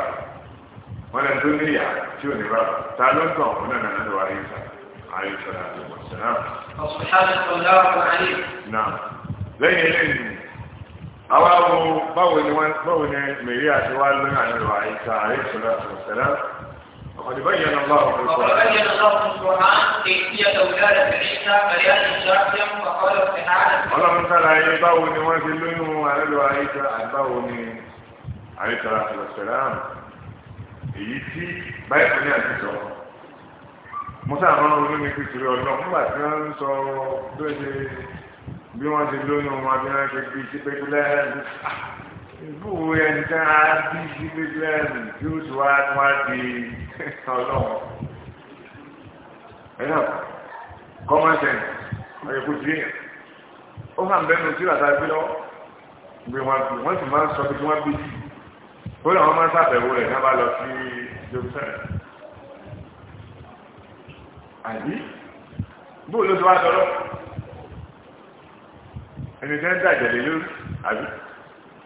[SPEAKER 2] wọn ẹni tó ní ìyá tí ò ní bàbá ta ló ń tàn òun náà nàá lọ́wọ́ ayé ìsà ayé ìsà àti ìwọ̀sẹ̀ náà. náà lẹ́yìn eléyìí àwa wo báwo ni mẹ́rí àti wá lóyún àyẹ̀wò قد بين الله في القرآن وقد بين
[SPEAKER 1] الله في القرآن كيفية ولادة عيسى مريم شاكيا فقال تعالى اللهم صل على
[SPEAKER 2] باو ni wọ́n ti lóyún àlọ́ àyíká àbáwo ni àyíká àlọ́sẹ̀lám èyí tí báyìí fún ní àti sọ musa àwọn olómi fi tìrẹ ọjọ́ nígbà tí wọ́n ń sọ bí wọ́n ti lóyún wọn bí wọ́n ti gbé sí pẹ́kúlẹ́ ìbú ẹni tí a bí sí bíbélì tí ó ti wá wá di ọlọ́run ẹ̀yọ́ common sense ọ̀yẹ̀kú ti yẹn ó hàn bẹ́nu sí àtàrí pé lọ́wọ́ gbé wọn bí wọ́n sì máa ń sọ bí wọ́n bí sí ó làwọn máa ń sàbẹ̀wò rẹ̀ náà bá lọ sí Jerusalem àbí bóòlù tó wá sọ lọ ẹni tẹ́ ń dàjẹ̀ lé lórí àbí.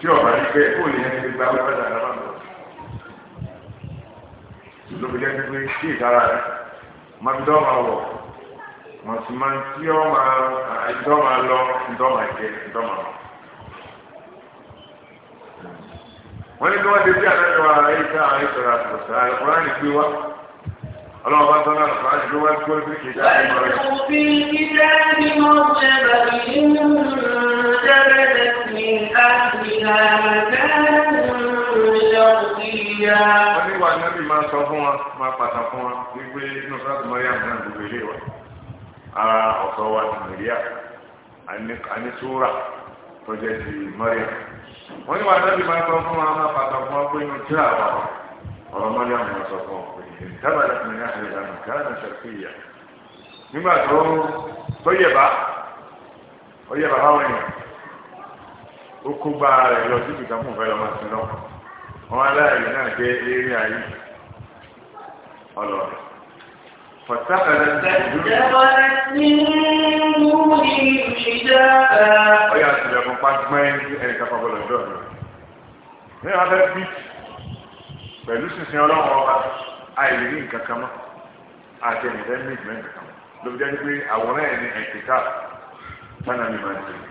[SPEAKER 2] tí ọ̀rọ̀ àdìgbẹ́ kó lè yẹn ti gba ọgbẹ́ dàrá máa lọ. lóbi jẹ́ pé kí ìdára rẹ̀ máa fi dọ́ọ̀mà wọ̀ mọ̀ sí máa tí ọ́ máa ìdọ́ọ̀mà lọ ìdọ́ọ̀mà jẹ ìdọ́ọ̀mà lọ. wọ́n ní kí wọ́n ti bí àlejò ara ẹ̀ka àìsàn àtọ̀sà àìkúrá nìgbé wá ọlọ́wọ́ bá tọ́lá nípa àti ló wá tó ní kìjá ìmọ̀ rẹ̀. òfin
[SPEAKER 1] kíkà ni mo ṣe bàbí nínú jẹ́rẹ̀ lẹ́sìn àtìlá wọ́n
[SPEAKER 2] ní wà nábì máa sọ fún wa máa pàtà fún wa wípé inú sáàtì mọ́ríà náà gbogbo ilé wa ara ọ̀sọ́ wa ti mọ́ríà àní tó jẹ́ ti mọ́ríà wọ́n ní wà nábì máa sọ fún wa máa pàtà fún wa pé inú tíra wà wà ọ̀rọ̀ mọ́lẹ́ àwọn ọmọ sọ fún ọ̀pẹ̀ tábà láti ní àhàlẹ̀ ìlànà káàdà ṣàfihàn nígbà tó tó yẹ̀bá ó yẹ̀bá báwọn èèyàn ó kó gba rẹ̀ lọ sí ìgbìkan fún ìfẹ́ lọ́mọ sí lọ wọn aláìlẹ̀ náà jẹ́ eré ayé ọlọ́rẹ̀ فاتخذت Ọyá àti ìyàgbọ́n pàgbọ́n ẹni ẹni kápá bọ́lá ìjọ rẹ̀. Ní abẹ́ bíi pẹ̀lú sísìn ọlọ́wọ́ ọba àìrí nǹkan kan mọ́ àti ẹ̀yìnfẹ́ méjì mẹ́rin kan mọ́ ló fi jẹ́ pé àwòrán ẹ̀ ní ẹ̀kíkà tánà mi máa ń tẹ̀lé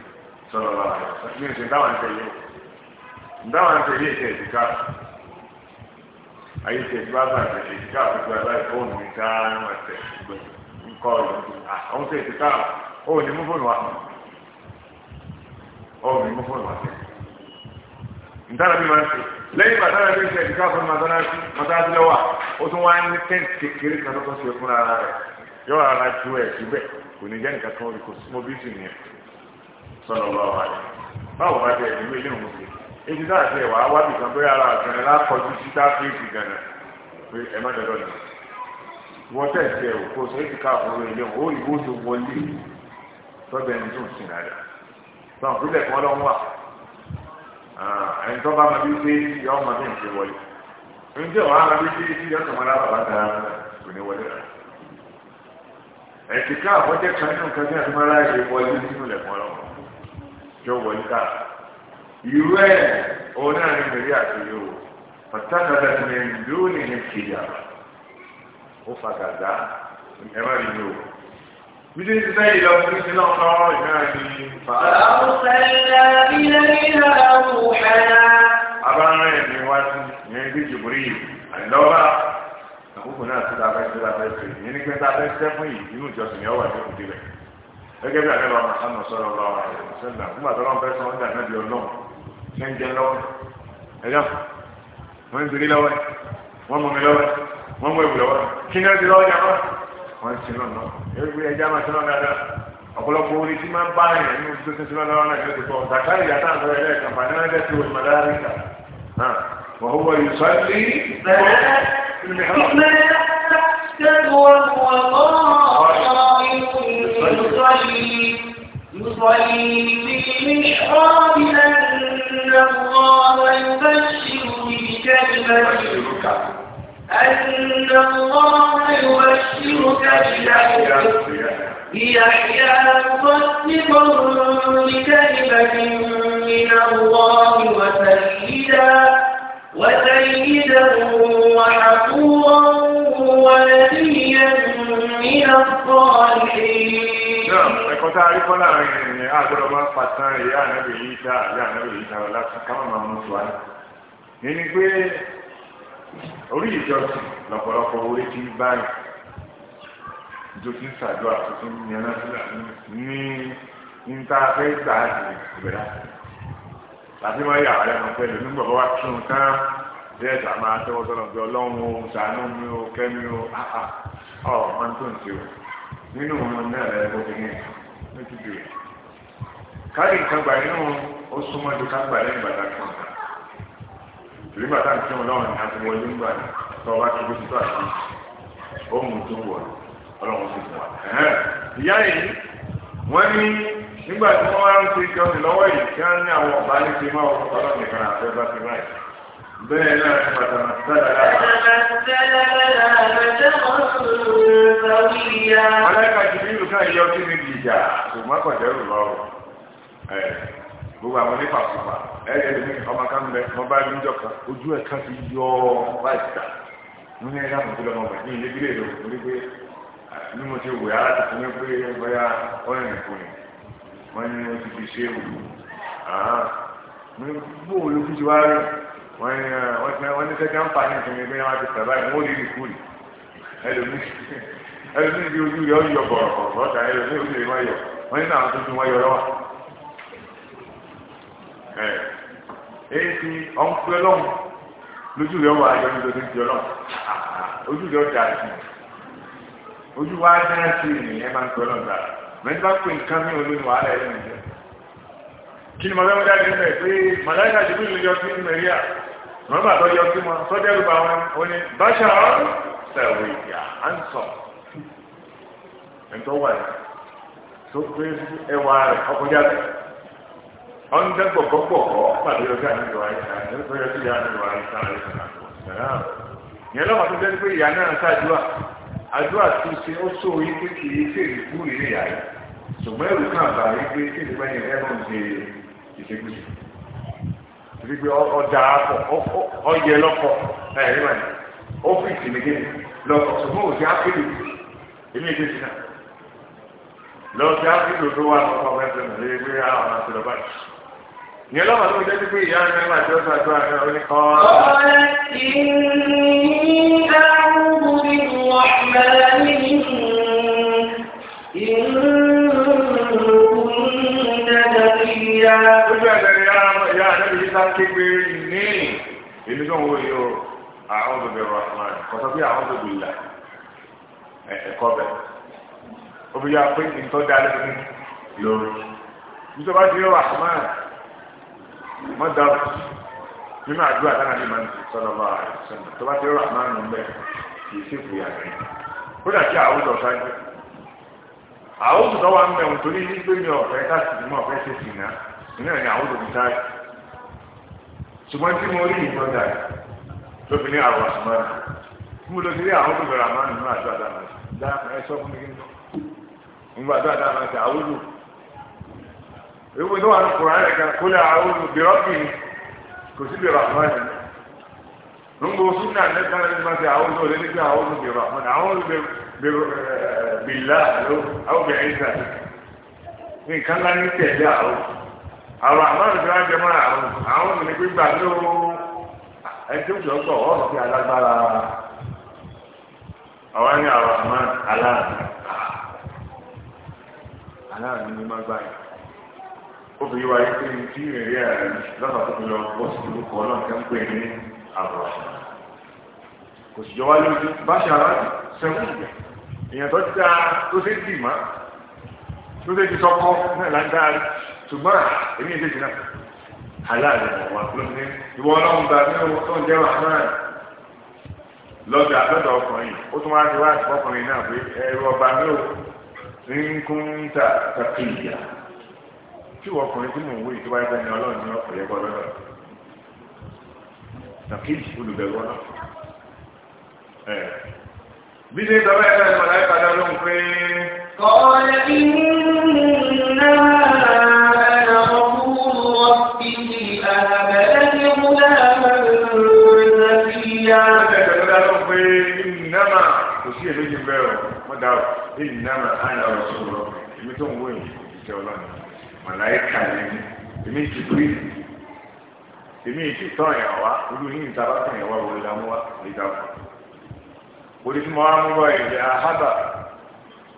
[SPEAKER 2] sọ̀rọ̀ bá mi ò sì ń dáwà ń tẹ̀lé o ń dáwà ń tẹ̀lé ẹ̀kẹ́ ẹ̀kíkà ayé tẹ̀ tí bá bá tẹ̀ ẹ̀kíkà pẹ̀lú abáyé fóònù mi ká wà tẹ̀ ńkọ́ ọ̀hún tẹ̀ ẹ̀kíkà ó ní mú fóònù wa ó ní mú tẹ̀ ń lẹ́yìn bàtà rẹ̀ bíi sẹ́yìn káfọ́ mọ́tàdí lọ́wọ́ ó tún wá ní tẹ́ǹtì kékeré kan tó ṣe fún ara rẹ̀ yóò rárá ju ẹ̀ síbẹ̀ kò ní jẹ́ nǹkan kan kò sí mobil sí nìyẹn sọ̀rọ̀ bá wà ní. báwo bá jẹ́ ìlú ilé òun sí èyí náà ṣe wá kan bóyá ara àgbẹ̀rẹ̀ sí táfíìsì pé ẹ má dọ́dọ̀ wọ́n tẹ̀sí ẹ̀ sọ èyí ilé òun ó wọlé ẹni tó ń sìn Ah, ẹni tó bá ma bí pé yọ ọmọ bí nǹkan wọlé ǹjẹ́ wàá ma bí pé yọ ọmọ náà bàbá ta kò ní wọlé rà ẹ̀sìnká àbọ̀jẹ́ kan nínú nǹkan tí a ti máa láyé wọlé nínú lẹ̀kọ́ lọ́wọ́ tí ó wọlé ká irú ẹ̀ òun náà ní mẹ́rí àti yòówó pàtàkàtà ti mẹ́rin lónìí ní kìyà ó fa gàdá ẹ má rí yòówó. بدينا إلى أنفسنا خائنا فأرسلنا
[SPEAKER 1] إليها روحنا
[SPEAKER 2] أبانا يبنواتي يبنواتي جبريل اللغة àkókò náà tó dáa fẹ́ẹ́ tó dáa fẹ́ẹ́ fẹ́ẹ́ yẹn ní pé tá a fẹ́ẹ́ fẹ́ fún yìí inú ìjọsìn yẹn wà ní òkú débẹ̀ gẹ́gẹ́ bí àlẹ́ lọ́wọ́ àmọ̀ sọ̀rọ̀ lọ́wọ́ sẹ́ńdà fúnbà tó lọ́wọ́ fẹ́ sọ wọ́n dà náà bí ọlọ́run sẹ́ńjẹ́ lọ́wọ́ ẹ̀dá wọ́n ń torí lọ́wọ́ wọ́n mú mi lọ́wọ́ wọ́n mú ewu lọ́wọ́ kí ni ó ti lọ́wọ́ yàrá wọ́n ti lọ lọ ewu ẹja máa ti lọ dáadáa ọ̀pọ̀lọpọ̀ orí tí máa ń bá yẹn ní oṣù tó ti lọ lọ́wọ́ náà ti bọ̀ bàtà ìyá tá à ń sọ ẹ̀rẹ́ ìkàmpá ní wọ́n ti wọ́n mọ̀lá rí ta wọ́n wọ ìsọ́lí
[SPEAKER 1] يصلي في محراب أن الله يبشر بكلمة أن الله يبشرك بيحيى مصدقا بكلمة من الله وسيدا وسيدا وحفورا ونبيا من الصالحين. نعم، ẹ̀kọ́
[SPEAKER 2] tá a rí kọ́ láàrin ìrìn àgbọ̀dọ̀ máa ń pàtàn ìyá ànábì yìí sáà ìyá ànábì yìí sáà lásán ká má máa mú tiwa. nínú pé orí ìjọsìn lọ̀pọ̀lọpọ̀ orí ti ń báyìí tó ti ń ṣàdúrà tó ti ní níta fẹ́ gbà á tàbí wọ́n yà wáyà wọn pẹ̀lú nígbà wọ́n wá tún un máa o ṣàánú o kẹ́mi áhà ọ̀ o nínú náà ní ní ti bèrè káyọ̀ nǹkan gbà nínú nígbà tá à ń kí wọn lọ́wọ́ ní àti wọlé ńgbà tó ọba tó gbèsè tó àti ó tó wọ̀ ọlọ́run tó wà. ìyá yìí ọrụ ní nígbà tí wọ́n wá ń ṣe ìjọsìn lọ́wọ́ yìí kí wọ́n ní àwọn ọ̀bá ní na máa wọ́n fọlọ́ nìkan àfẹ́ bá ti báyìí. bẹ́ẹ̀ náà pàtàkì ìjà kò gbogbo àwọn nípa pupa ẹ̀yẹ lómi ọmọ ká bẹ wọn bá rí níjọ kan ojú ẹ̀ kan ti yọ ọ báyìí ta mo ní ẹ̀yà mọ̀tò lọ́mọ bẹ̀ ní ilé bílẹ̀ lò ó ní pé ní mo ti wò yàrá tuntun ní pé bóyá ní mo ti fi ṣe é wò ti wá rí ní ní sẹ́kẹ́ ń pa ní ti lè rí kúrì [LAUGHS] ojú ẹ̀ èyí ti ọ̀nkú ọlọ́run lójú rẹ̀ wà ayọ́ nítorí ti ọlọ́run ojú rẹ̀ ọjà sí ojú wa dáná sí ènìyàn máa ń pẹ́ ọlọ́run dára mẹ́tí bá pè nǹkan mí olóyún wàhálà ẹ̀ lóyún jẹ́ kí ni mo fẹ́ mú dáadé níbẹ̀ pé màláìka ti bíi lójọ sí mẹ́ríà màmá àtọ́jọ sí wọn sọ́jẹ́rù bá wọn ó ní báṣà ọ̀rọ̀ sẹ̀wé ìyá à ń sọ ẹ̀ńtọ́ wà ní tó pé ẹwà rẹ̀ ọkọjá rẹ̀ ọ̀njẹ́ gbọ̀gbọ̀gbọ̀ pàdé ọjọ́ àníwá ìta ẹ̀rọ ìyá àníwá ìta ìyẹn lọ́wọ́ tó jẹ́ pé ìyá náà ṣàdúrà àdúrà tó ṣe ó sọ yí pé kì í ṣe ìlú nínú ìyá rẹ̀ ṣùgbọ́n ẹ̀rù kan àbá rí pé kí ìdíbọn yẹn ẹ̀rọ ń ṣe ìṣègùsì torí pé ọjà akọ ọyẹ lọkọ ẹ̀rí wà ní ọ́fíìsì nìkan lọkọ ṣùgbọ́n òṣì ápèlè èmi èdè sí náà lọ́ọ̀ṣì ápèlè tó wà lọ́kọ̀ ọ̀fẹ́ ní ọlọ́run ló ń jẹ́ pé ìyá rẹ̀ nígbà tí ó sọ àdúrà rẹ̀ ó ní kọ́.
[SPEAKER 1] ọ̀rẹ́ ìní àrùn mi wọ̀ mẹ́rin èmi
[SPEAKER 2] náà wò yóò àwọn bèbè rahman kọsọ bí àwọn bèbè ìlà ẹ̀kọ́ bẹ obìnrin apẹ ìtọ́jà lẹ́nu lórí nítorí wọ́n ti rí rahman má nínú àdúrà náà ní ma ń sọ̀rọ̀ bá a sọ̀rọ̀ tó bá ti rọ̀ àmà nù mẹ́ kì í sì fìyà rẹ̀ kódà kí àwùjọ sáájú àwùjọ tó wà ń bẹ̀rù torí wípé mi ọ̀fẹ́ káàkiri mọ́ ọ̀fẹ́ ṣe sì ná àwùjọ mi ṣùgbọ́n tí mo rí ìbọn dà lóbìnrin bẹ̀rẹ̀ àmà nù ewu ní wà ní kùrán ẹ̀ka kólé àwọn olùbírọ́bì kò sí bìrọ̀ àmọ́ni nínú súnà nẹ́ta ní ma ṣe àwọn olóòlé nígbà àwọn olùbírọ̀ àmọ́ni eh, àwọn olùbírọ̀ àwọn obìnrin ìsà nǹkan lá ní tẹ̀lé àwọn àwọn àmọ́ni tí wọ́n jẹ mọ́ àwọn àwọn obìnrin gbígbà ló ẹni tó jọ gbọ́ ọ̀rọ̀ fi alágbára àwọn ní àwọn àmọ́ni obìnrin wa yẹ pé tí ìrìnrìn àárín lọ́nà tó fi lọ bọ́ sí ìlú kan náà kẹ́ ń pè ní àbọ̀ kò sì jọ wá lójú bá ṣe ara sẹ́wọ́n ìgbà èèyàn tó dá tó ṣe dì má tó ṣe ti sọkọ náà lágbá ṣùgbọ́n èmi ìṣe ti náà aláàlú ọ̀wà ló ní ìwọ ọlọ́run gba ní owó tó ń jẹ́ wà náà lọ́dọ̀ àtọ́dọ̀ ọkùnrin ó tún wá ti wá ọkùnrin náà pé ẹ̀rọ ọba ní ò ń kúńtà tàkìyà tí wọ́n ọkùnrin tí mò ń wé yìí tó bá ọlọ́run ní ọ̀pọ̀ yẹn kọ́ lọ́dọ̀ nàkíyì olùbẹ̀rù ọ̀nà. bí ní ìtọ́wọ́ ẹ̀ka ìmọ̀ láyé padà ló ń pè é.
[SPEAKER 1] kọ́lẹ̀ ìnúnà
[SPEAKER 2] kò sí èlé jù bẹ́ẹ̀ ọ̀ mọ́dà ìnáma àyà ọ̀rọ̀ sọ̀rọ̀ èmi tó ń wé ìjẹ́ ọlọ́run màláìkà ni mí èmi ti pírí èmi ti tọ́ ẹ̀yàn wá olú yìí níta bá tọ̀ ẹ̀yàn wá wọlé lámú wá lè dá fún un orí tí mo wá mú bọ́ ìdí àhábà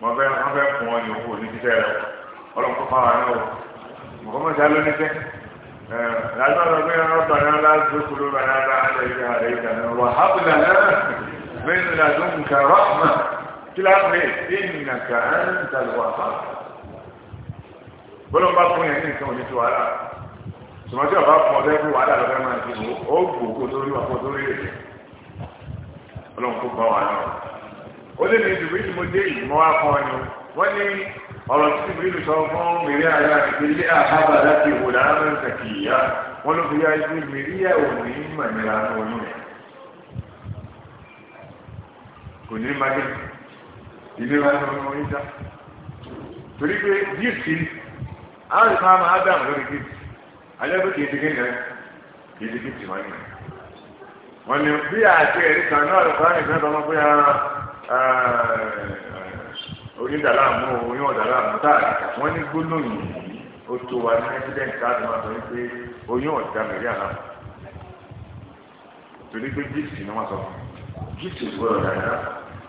[SPEAKER 2] mo fẹ́ mo fẹ́ fún ọ ní owó ní títẹ́ rẹ ọlọ́run kó fáwọn náà wọ mo kọ́ mọ́ sí alóní tẹ́ lájọ́ lọ pé ọ̀rọ̀ náà láti ó kúrò bá náà bá àlẹ́ ìdí àlẹ́ ìdí àná wà hábùlà náà mẹ́rin làdún nǹkan rọ́ọ̀mà kí láàpẹ̀ ìnìyàn kà á ń tàlùwà fáwọn bọ́lá bá fún yẹn ní nǹkan òní ti wàhálà tòmátì ọba fún ọdẹ fún wàhálà lọ́dẹ máa ti mú ó gbò kó torí wà kó torí èdè ọlọ́run kó bá wà náà ó lé ní ìdìbò ìdìbò dé yìí mọ́ wá fún ọ ni wọ́n ní ọ̀rọ̀ tí ìdìbò ìdìbò sọ fún mèrí àyà àti ilé àhábà láti wò láàárọ̀ nǹkan kì í yá wọ́n ló fi yá ibi mèrí yà ò ní mọ̀nìlá lónìí rẹ̀ kò ní máa àwọn ìfà máa dáàmù lórí gíìtì alẹ́bí kìí digí nìyẹn kìí digí tì a nìyẹn. wọ́n na bí àti ẹ̀rí kan náà lọ́kọ́ láti fẹ́ onye fún da onídàlámù oníwọ̀dàlámù táàrí wọ́n ní gbólóyìn ni wọ́n sọ gíìtì ìgbọ́dọ̀ dàgbà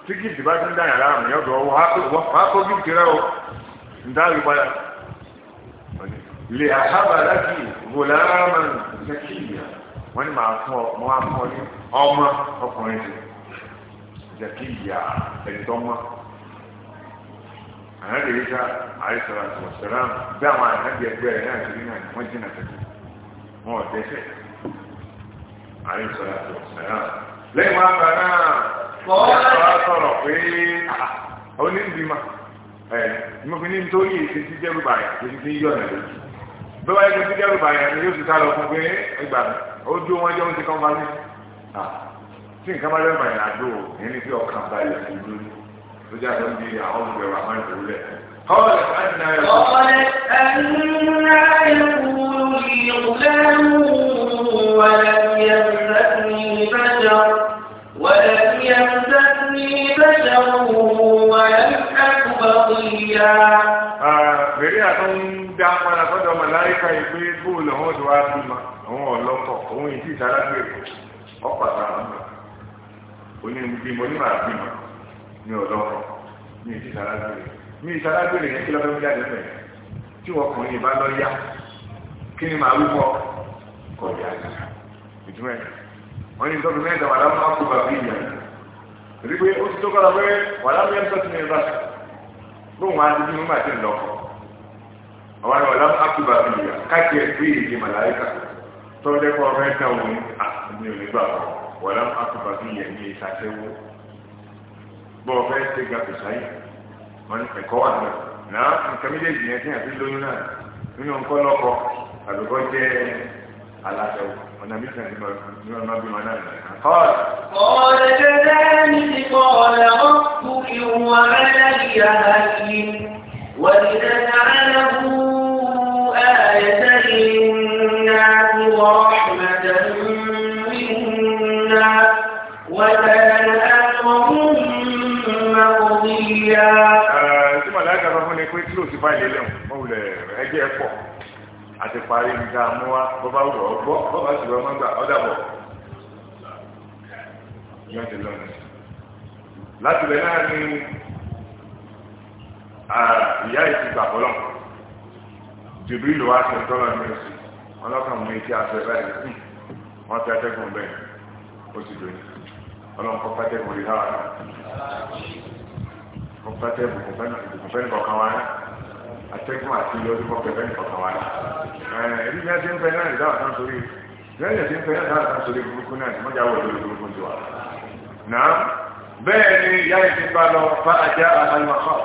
[SPEAKER 2] tí gíìtì bá ti ń dàgbà o lè àhábà láti gòlámà zakiya wọ́n ní màá fún ọ mọ́ àfọ́ ní ọmọ ọkùnrin sí zakiya ẹ̀dọ́mọ́ ànábì yíká àìsàrà sọ̀sẹ̀rà bí àwọn ànábì ẹgbẹ́ rẹ̀ náà ti rí náà wọ́n jìnà tẹ̀lé wọn ò dẹ́sẹ̀ àìsàrà sọ̀sẹ̀rà lẹ́yìn wọn bá náà wọ́n sọ̀rọ̀ pé onídìímọ̀ ẹ̀ mo fi ní nítorí èsì tí jẹ́rú bàyà èsì tí ń bí wáyé tó ti dẹ́rù bàyà ni yóò ti sá lọ fún pé ẹgbà ó dúró wọn jẹ́ wọn ti kán bá ní. tí nǹkan bá dẹ́rù bàyà àdó ìyẹn ni pé ọkàn báyà ti dúró tó jẹ́ àtọ́ bí àwọn olùgbẹ̀rù àmọ́ ìdòwú lẹ̀. قالت أن
[SPEAKER 1] يكون لي غلام بشر ولست بغيا
[SPEAKER 2] ah, bẹ̀rẹ̀ àtún dá padà sọ́dọ̀ màláìka ìgbé bóòlù àwọn ọ̀dọ̀ àbímọ àwọn ọ̀lọ́kọ̀ òun ìdí ìsálágbèrè ọ̀pàtà àmà onímọ̀ onímọ̀ àbímọ ní ọ̀lọ́kọ̀ ní ìdí ìsálágbèrè ní ìsálágbèrè yẹn kí lọ́dọ̀ jáde mẹ́ tí wọ́n kàn yín bá lọ yá kí ni màá wúkọ́ kọjá ìtumẹ̀ wọ́n ní sọ́dọ̀ mẹ́ta wà torí pé ó ti tó kọ́ra pé wàhálà mi ẹ̀mí sọ́tún ní ẹ̀rọ lóun wá di mímú àti ńlọ àwọn àwọn ọ̀làmú àkùbà mi yà káàkiri ẹ̀sìn ìdí màláyíkà tọ́jú ẹ̀kọ́ ọ̀fẹ́ náà wọ́n ní onígbà wàhálà àkùbà mi yà ní ìsàtẹ́wó bọ́ ọ̀fẹ́ ṣe gàpè sáyé wọn ẹ̀kọ́ wà náà náà nǹkan méjèèjì yẹn ti hàn sí lóyún náà nínú nǹkan lọ́kọ àbíkọ́ jẹ́ aláṣẹ ọ̀nà mítà ní ọmọ bí wọn náà kọ́ọ̀lù.
[SPEAKER 1] ọ̀rẹ́ jẹ́jẹ́ ní ti kọ́ ọ̀rẹ́ ọ̀pù ìwọ̀n ẹlẹ́yìí àlàyé wọ̀nyẹ̀dẹ̀ àlẹ́kù منا وكان
[SPEAKER 2] أمرهم مقضيا. Tí màláìka sọ fún ni pé kí ló ti bá ilé lẹ́wọ̀n, àti parí nǹkan amúwá bọ́bá wù ọ́ gbọ́ bọ́bá sì wọ́n gbà ọ́ dàbọ̀ yóò ti lọ́nà láti bẹ̀ náà ni ìyá yìí ti gbà bọ́lọ̀ jìbìrìlù wa ṣe tọ́lọ̀ ní oṣù ọlọ́kàn mú etí aṣọ ẹ̀ báyìí hmm. wọ́n ti atẹ́gùn bẹ́ẹ̀ ó ti lóyún ọlọ́nkọ́ pátẹ́gùn rí náà kọ́ pátẹ́gùn kò fẹ́ nìkan wá náà. atẹ́gùn àti ìyọjú kọ́ pẹ̀lú ẹnì kọ̀ọ̀kan wa ni ẹ̀rí bí a ti ń fẹ́ náà ìdáwà tán sórí lẹ́yìn tí ń fẹ́ náà ìdáwà tán sórí burúkú náà ni wọ́n jáwọ́ lórí burúkú ti wà. nà bẹ́ẹ̀ ni ìyá yìí ti bá lọ fa ajá alámọ̀kọ́.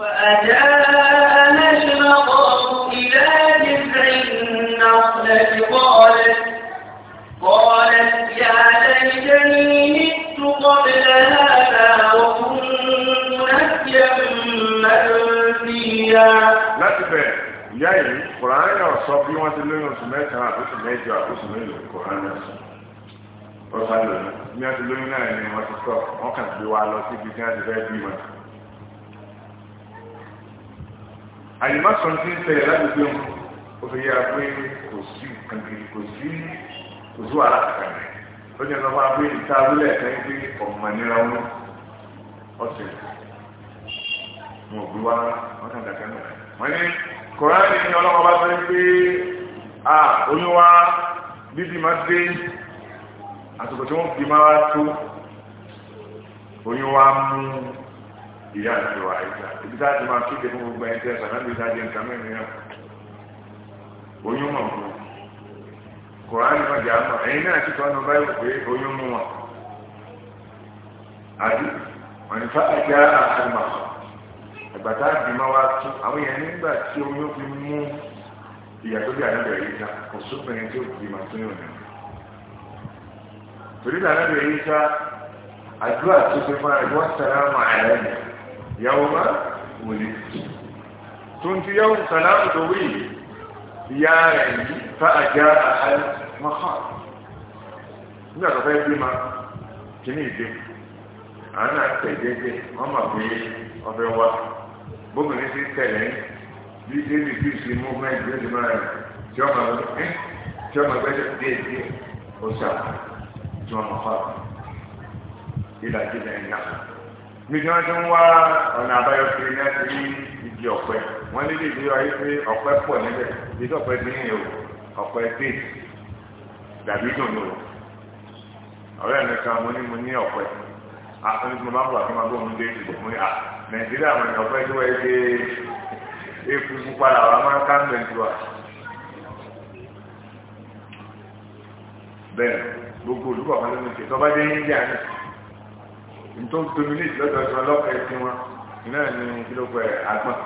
[SPEAKER 1] فأجاء نشرقه إلى جذع النخلة قالت قالت يا ليتني مت قبل هذا وكنت نسيا
[SPEAKER 2] منسيا láti bẹ̀rẹ̀ ìyá yìí kòránì ọ̀sọ́ bí wọ́n ti lóyún oṣù mẹ́ta oṣù mẹ́jọ oṣù mélòó kòránì ọ̀sọ́ ọ̀sá lónìí bí wọ́n ti lóyún náà ni wọ́n ti sọ wọ́n kàn gbé wa lọ síbi tí wọ́n ti fẹ́ bí wọn. àyùmá sọ ti ń tẹ̀lé lágbègbè wọn ó fi yára pé kò sí kankiri kò sí kò sí wàhálà kankan ó jẹ́ sọ fún wa pé ìta abúlé ẹ̀ka ń gbé ọ̀mọ̀nira ọ̀sẹ̀ wọn ò gbé wá wọn kàn dàgbà náà wọn ní kòránì ní ọlọ́wọ́ bá fẹ́ pé a oyún wa bíbí máa dé àsìkò tí wọ́n fi máa tó oyún wa mú ìyá àti ìwà ìjà ibi tá a ti máa kéde fún gbogbo ẹni tẹ́sán láti ìta jẹ nǹkan mẹ́rin náà oyún mọ̀ fún kòránì máa jà mọ̀ ẹ̀yin náà ti tọ́nu báyìí pé oyún mú wọn àti wọn ní fáwọn ìjà àti màá ìgbà tá a bì máa wá tú àwọn èèyàn nígbà tí omi ó fi mú ìyàtọ̀ bí àná bẹ̀rẹ̀ yíká kò sóbìnrin tí ó bì máa tún yàn nínú. torí àná bẹ̀rẹ̀ yíká àdúrà tó ṣe fún àrẹ wọ́n sàrà máa àrẹ mi ìyàwó má wò lè tó ń ti yàwó sàrà tó wí ìyá rẹ̀ yìí tá a já máa hàn. nígbà tó fẹ́ bí máa kíní ìdè àwọn náà tẹ̀ jẹ́jẹ́ wọ́n mọ̀ pé wá bóbìnrin ti tẹ̀lé bí david bí ṣe movement bí ó ti máa rẹ̀ tí ọmọ ẹ tí ọmọ gbẹ́sẹ̀ díẹ̀ díẹ̀ ó ṣà tí wọ́n mọ̀ fà ìlà jíjà ìyá. mi ni wọ́n ti ń wá ọ̀nà àbáyọ kiri náà sí igi ọ̀pẹ wọ́n lé lèdè ayé pé ọ̀pẹ pọ̀ níbẹ̀ ìdí ọ̀pẹ ti ń yẹ o ọ̀pẹ déètì dàbí dùn ní o ọ̀rẹ́ mi kan mo ní mo ní ọ̀pẹ àti mo bá ń bọ̀ àti mo bá ń bọ̀ mo ní nàìjíríà àwọn èèyàn fẹ́ tí wọ́n ṣe eku pupa làwọn máa ń káńpẹ̀ tiwa. bẹ́ẹ̀ gbogbo olùkọ́ wọn ló ń ṣe tọ́ba dé india ní nítorí dominate lọ́dọọdún ọlọ́kẹ́ sí wọn iná ní kílókù ẹ̀ àgbọn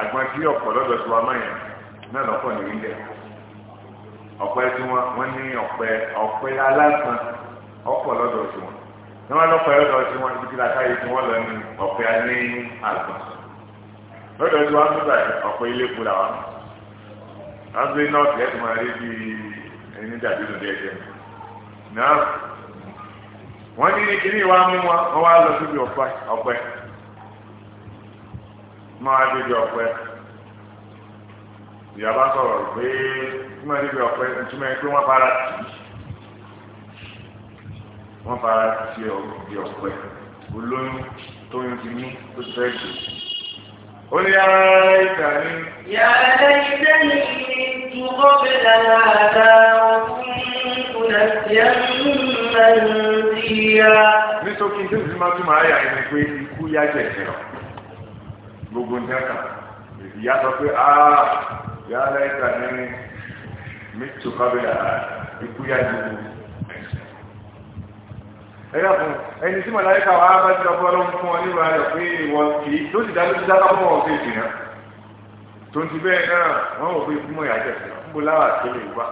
[SPEAKER 2] àgbọn tí ọ̀pọ̀ lọ́dọọdún wa máa yàn náà lọ́pọ̀ ní india ọ̀pẹ tí wọn wọ́n ní ọ̀pẹ ọ̀pẹ alágbọn ọ̀pọ̀ lọ́dọọdún wọn ní wọn lọ́pọ̀ ẹ̀ lọ́dọ̀ tí wọ́n ibi kíláka yìí tí wọ́n lọ ní ọ̀pẹ ní àgbà lọ́dọ̀ tí wọ́n tún bá ọ̀pẹ ilé kú là wọn. wọ́n gbé nọ́ọ̀tì ẹ̀sùn máa rí bí ẹni dàbí lòdì ẹ̀jẹ̀ náà wọ́n ní kíní ìwà mú wọn wá lọ síbi ọ̀pẹ ọ̀pẹ máa débi ọ̀pẹ ìyàbá sọ̀rọ̀ pé tí wọ́n débi ọ̀pẹ ìtumọ̀ ẹ̀ pé wọ́n fara tì í wọ́n fara ti ọ̀bì ọ̀pẹ olóyún tóyún ti ní tó ti fẹ́ jù. ó ní ara ìgbà ní. yàrá
[SPEAKER 1] ilé mi tún kọ́ bí lára àdá ọkùnrin kò lè fi ẹnu mẹ́rin sí
[SPEAKER 2] ya. nítorí kí n tẹ́sí máa tún máa yà ẹni pé ikú yá jẹ̀jẹ̀ rọ̀ gbogbo ń dẹ́ka ìyá sọ pé aa yàrá ìgbà ní mi tún kọ́ ikú yá jẹ̀jẹ̀ rọ̀ ẹ̀yà fún ẹni tí màláyíkà wà á bá ti dọ́kọ́ lọ́wọ́ fún wọn níwà rẹ̀ pé ìwọ kì í tó ti dá lójú dábàá fún wọn fèsì náà tó ń ti bẹ́ẹ̀ náà wọ́n ò fi fún mọ̀ ìyájẹ́ sí wọn bó láwà tó lè wá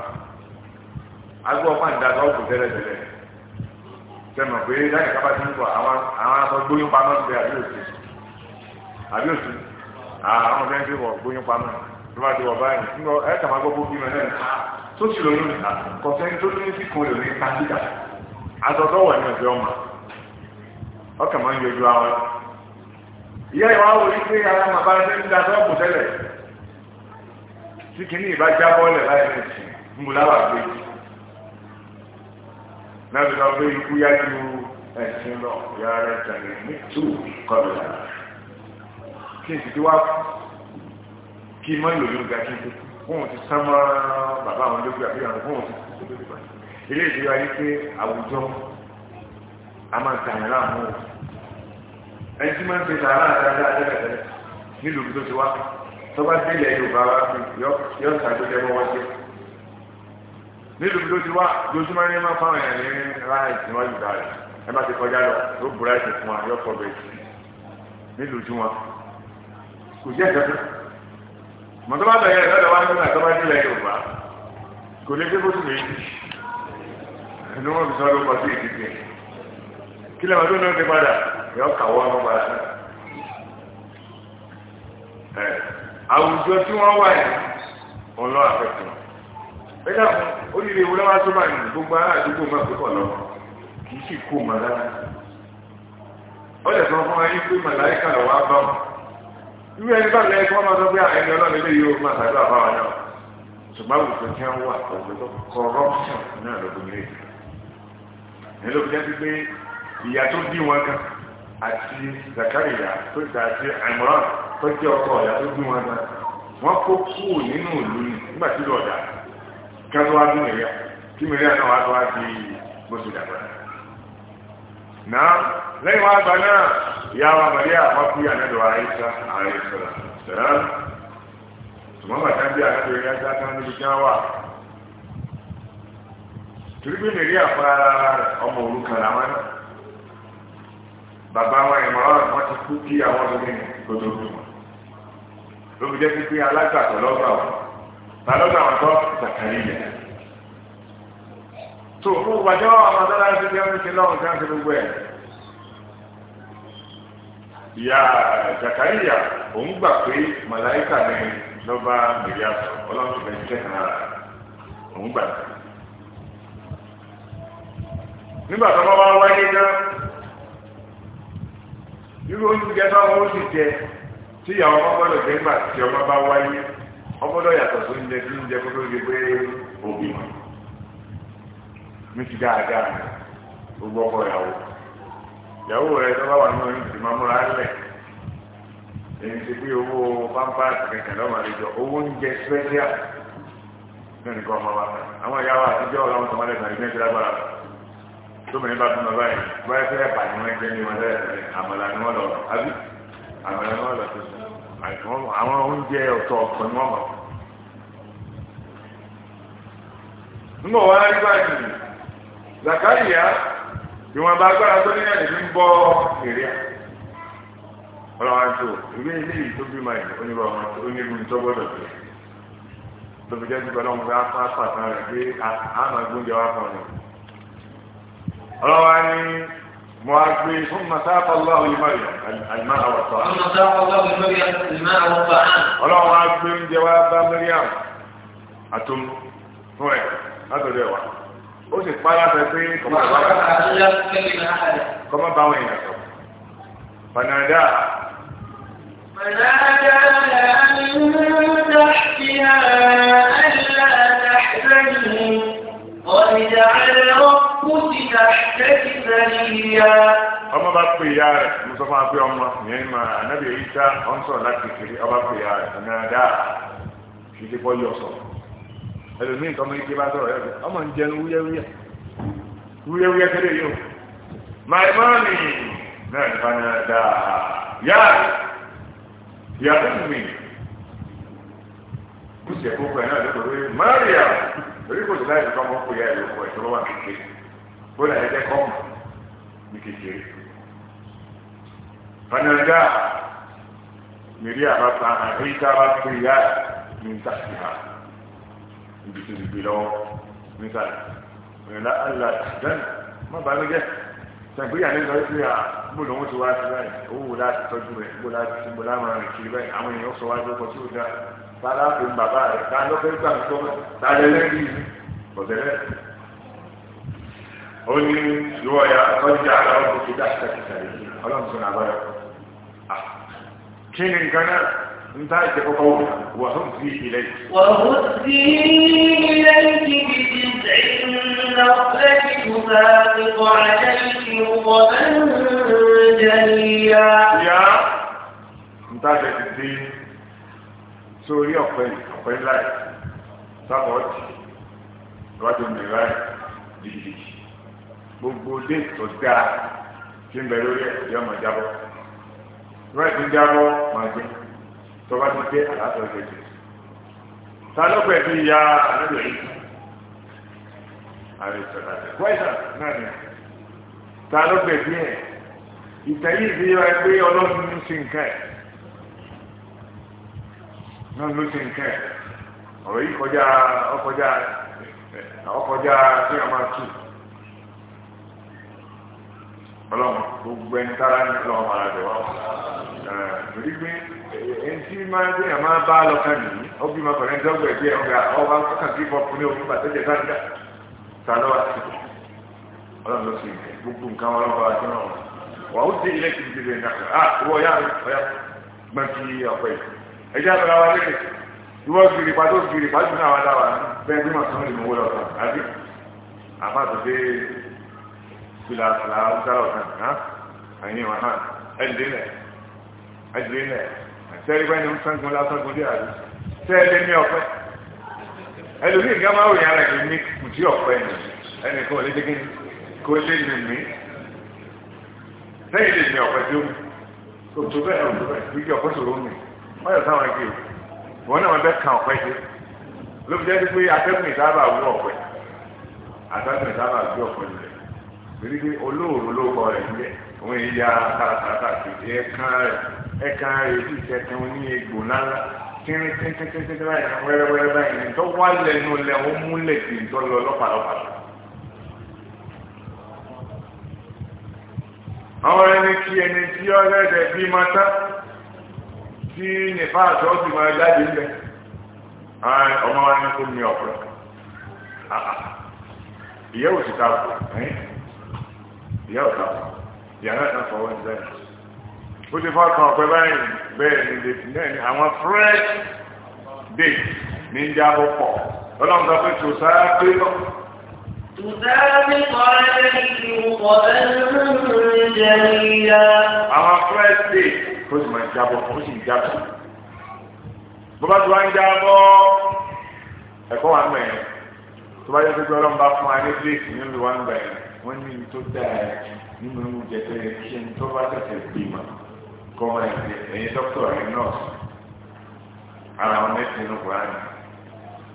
[SPEAKER 2] agbó ọ̀pá ìdájọ́ ọ̀gbìn tẹ́lẹ̀ tẹ́lẹ̀ sẹ́mọ̀ pé láyé ká bá ti ń bọ̀ àwọn aṣọ gbóyún pamọ́ ń bẹ àbíòsì àbíòsì àwọn fẹ́ẹ́ fi wọ̀ gbóyún pamọ́ tó bá ti wọ̀ báyìí ẹ̀ kà máa gbọ́ náà ah, tó sì lóyún ah, kọ̀ọ̀sẹ́ni asọ̀tọ̀ wọ̀ ẹ̀mẹ̀ fẹ́ ọmọ ọkà máa ń yọjú àwọn ìyá ìwà wò ní pé ara màbá ẹgbẹ́ ń da sọ́ọ̀bù tẹ́lẹ̀ tí kìíní ìbá já bọ́ọ̀lẹ̀ láì ní ti mú láwà gbé náà fi sọ pé ikú yá ju ẹ̀sìn lọ ìyá rẹ̀ tẹ̀lé ní tù kọlùlà kí n sì ti wá kí n má ga kí n tó kóhùn ti sá mọ́ bàbá àwọn olóògbé àbí àwọn kóhùn ti tó lórí ilé ìdíyọ ayé pé àwùjọ a máa ń ta àyàn láàmú o ẹni tí máa ń pèsè àrà àdáadáa tẹ́lẹ̀tẹ́lẹ̀ nílùú tó ti wá tó bá dé ilẹ̀ Yorùbá wá sí yọ ṣàgbéjẹ mọ́ wọ́n sí nílùú tó ti wá lójúmọ́ ní máa fáwọn èèyàn ní ráìtì níwájú ìgbà rẹ̀ ẹ má ti kọjá lọ ló bu ráìtì fún wa yọ kọ̀ọ̀bẹ̀ nílùú tí wọn kò jẹ́ ìjọba mọ̀tọ́ bá bẹ̀rẹ̀ lọ́dọ̀ wá nígbà tó bá dé ilẹ̀ Yorùbá kò lè dé bó tún lè yí ni wọ́n fi sọ ló kọjú ìdíje kí lẹ́wọ̀n tó náà ti padà yọ kàwọ́ ọmọ padà sí. àwùjọ tí wọ́n wà yìí bẹ́ẹ̀ wa tó gbogbo ará àdúgbò máa fi kọ̀ lọ́wọ́ kì í sì kó màlá. sọ fún wa yín pé bá wọn. irú ẹni lẹ́yìn wọ́n máa sọ pé ọlọ́run ilé yìí ó máa nílò fi jẹ́ pé ìyá tó bí wọn kan àti Zakaria tó ti àti Imran tó jẹ́ ọkọ ọ̀yà tó bí wọn kan wọ́n kó kúrò nínú ìlú nígbà tí lọ́ọ̀dà kẹ́tọ́ wá bí mẹ́ríà tí mẹ́ríà náà wá tó wá di bó ti dàgbà. náà lẹ́yìn wá gbà náà ìyá wa mẹ́ríà wọ́n fi ànádọ̀ àyíṣà àyíṣà sẹ́rẹ́ tùmọ̀ bàtà bí ànádọ̀ àyíṣà kan níbi tí torí pé mẹ̀rí àfúrà ara rẹ̀ ọmọ òrukàn làwọn náà bàbá wọn ìmọ̀ràn wọn ti kú kí àwọn ọdún gbọdọ̀ bí wọn lóbi jẹ́ pípé alágbàtọ̀ lọ́gbà wọn ta lọ́gbà wọn tọ́ zakari yẹn tó fún wàjọ́ ọmọ dọ́là ti jẹ́ oúnjẹ lọ́wọ́ kí wọ́n ti gbogbo ẹ̀ ìyá zakari yà òun gbà pé màláìkà ni lọ́ba mẹ̀rí àfọ̀ ọlọ́run ti bẹ̀ jẹ́ kan ara òun gbà pé. nígbà tó bá wá wáyé náà irú oúnjẹ táwọn ó sì jẹ tí ìyàwó ọmọ tí ọmọ bá wáyé ọgbọdọ yàtọ̀ tó ń jẹ tó ń jẹ kó tó ń òbí mi ti dáadáa gbogbo ìyàwó ìyàwó rẹ tó bá wà ní oyún ti máa múra lẹ èyí ti pé owó owó oúnjẹ ọmọ wa àwọn ìyàwó àtijọ́ tóbìnrin bá bímọ báyìí báyìí fẹ́ ẹ̀bà ni wọ́n jẹ́ ní wọn lẹ́yìn àmàlà ni wọ́n lọ àbí àmàlà ni wọ́n lọ tó sùn àwọn oúnjẹ ọ̀tọ̀ ọ̀tọ̀ ni wọ́n mọ̀. nígbà wọn á rí báyìí Zakaria ìwọ̀n bá agbára tó níyà lè fi ń bọ́ èrè à. ọlọ́wọ́n tó ìwé ilé yìí tó bímọ yìí onírúurú tó gbọ́dọ̀ tó tóbi jẹ́ nígbà náà wọ́n fẹ́ apá apá àtàn rẹ̀ pé àmàgbóúnjẹ wà fún ọ ọlọ́wà ní mo á gbé fún masáfà lọ́wọ́ ìmọ̀lẹ̀ àlùmá àwọ̀tọ́. ọlọ́wà gbé oúnjẹ wa bá mẹ́ríàm àtún fún ẹ̀ látọ̀dọ̀ ẹ̀wà ó sì pa láti pé kọ́mọ bá wọn èèyàn sọ. fanada. fanada
[SPEAKER 1] من تحتها ألا تحزني قد جعل ربك kútìlà lẹ́kìtìlẹ́yìíyá.
[SPEAKER 2] ọmọ bá pè ya rẹ̀ mo sọ fún wa pé ọmọ yẹn ni máa anábìyẹ yìí sá ọ̀n sọ̀rọ̀ láti kékeré ọba pè ya rẹ̀ ọ̀nà dá kì í ti bọ́ yọ sọ̀rọ̀ ẹlòmíì tọmọ ike bá sọ̀rọ̀ yẹ ọmọ ń jẹun wúyẹ́wúyẹ́ wúyẹ́wúyẹ́ kéde yìí o my mommy náà ní fana dá yá yá fún mi kùsì ẹ̀kọ́ pẹ̀ náà lẹ́kọ̀ọ́ lórí Maria orí kò sí láì fi ọmọ kò yá ẹ̀ lóko ẹ̀ tó kékeré bóla yẹ kẹ kọ́ mọ̀ ní kékeré. fanadá mèrí àbáta àríkà bá pè yá ní ntàkì ha ibi tó ti gbé lọ́wọ́ níta ìrìnlá àlá dán má bàa lójẹ́ sàgbéyà ní sọ́yìn pé à bóla wọn ti wá sí báyìí owó wò láti tọ́jú rẹ̀ bóla ti bóla máa rìn kiri báyìí àwọn èèyàn sọ wá lóko tí ó dáa tààrà pé bàbá rẹ̀ ká lọ́fẹ́ gbà ń tọ́ tààrà lẹ́yìn ọ̀dẹ́rẹ́. هون هو يا رجع على ربك تحت كفاره الله سنع بارك كين ان كان انتهت قطوعا وهم في اليك وهم
[SPEAKER 1] اليك بجزع النقلة تساقط عليك ربا جليا يا
[SPEAKER 2] انت الدين سوري اقبل اقبل لك سقط رجل من غير دي gbogbo dé tó dáa tí ń bẹ lórí ẹ yọ ọmọ jábọ wọn ti jábọ máa jẹ tọba ti dé àlàtọ ìgbẹjẹ ta ló pẹ bí ya àlejò yìí àrẹ ìṣọlá rẹ wáyà náà ni ta ló pẹ bí ẹ ìtàn yìí fi yọ ẹgbẹ ọlọ́run ní sí nǹkan ẹ náà ló sí ọ̀rọ̀ yìí kọjá ọkọjá ọkọjá tí wọn máa tù ọlọ́run gbogbo ẹni tára ní ọlọ́run ara rẹ̀ wọ́n torí pé ẹni tí máa gbé yàn máa bá lọ kàn nìyí ó bí máa kọ̀ọ̀rẹ́ dọ́gba ẹgbẹ́ ọ̀gá ọba kọ̀ọ̀kan kí bọ́ fún ní omi bàtẹ́ jẹ sáńdà ta ló wà sí ọlọ́run ló sì gbogbo nǹkan ọlọ́run bá tó náà wà ó dé ilé kìí dìde náà à ìwọ ọ̀yá ọ̀yá gbọ́n kí ọ̀pẹ ẹjẹ́ àtọ́lá wa lé ìwọ gbìrì pàtó gbìrì pàtó náà wà láwà bẹ́ẹ̀ fìlà àtàlà ọ̀sára ọ̀sán náà àyìn wọn hàn ẹ̀dínlẹ̀ ẹ̀dínlẹ̀ àtẹ́rìbá ni ó ń sánkun lásán kò dé àlù tẹ́ẹ̀lẹ́ ní ọ̀pẹ́ ẹlòmíì nǹkan máa wòye ara ẹ̀mí ní kùtì ọ̀pẹ́ ni ẹnì kan ò lè dégé kó lé mi mí sẹ́yìn lè mi ọ̀pẹ́ tó mi òtò bẹ́ẹ̀ òtò bẹ́ẹ̀ gbígbé ọ̀pẹ́ tó mi wọ́n yọ sáwọn ẹgbẹ́ wọn náà wọn bẹ́ẹ̀ kan ọ̀pẹ́ ṣe ló jẹ́ pé atẹ́gùn ìsábà wú ọ̀pẹ́ atẹ́gùn ìsábà gbé ọ̀pẹ́ lulẹ̀ torí pé olóòrò ló kọ rẹ̀ níbẹ̀ òun èyí ya tààtàtà kìí ẹ̀ka rẹ̀ ẹ̀ka rẹ̀ sì tẹ̀kẹ́ wọn ní egbò ńláńlá kíni kíntìkíntì báyìí wẹ́rẹ́wẹ́rẹ́ báyìí ní tó wá lẹ́nu lẹ̀ ó múlẹ̀ sí tó lọ lọ́pàlọ́pàá. àwọn ẹni kí ẹni tí ọlẹ́dẹ̀ bí máa tán tí nípa àtọ́ sì máa jáde ńlẹ̀ ọmọ wa ní kó mi ọ̀pọ̀ ìyẹ́wò sì ta ọ̀pọ̀ ìyá ọ̀tá ìyá náà kan fọwọ́ ní bẹ́ẹ̀ ó ti fọ́ kan ọ̀pẹ báyìí bẹ́ẹ̀ ni dèjì náà ni àwọn fresh date ní ń jábọ̀ pọ̀ ọlọ́run sọ pé tò sáá pé lọ.
[SPEAKER 1] Àwọn fresh
[SPEAKER 2] date ó sì máa jábọ̀ ó sì ń jábọ̀. Bó bá ti wá ń jábọ̀ ẹ̀kọ́ wa ń bẹ̀yẹn tó bá yẹ kó gbé ọlọ́run bá fún wa ní bíléèkì nínú ìwà ń bẹ̀yẹn wọ́n ní ibi tó dáa nínú oúnjẹ tó yẹ kí ẹni tó bá tẹ̀sẹ̀ bímọ kọ́ máa ṣe ẹ̀yin dókítà ẹ̀yin nọ́ọ̀sì ara wọn mẹ́sìn inú kùrán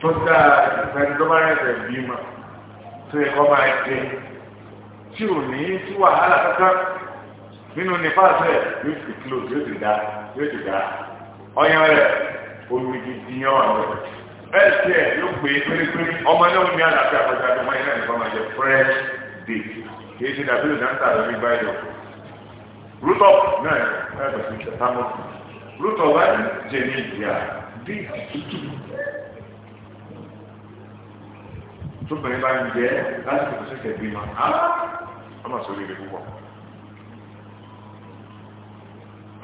[SPEAKER 2] tó dáa ìfẹ́ni tó bá tẹ̀sẹ̀ bímọ tó yẹ kọ́ máa ṣe tí ò ní sí wàhálà kankan nínú nípasẹ̀ yóò ti kúlò yóò ti dá yóò ti dá ọyàn rẹ̀ olùdíjì yàn wà lọ bẹ́ẹ̀ tiẹ̀ yóò gbé pérépéré ọmọ náà ní àlàáfíà pàtàkì ọmọ yẹn náà nípa máa jẹ fúrẹ́ṣì date kìí ṣe dàbílò dáńtà lórí báyọ̀ rútọ̀ náà ẹ̀ ẹ̀ bẹ̀rẹ̀ sí sámọ́ rútọ̀ wá ní jẹ̀mí ìyá déètì tútù tóbìnrin bá ń jẹ lásìkò tó ṣẹ̀ṣẹ̀ bímọ ọmọ sórí rẹ̀ púpọ̀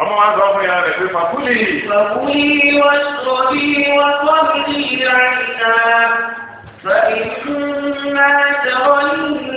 [SPEAKER 2] ọmọ wa sọ fún ya rẹ̀ pé fàkúlì. fàkúlì wọn sọ bí wọn sọ bí ìlànà ìta
[SPEAKER 1] fàìkúnná tẹwọ́ nínú.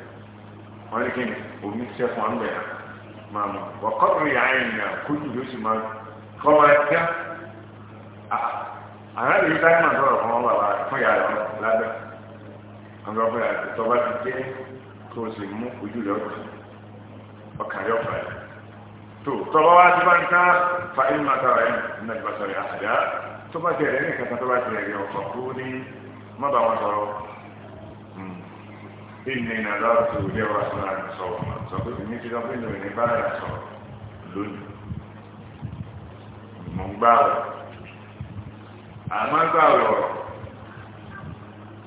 [SPEAKER 2] wọ́n ní kí ni omi sẹ́kùn ọ̀nbẹ̀ yà máa mọ̀ wọ́kọ́rù yàáyìn ní àkójú ló sì máa kọ́ máa dá àrádìí yìí táyà máa sọ̀rọ̀ fún bàbá fún yàrá rẹ̀ lábẹ́ àwọn ọ̀gbẹ́ àti tọ́ba ti dé kó o sì mú ojú rẹ̀ ọ̀tún ọ̀kàrí ọ̀fà rẹ̀ tó tọ́ba wá ti bá ń ká fa ilé máa tọrọ ẹ̀ nígbà tí wọ́n sọ̀rọ̀ àṣà tó bá ti rẹ̀ ní kàtà tó bá ti rẹ̀ ọ̀kọ̀ kú ní mọ́bà wọn sọ̀rọ̀ ìní nàlọ́ọ̀tù ilé wa sọ̀rọ̀ àti sọ̀rọ̀ mà sọ pé èmi ti lọ pé mi ò ní bá rẹ̀ sọ̀rọ̀ lónìí mò ń gbà rẹ̀ àmọ́ gbà rẹ̀ ọ̀rọ̀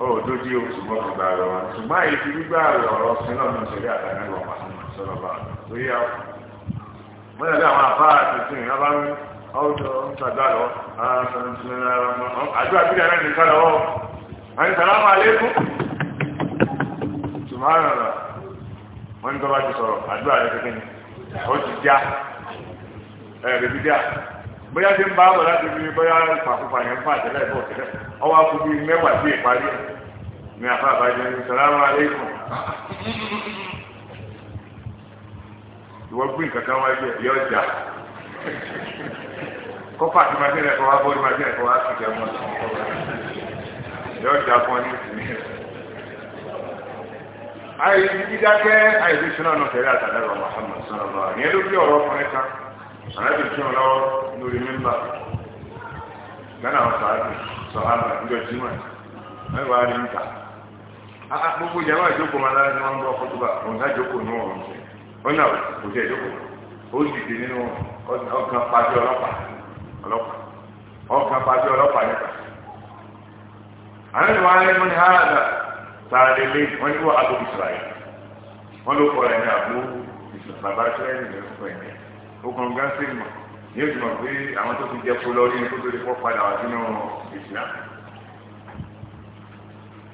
[SPEAKER 2] ó dójú oṣù mọ́tò gbà rẹ̀ wọn ṣùgbọ́n àyè ti gbígbà rẹ̀ ọ̀rọ̀ sínú ọdún ìṣẹ̀lẹ̀ àtàlẹ́ wọn pàṣẹ sọ̀rọ̀ bá tó yá wọ́n yàgbé àwọn afá àti ìsìn ìyá bá ń ọ̀dọ̀ ń tàgbà lọ àdúrà bí subhanallah wọ́n ní tọ́ba ti sọ̀rọ̀ àdúrà rẹ̀ kékeré ó ti já ẹ̀ bèbí já bóyá ti ń bá wọ̀ láti fi bóyá pàkópa yẹn fún àtẹlẹ ìbò tẹ́lẹ̀ ọwọ́ akutu mẹ́wàá sí ìparí ní afa àbájá ní sàlámù aleikum ìwọ gbìn kankan wá jẹ yọ tí ma ti wá bọ́ọ̀lù ma ti wá mọ́ àìsí dídákẹ́ àìsí sínú ọ̀nà tẹ̀lé àtàlẹ́rọ̀ Muhammad sọ̀rọ̀ àníyàn ló fi ọ̀rọ̀ ọkùnrin kan àrẹ́bí tí wọn lọ́wọ́ lórí mímbà gánà àwọn sàádì sọ̀hánà ìjọ jimá mẹ́wàá rí níta gbogbo ìjàmbá ìjókòó máa lára ní wọn bọ́ ọkọ̀ tó bá òun náà jókòó ní wọn ṣe ó náà kò jẹ́ ìjókòó ó sì nínú ọkàn pàṣẹ ọlọ́pàá ọlọ́pàá ọkàn pàṣẹ ọlọ́pàá tààlé lé wọn ní wọn abu israel wọn ló kọ ẹ ní abu baba israel ní ẹkọ ẹ ní gánsẹ mọ ní o ti mọ pé àwọn tó ti jẹ kó lọ rí ní kótó lè kọ padà wá sínú islam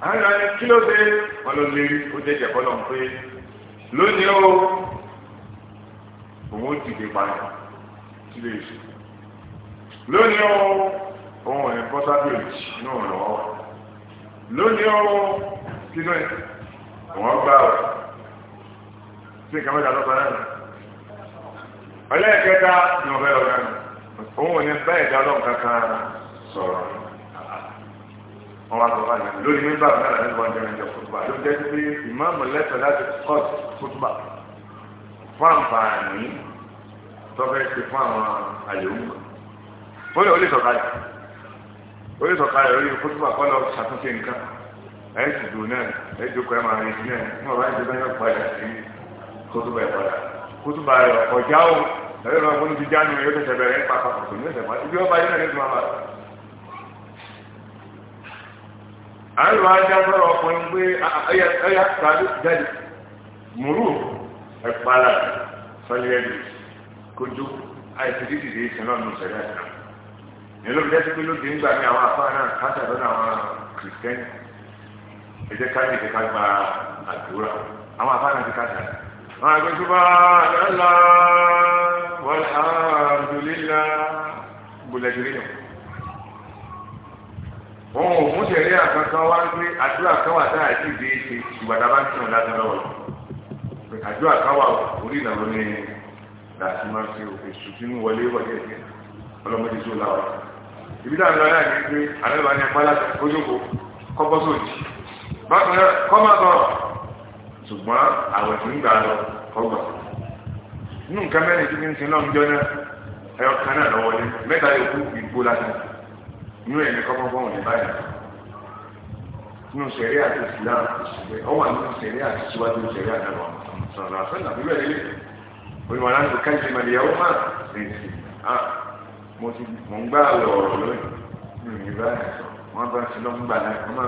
[SPEAKER 2] àwọn ìlànà kí ló dé wọn ló lérí ó jẹjẹ bọlọ ń pé lónìí o òun ó dìde padà sí lè sùn lónìí o òun ẹ̀ bọ́sábìlì náà lọ́wọ́ lónìí o sínú ẹ̀ wọ́n gbà ọ̀ sí nǹkan mẹ́ta lọ́kọ̀ náà ọlẹ́ẹ̀kẹta ni ọ̀fẹ́ ọ̀gá mi òun ò ní bá ẹ̀dá ọlọ́run kankan sọ̀rọ̀ wọn wá sọ fáwọn ẹ̀mí lórí mímbà náà lẹ́nu wọn jẹ́ ẹ̀jẹ̀ fútbà ló jẹ́ pé ìmáàmù lẹ́tọ̀ láti kọ́t fútbà fún àǹfààní tọ́fẹ́ ṣe fún àwọn àyẹ̀wò ó lè sọ̀kalẹ̀ ó lè sọ̀kalẹ̀ lórí fútbà kọ́ lọ ṣàtúnṣe nǹkan ẹ̀ẹ́sì dùn náà ẹ̀ẹ́dùkọ̀ ẹ̀ máa rí sí náà ní ọ̀rọ̀ ẹ̀ẹ́dùkọ̀ ẹ̀ padà sí kótóbà ẹ̀ padà kótóbà ẹ̀ ọ̀kọ̀já o ẹ̀rọ ọ̀gbọ́n ní ti já nínú yóò tẹ̀sẹ̀ bẹ̀rẹ̀ nípa àpapọ̀ ní ọ̀sẹ̀ pàtó ibi ọba yìí náà ní ìtumọ̀ àbàlẹ̀. à ń lo ajá sọ̀rọ̀ ọkùnrin pé ẹ̀yà sáré jáde mùrù ẹ̀pàlà sọlẹ́ẹ̀dì kojú àìsí dídìde ìsìnlọ́ ní ìṣẹ̀lẹ̀ àti náà. ìlú bí dẹ́sí pé lóde ń gbà ní àwọn afáàná kásà lọ́nà àwọn kìrìsìtẹ́nì ẹ jẹ́ ká nìkan ká gba àdúrà àwọn afáàná ti ká sàn. wọn àgbẹ̀ tó bá lọ́la wọ́n alhamdulillah gbọ́dọ̀ ti rí nù. wọn ò mú sẹ̀rí àkankan wá pé àdúrà kan wà táyà sí ìdí ṣe ìgbàdá bá ń tún lásán lọ́wọ́ àdúrà kan wà orí ìnáwó ní làásì máa ń ṣe òfin wọlé wọlé ẹ̀jẹ̀ ọlọ́mọdé tó láwà. ìbí dáadáa náà ní pé àlẹ́ bá ní bákan náà kọ́mà tọrọ ṣùgbọ́n àwẹ̀ tó ń gbà lọ kọ́gbà nínú nǹkan mẹ́rin tí ń sin náà ń jọ náà ẹ̀rọ kan náà lọ́wọ́ ní mẹ́ta yòókù ìgbó lásán nínú ẹ̀mí kọ́mọ́ fọ́ọ̀mù ní báyìí nínú sẹ̀rí àti ìsìlámù ìṣẹ̀lẹ̀ ọwọ́ àti sẹ̀rí àti síwájú sẹ̀rí àdàbọ̀ sọ̀rọ̀ àfẹ́lá bíbẹ̀ lélẹ̀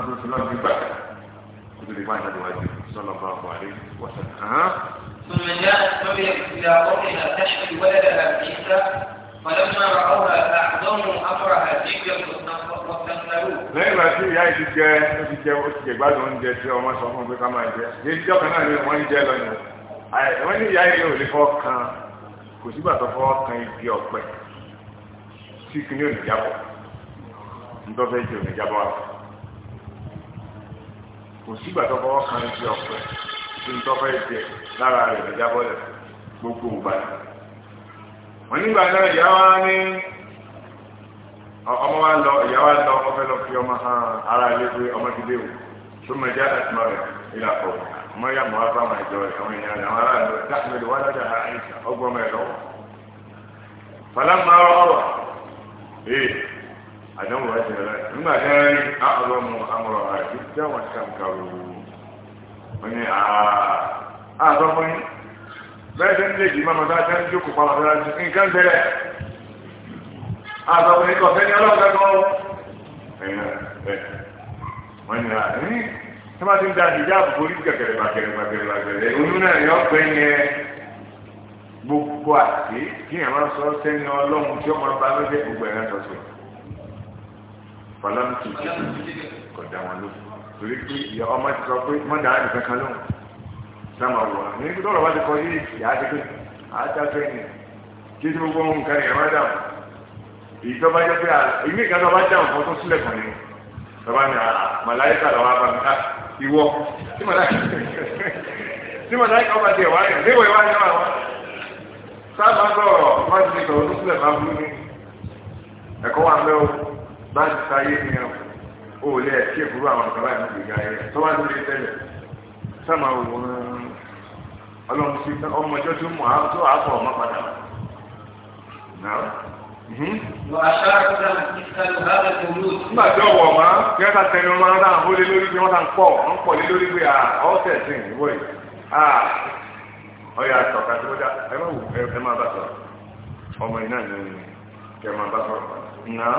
[SPEAKER 2] olùwàlá ń كتب إيمان الواجب صلى الله عليه وسلم
[SPEAKER 1] ثم جاءت مريم إلى قومها تحمل ولدها عيسى فلما رأوها أعظموا أمرها جدا واستنكروه. lẹ́yìn ìgbà tí ìyá
[SPEAKER 2] yìí ti jẹ ó ti oúnjẹ tí ọmọ sọ fún pé ká máa jẹ yéé jọ́kan náà ni wọ́n ń jẹ lọ yẹn ní ìyá yìí ò lè fọ́ kan kò sígbà tó fọ́ kan igi ọ̀pẹ tí kìnìún ìjábọ̀ ń tọ́ fẹ́ jẹ òní ìjábọ̀ wa kò sígbà tó fọwọ́ kan ti ọ̀pẹ tí n tọ́ fẹ́ jẹ lára rẹ̀ lè jábọ́lẹ̀ gbogbo ìgbà wọn nígbà náà ìyá wa ní ọmọ wa lọ ìyá wa lọ ọmọ fẹ́ lọ fi ọmọ hàn ara ilé pé ọmọ ti dé o tó mọ ìjà láti mọ rẹ ìlà pọ̀ ọmọ yà mọ́ wá bá wọn ìjọ rẹ̀ àwọn èèyàn rẹ̀ àwọn ará rẹ̀ dáhùn wá lọ́jà àìsàn ọgbọ́n mẹ́rin lọ́wọ́. fàlámà ọ̀rọ̀ ee àdánwò wá jẹ rẹ nígbà tí wọn rí àbúrò mu àmúrò àti tí wọn ṣe àǹkàrò wọn ni àtọ fún yín bẹ́ẹ̀ tẹ ń lè jìmọ àmọ́ dáadáa ń jókòó pa àbúrò àti nǹkan tẹ́lẹ̀ àtọ fún yín kọ fẹ ní ọlọ́pàá kan ẹ̀yìn náà wọn ni àní tí wọn ń da ìjà àbùkù orí kẹkẹrẹ bàkẹrẹ bàkẹrẹ bàkẹrẹ oyún náà yọ ọgbẹ yẹn gbogbo àti kí fọlọ́n ti ti kò dá wọn lójú torí pé ìyá ọmọ ti sọ pé mọ́dà á nìkan kan lóhùn sáma wọ̀ ní ibi tọ́lọ̀ bá ti kọ yé ìyá ti pé àádáfẹ́ ni kí ni gbogbo ohun kan ìyá má dà wọ́n ìtọ́ bá jẹ́ pé ìmí ìkan tó bá dà wọ́n tó sílẹ̀ kàn ní bàbá mi màláyíkà lọ́wọ́ bá mi ká ah, ìwọ tí màláyíkà ọba ti ẹ̀wá rẹ̀ léwọ̀ ìwá ni wọ́n sábà sọ̀rọ̀ wọ́n ti sọ̀rọ̀ tó sílẹ̀ bá burú ní ẹ̀kọ́ wa mẹ́wọ́ bá ti sáyé ní ẹ̀ o lè ṣe ìfúrú àwọn ọ̀gá láti gbèga ẹ̀ tó wá lórí tẹ́lẹ̀ sáàmà òun ọlọ́run sí ọmọjọ́ tó mọ̀ tó àpọ̀ ọmọ padà mhm.
[SPEAKER 1] nígbà
[SPEAKER 2] tí ọwọ́ ọmọ kí wọ́n ta tẹnu ọmọ náà ó lé lórí bí wọ́n ta ń pọ̀ ń pọ̀ lé lórí pé ọ̀sẹ̀ sí ìwọ yìí ọ̀yà àtọ̀ka tí wọ́n dá ẹ má wù ẹ má bá sọ̀rọ̀ ọmọ yìí náà ní ẹ má bá sọ̀rọ̀ náà.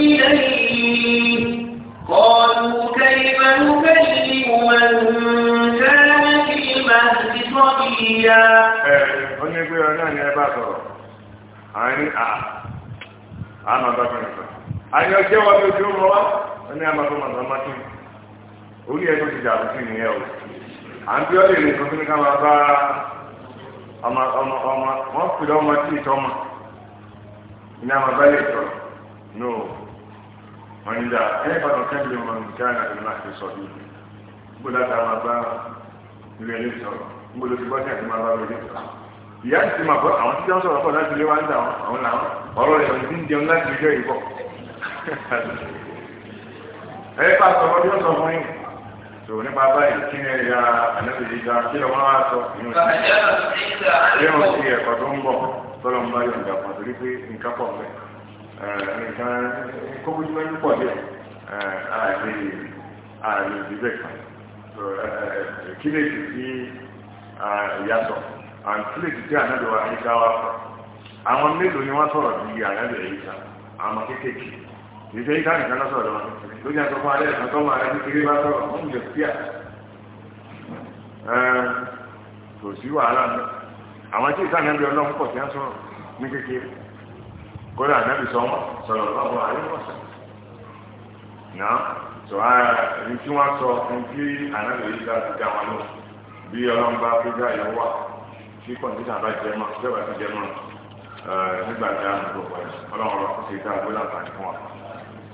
[SPEAKER 1] إليه قالوا كيف نكلم من كان في المهد صبيا
[SPEAKER 2] ọ̀nà ìgbé ọ̀nà ni ẹbá sọ̀rọ̀ àní àmà bá fẹ́ nìkan àní ọjọ́ wa tó tí ó mọ́ wá ní àmà tó ọmọ وإذا كيف نكلم من كان في المهد صديق بلا تعبا ليلة بلا تبقى كما بابا ليلة ìyá ti máa bọ́ àwọn títí wọ́n sọ̀rọ̀ pọ̀ láti lé wá ń dà wọ́n àwọn làwọn ọ̀rọ̀ rẹ̀ òun ti ń jẹun láti ìjọ ìbọ̀. ẹ bá sọ ọmọdé sọ fún yín tó nípa báyìí kí ni ẹ̀yà ànábì yìí ga kí lọ́wọ́ wá sọ inú sí ẹ̀kọ́ tó ń bọ̀ tọ́lọ́ ń bá yọ̀ǹda kan torí pé nǹkan pọ̀ bẹ́ẹ̀ nǹkan kókójúmẹ́jú pọ̀ lẹ̀ ààrẹ ààrẹ ìdíbẹ̀ kan kílèsì sí ìyàtọ̀ kílèsì sí ànádọ̀ àyíká wa àwọn mélòó ni wọ́n sọ̀rọ̀ bí ànádọ̀ àyíká àwọn kéékèèké ìṣe yíká nìkan náà sọ̀rọ̀ lọ́wọ́ lójú àtọ́kọ́ alẹ́ ẹ̀ka tó máa rẹ̀ kékeré bá sọ̀rọ̀ wọ́n lè fi à kò sí wàhálà àwọn tí ìsànà ẹgbẹ́ ọlọ́run pọ̀ sí á sọ̀rọ̀ ní kékeré kódà ànábì sọmọ sọlọ lọwọ àríwọsọ náà sọ ara ẹni tí wọn sọ ẹni tí ànábì yìí dá ti dá wọn lọ bí ọlọ́run bá fi dá yẹn wà tí kọ̀ǹtínà bá jẹ mọ́ tí ọba ti jẹ mọ́ nígbà tí a ń gbọ́ pẹ̀lú ọlọ́run ọba kó ti dá agbó láǹfààní fún wa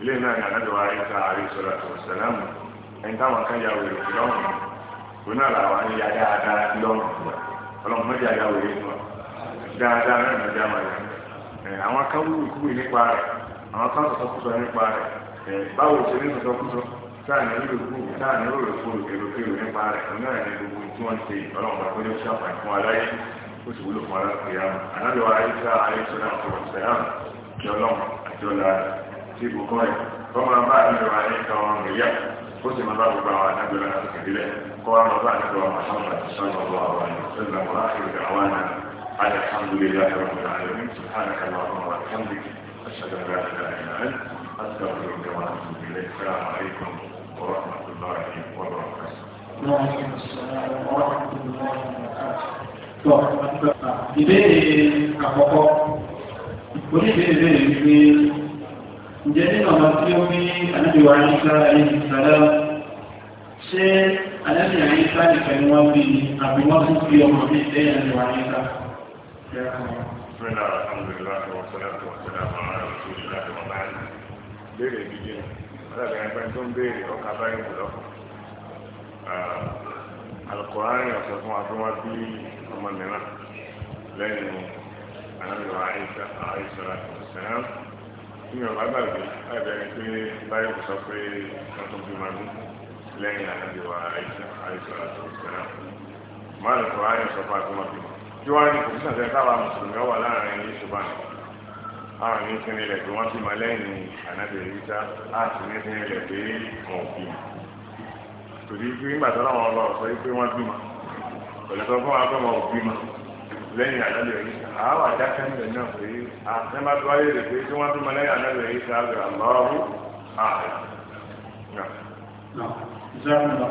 [SPEAKER 2] ilé náà ni ànábì wa ayé ta àrí sọlá tó sẹlẹmù ẹni táwọn kan yà wèrè lọ́rùn òun náà làwọn ayé yá dáadáa lọ́rùn fún wa dáadáa Eh, àwọn kan wúwo ìkúwé nípa rẹ̀ àwọn kan sọ̀tọ̀ kúsọ nípa rẹ̀ eh, báwo ṣe ní sọ̀tọ̀ kúsọ táà ní lórí òkú táà ní lórí òkú èròkèrò nípa rẹ̀ náà ní gbogbo tí wọ́n ṣe ọlọ́run bá gbọ́dọ̀ ṣe àpàì fún aláyé ó sì wúlò fún aláṣẹ yàmù ànábì wa ayé sá ayé sọ́dọ̀ àtọ̀rọ̀ sẹ́yàmù kí ọlọ́run àti ọlá tí gbogbo ẹ̀ kọ́mọ bá ànábì wa ayé sá ọrùn rẹ̀ yá ó sì bá gbogbo àwọn ànábì wa láti kẹ̀lé àwọn bá ànábì wa máa sọ́nà àti الحمد لله رب العالمين سبحانك اللهم وبحمدك أشهد أن لا إله إلا أنت أستغفرك وأتوب إليك السلام عليكم ورحمة الله وبركاته
[SPEAKER 1] وعليكم السلام ورحمة الله وبركاته. ìbéèrè àkọ́kọ́ oníbèrè wípé ǹjẹ́ nínú ọmọ tí ó ní ànábìwá ayíṣá ayélujára ṣé ànábìwá ayíṣá nìkan ni wọ́n bí àbí wọ́n tún fi ọmọ mi lẹ́yìn ànábìwá ayíṣá.
[SPEAKER 2] بسم الله الحمد لله والصلاة والسلام على رسول الله وبعد béèrè ìdíje alábẹ̀rẹ̀ pẹ́ tó ń béèrè ọkà báyìí wù lọ́kọ̀ alukọ̀ránì ọ̀sẹ̀ fún wa tó wá bí ọmọ mìíràn lẹ́yìn anábìwá àìsà àìsà ọ̀sẹ̀rán ní ọ̀gá gbàgbé alábẹ̀rẹ̀ pé báyìí kò sọ pé wọ́n tó bí ma mú lẹ́yìn anábìwá àìsà àìsà ọ̀sẹ̀rán máa lùkọ̀ránì ọ̀sẹ̀ fún wa bí ma kí wọ́n ní pòsíṣàn tẹ káwa mùsùlùmí ọwà láàrin ní ṣùgbọ́n àwọn ní sinmi rẹ̀ pé wọ́n ti mọ lẹ́yìn ànábì ìrísá àti ní sinmi rẹ̀ pé wọn ò bímọ torí pé nígbà tó láwọn ọlọ́ sọ pé wọ́n bímọ pẹ̀lú sọ fún wa pé wọn ò bímọ lẹ́yìn ànábì ìrísá àwọn àdáṣẹ́ ń bẹ̀ náà pé àtẹ́mbà tó wáyé rẹ̀ pé tí wọ́n bímọ lẹ́yìn ànábì ìrísá rẹ̀ àlọ́rù ààrẹ. ìṣẹ́ àwọn
[SPEAKER 1] ọ̀dọ́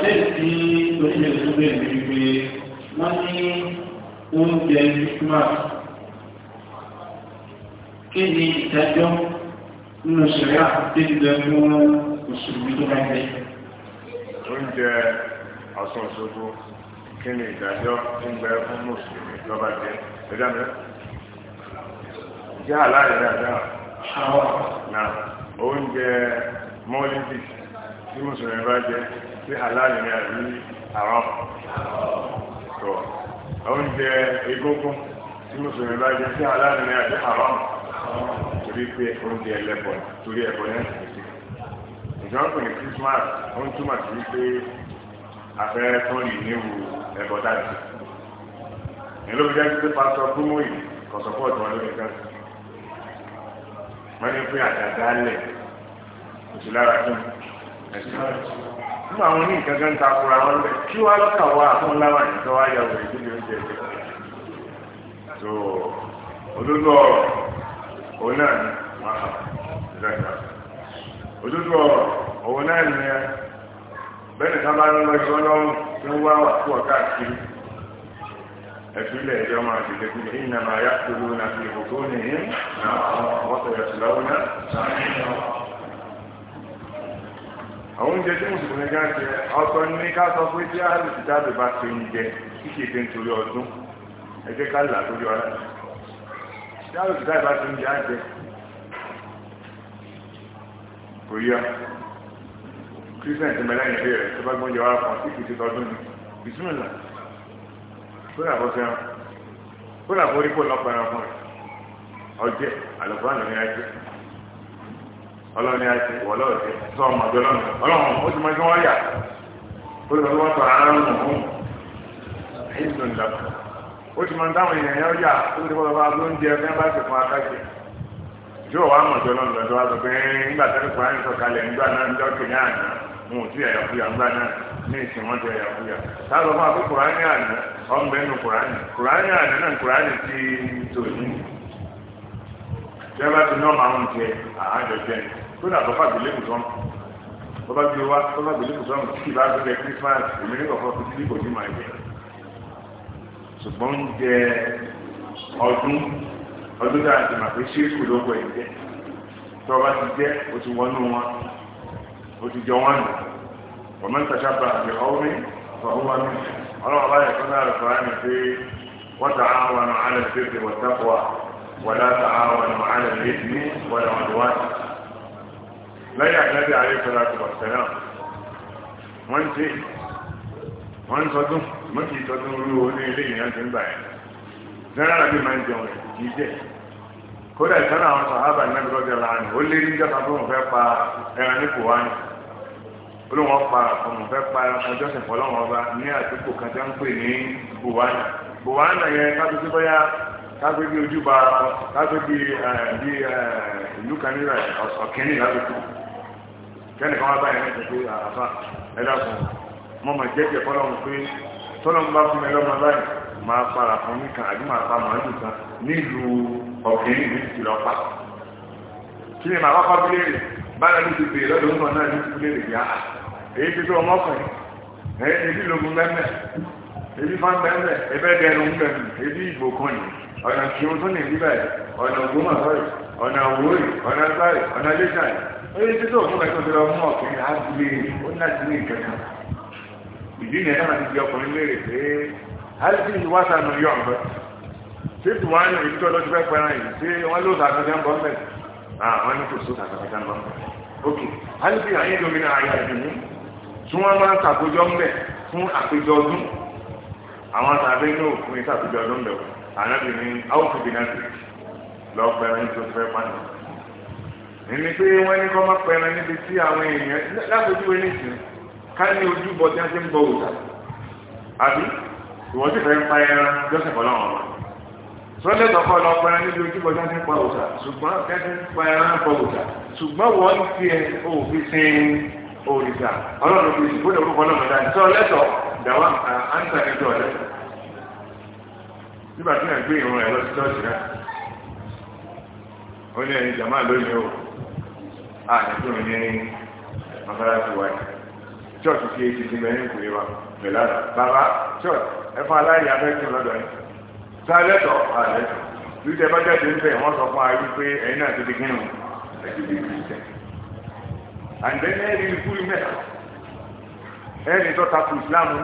[SPEAKER 1] fẹ́ wọ́n ní oúnjẹ Christmas kí ni ìdájọ́ nínú ṣẹ̀yà tí ń lẹ fún òṣèlú tó bá jẹ́
[SPEAKER 2] oúnjẹ ọ̀sán ṣogbo kí ni ìdájọ́ tí ń lẹ fún òṣèlú tó bá jẹ́ ẹ̀dá mi jẹ́ aláàrẹ̀ dáadáa na oúnjẹ mọ́lídì tí mùsùlùmí bá jẹ sí aláàrẹ̀ àbí àwọn sọ oúnjẹ egógún tí mùsùlùmí bá jẹ sí aláàánú ní àti haram torí pé oúnjẹ ẹlẹ́bọ torí ẹbọ ní àtìkèsí ìjọba pè ní Christmas ó ń túmọ̀ sí pé afẹ́rẹ́ tó lì níwu ẹbọ dájú nílò bí dájú pé pásọ gbúmọ̀ yìí kò sọ́pọ̀tì wọn lórí kan wọ́n ní pé àdàdà lẹ̀ òṣèlára tó ẹ̀sìn nígbà àwọn ní nǹkan kan takura wọn lẹ kí wọn lọkà wá fún láwọn ìjọ wa yà wọ ìdílé oúnjẹ jẹ so òdodo ọ̀rọ̀ òun náà ni wọn kà ìdájọ́ òdodo ọ̀rọ̀ òun náà ni ẹ bẹ́ẹ̀ni ká bá ń lọ ìwọ lọ́rùn tí wọn wá wà fún ọkà kiri ẹfilẹ ẹjọ máa ti lè gbé ìnàmà yàtọ̀ lónà fi ìbùkún nìyí náà wọn sọ yàtọ̀ lọ́wọ́ náà àwọn oúnjẹ tí mùsùlùmí gan ṣe ọ̀tọ̀ ní ká sọ pé tí àrùn ti dábì bá ṣe oúnjẹ kí kì í ṣe nítorí ọdún ẹ jẹ́ ká là lórí ọlá tí àrùn ti dábì bá ṣe oúnjẹ àjẹ kò yá kírísítẹ̀n ti mẹ́lá ìdí rẹ̀ tó bá gbọ́njẹ wá fún kí kì í ni bìsúmìlà kó nà bọ́ sẹ́wọ̀n kó nà bọ́ rí kó lọ́pàá ẹran fún ọjẹ́ àlọ́kọ́ àná ní ajẹ́ ọlọ́ni àti ìwọlọ́ọ̀dẹ sọ ọmọdé ọlọ́run ọlọ́run ó ti mọ ẹgbẹ́ ó lọ wọ́n sọ àárọ̀ ọ̀hún ẹ̀yìn lọ ó ti mọ táwọn èèyàn yẹn yà ó ti wọ́n bá ló ń jẹ ẹgbẹ́ bá ti fún akájẹ tí ó wà á mọ̀jọ ọlọ́run lọ́dọ̀ wá sọ pé nígbà tẹ́lẹ̀ àyìn sọ̀kalẹ̀ nígbà náà àná ńgbà náà ní ìsìn wọn kódà tó bá gbélé mùsọ̀n tó bá gbélé wá tó bá gbélé mùsọ̀n kí bá gbélé Christmas èmi ní kọ̀ọ̀kan fi dídí kò máa jẹ ṣùgbọ́n jẹ ọdún ọdún tí a ti mà pé ṣéèkù ló gbọ́ ẹ̀ jẹ tó ti jẹ o ti wọnú wọn o ti jọ wọn nù wọ́n máa ń tàṣà bá àgbẹ̀ ọ̀wé fọwọ́ ọlọ́wọ́ bá yẹ náà rẹ̀ fọ́ra pé wọ́n ta àwọn àlẹ́ fẹ́fẹ́ wọ́n tẹ́kọ̀ọ́ wọ́n dá ta àwọn àlẹ́ fẹ́fẹ́ wọ́n dá lẹ́yìn àjẹ́bí ayé sọ́lá àtùbọ̀ sẹ́lá wọ́n ń tẹ́ wọ́n ń tọdún wọ́n kì í tọdún orú ní ilé ìyẹn ti ń bà ẹ́ jẹ́nàrà bí máa ń jẹun rẹ̀ kì í jẹ́ kódà ìtàn àwọn sàhábà nàbí lọ́jọ́ láàánú ó lé níjọ́ kan fún òun fẹ́ pa ẹran ní kòwánu olóhùn ọ̀pá òun fẹ́ pa ọjọ́ sẹ̀fọ́ lọ́wọ́ ọba ní àdúgbò kan tí ń pè ní kòwánu kòwánu yẹn kájú sí bóyá kágbé bí ojúbà kágbé bí ìlú kan nílẹ̀ ọ̀kẹ́ni lábẹ́kù kẹ́ni kan wá báyìí láti pé àràfà ẹ̀dá fún mọ́ mà jẹ́jẹ́ fọlọ́run pé tọ́lọ́run bá fún mi lọ́mọ báyìí máa para fún mi kan àbí máa pa màálù kan nílùú ọ̀gbìn ìlú ti lọ pa kí ni màá kọ́kọ́ bílé rè báyọ̀ ló ti bèèrè lọ́dọ̀ ọmọ náà ní bílé rè yá èyí ti tó ọmọkùnrin èyí ti lógun mẹ́mẹ́ èyí fún mẹ́mẹ́ ẹbẹ́ dẹrùn mẹ́mẹ́ èyí ìgbò kan yìí ọ̀nà kí wọ́n tún lè rí báyìí ọ̀nà ògbómọ̀ sọ́yì ọ̀nà òwúrò ọ̀nà sáré ọ̀nà lẹ́sàrì oye tí tó fún ẹ̀kọ́ tẹ́lọ mú ọkùnrin àgbè ó láti ní ìkẹ́kọ̀ọ́ ìdí ìyẹn náà ti di ọkùnrin léèrè pé àìsí ìwá sànù yọ ọ̀gbẹ́ tí tí wọ́n á ní ìdíjọ́ lọ́jọ́ fẹ́ pẹ́ràn yìí tí wọ́n ló sàkọ́ jẹ́ ń bọ́ mẹ́ àwọn ní kò só sàkọ́ jẹ́ ń bọ́ mẹ́ ok àìsí àyè domina àyà ìdùnnú tí wọ́n máa ń sàkójọ mbẹ̀ fún àpéjọ ọdún àwọn sàbẹ̀ ní òkun ìsàkójọ ọdún mbẹ̀ àwọn ẹni pé wọ́n ní kọ́ máa pẹ̀rẹ̀ níbi tí àwọn èèyàn lábójú ẹni sí ká ní ojú bọ̀ tí wọ́n ti ń bọ òòtà àbí ìwọ́n ti fẹ́ ń pa ẹran jọ́sẹ̀ kọ́ láwọn ọmọ sọ́dẹ̀ tọ́kọ́ lọ pẹ̀rẹ̀ níbi ojú bọ̀ tí wọ́n ti ń pa òòtà ṣùgbọ́n kẹ́sì ń pa ẹran pọ̀ òòtà ṣùgbọ́n wọ́n ti òfin sin ọlọ́run fi ìbò náà àyẹ̀kùn ah, ní mọ́sálásí wa yìí chọ́ọ̀tù kí èsì ti mẹ́rin kò yé wa pẹ̀lú àdá bàbá chọ́ọ̀tù ẹ̀fọ́ aláìyá abẹ́kùn lọ́dọ̀ yìí sálẹ́tọ̀ àlẹ́tọ̀ lùtẹ̀ bá jáde ń bẹ̀ wọ́n sọ fún ayé pé ẹ̀yin náà ti di kínú ẹ̀jẹ̀ bí ibi ìtẹ̀ àǹdẹ́ni ẹ̀rí ikú mẹ́ta ẹ̀rí tó takò ìsìlámù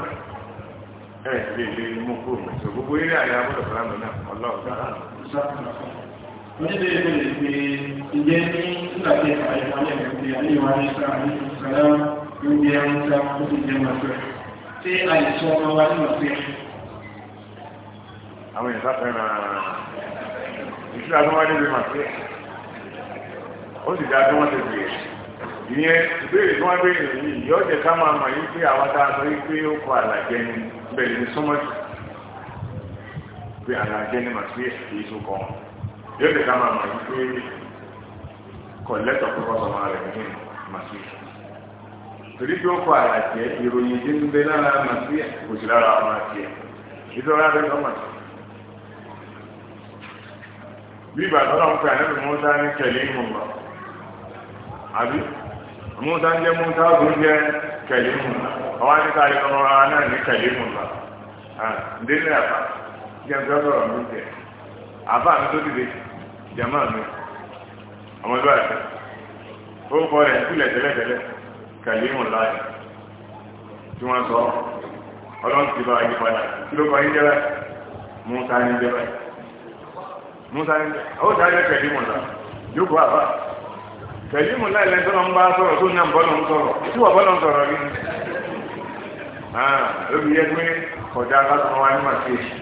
[SPEAKER 2] ẹ̀ lè lè mú kúrò mẹ́sàn gbogbo eré àyà abúlọ̀ fúlàmù náà ọlọ́ọ̀dá oníbèrè tó lè pe
[SPEAKER 1] ìjẹ́ ní nígbàtí ẹ̀ka ìpàdé ẹ̀kọ́ àti ìwà ẹ̀ka àti ìsàlá oúnjẹ ẹ̀ka ó sì jẹ́ màtọ́ ẹ̀. ṣé a lè sọ ọmọ wa ní màtọ́ ẹ̀?
[SPEAKER 2] àwọn ìṣá fẹ́ràn ìṣúra tó wá débi màtọ́ ẹ̀. ó sì dáa tí wọ́n ti bèèrè. ìyẹn ìbéèrè tí wọ́n béèrè yìí yóò jẹ́ ká máa mọ̀ yí pé àwọn tá a sọ yí pé ó kọ àlàjẹ ni bẹ̀rẹ̀ ní súnmọ́ pé àlàjẹ ni màtọ́ ẹ̀ kì í tó kọ́ wọn. yóò tẹ̀ka máa mọ̀ wípé kọ̀lẹ́tọ̀ kọ́kọ́ sọ máa rẹ̀ nínú màsí. torí pé ó fa àjẹ́ ìròyìn tí ń bẹ lára màsí kò sí lára ọmọ àti ẹ̀ ìtọ́ra rẹ̀ lọ́ màsí. bí ìgbà tó lọ́n pè ànábì mọ́tà ní kẹ̀lé ìmọ̀ mọ́ àbí mọ́tà ń jẹ́ mọ́tà ó ń jẹ́ kẹ̀lé ìmọ̀ jama mi ọmọdé àti orúkọ rẹ̀ kúlẹ̀ tẹ́lẹ̀tẹ́lẹ̀ kàlímù láì tí wọ́n sọ ọlọ́run ti bá yí padà kí ló kọ yí jẹ́ báyìí musa ní jẹ́ báyìí musa ní jẹ́ ó dájọ́ kàlímù láì yóò bá bá kàlímù láì lẹ́tọ́nà ń bá sọ̀rọ̀ tó náà bọ́lọ̀ ń sọ̀rọ̀ tí wọ́n bọ́lọ̀ ń sọ̀rọ̀ rí lóbi yẹ pé kọjá kásán wa ní màsíyèsí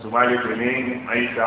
[SPEAKER 2] sùmálẹ̀ tó ní àyíká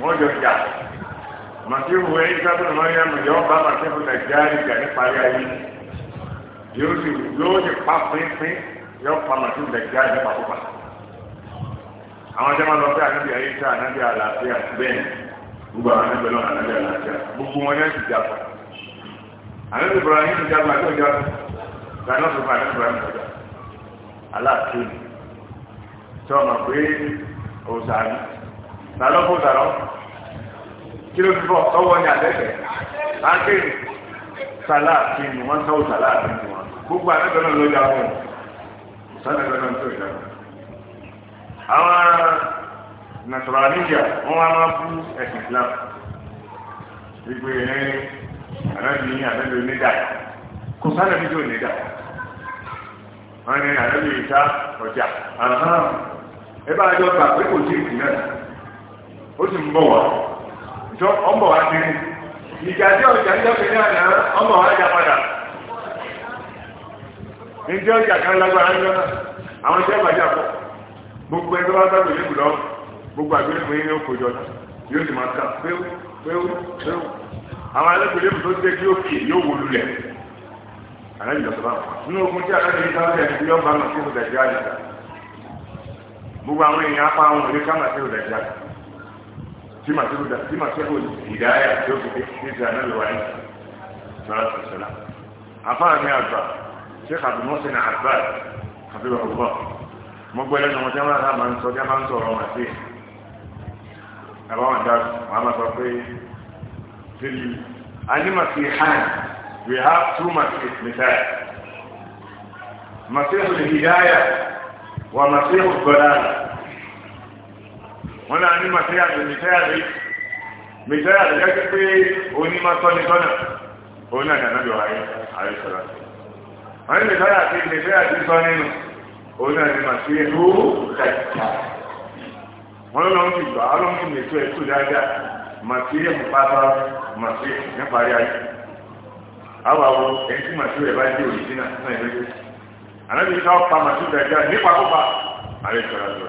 [SPEAKER 2] wọ́n jọ jà màtíwù ẹ̀yí sábẹ́ mọ́ríàmù yọ bá màtíwù nàìjíríà jà ní parí ayé yóò sì yóò sì pa pínpín yọ pa màtíwù nàìjíríà ní pàkópa àwọn jẹ́ máa lọ sí ànábì ayé sá ànábì àlàáfíà bẹ́ẹ̀ gbogbo àwọn ànábì lọ́nà ànábì àlàáfíà gbogbo wọn yẹn ti jà pa ànábì Ibrahim jà pa àti ọjà gbaná fún ma pé òsàn sàlọ́ fún sàlọ́ kí ló fi bọ̀ tọ́wọ́ ní àtẹ́fẹ́ láńkéèrè sàlá àti ìlú wọn sọ́wọ́ sàlá àti ìlú wọn gbogbo àtẹ́fẹ́ náà ló jáwọ́ sàtẹ́fẹ́ náà tó ìjáwọ́. àwọn ará nàṣọ̀rọ̀ àníjà wọn wá máa bú ẹ̀sìn Islam wípé ẹ̀rín àrẹ́bí àtẹ́fẹ́ onídà kò sálẹ̀ bí tó onídà wọn ni àrẹ́bí ìta ọjà àhán ẹ bá jọ gbà pé kò tí ì ó sì ń bọ̀ wá ìjọ ọmọ wa kiri ìjà tí ọjà ń jáde ní àná ọmọ wa jà padà níjẹ́ ọjà kan lágbára ń lọ́nà àwọn iṣẹ́ ìbàjẹ́ àpọ̀ gbogbo ẹgbẹ́ wa sábà yóò lọ gbogbo àgbélé mi ní oko ìjọ yóò sì máa ta péwú péwú péwú àwọn alẹ́kùnrin mi tó dé kí òkè yóò wò lulẹ̀ àlẹ́ ìjọba nínú ogun tí àlẹ́ mi sáré ẹ̀ ní ọba náà fún ìdàjẹ́ àyíká gbogbo àwọn èèyàn apá àwọn òde ká tí màá tó da tí màá tó kò ìdáyà tí ó fi ní ti àná lọ́wọ́ ayé sọ́lá sọ́lá. àfáà mi àgbà ṣé kàbí wọ́n ṣe ní àgbà kàbí wọ́n bọ̀. mo gbọ́ lẹ́nu wọn tí wọ́n máa máa ń sọ tí wọ́n máa ń sọ̀rọ̀ wọn sí. àbáwọn dá wọn máa sọ pé tìlì alimasi hàn we have two masjid mithal masjid ìdáyà wà masjid gbọdọ̀ wọ́n náà ní màtíríàlì mìtíríàlì mìtíríàlì jẹ́ pé onímọ̀tọ́nitọ́nà òun náà nàbí wáyé wọ́n ní mìtíríàlì mìtíríàlì sọ nínú òun náà ní màtíríàlì wọ́n lọ́nà ń fi gbà á lọ́nà ń mètò ẹ̀tù dáadáa màtíríàlì pátá màtíríàlì nípa rí ayé àwọn àwọn ẹni bá dé òyìnbí náà náà ẹgbẹ́ anabi ta pa masu daga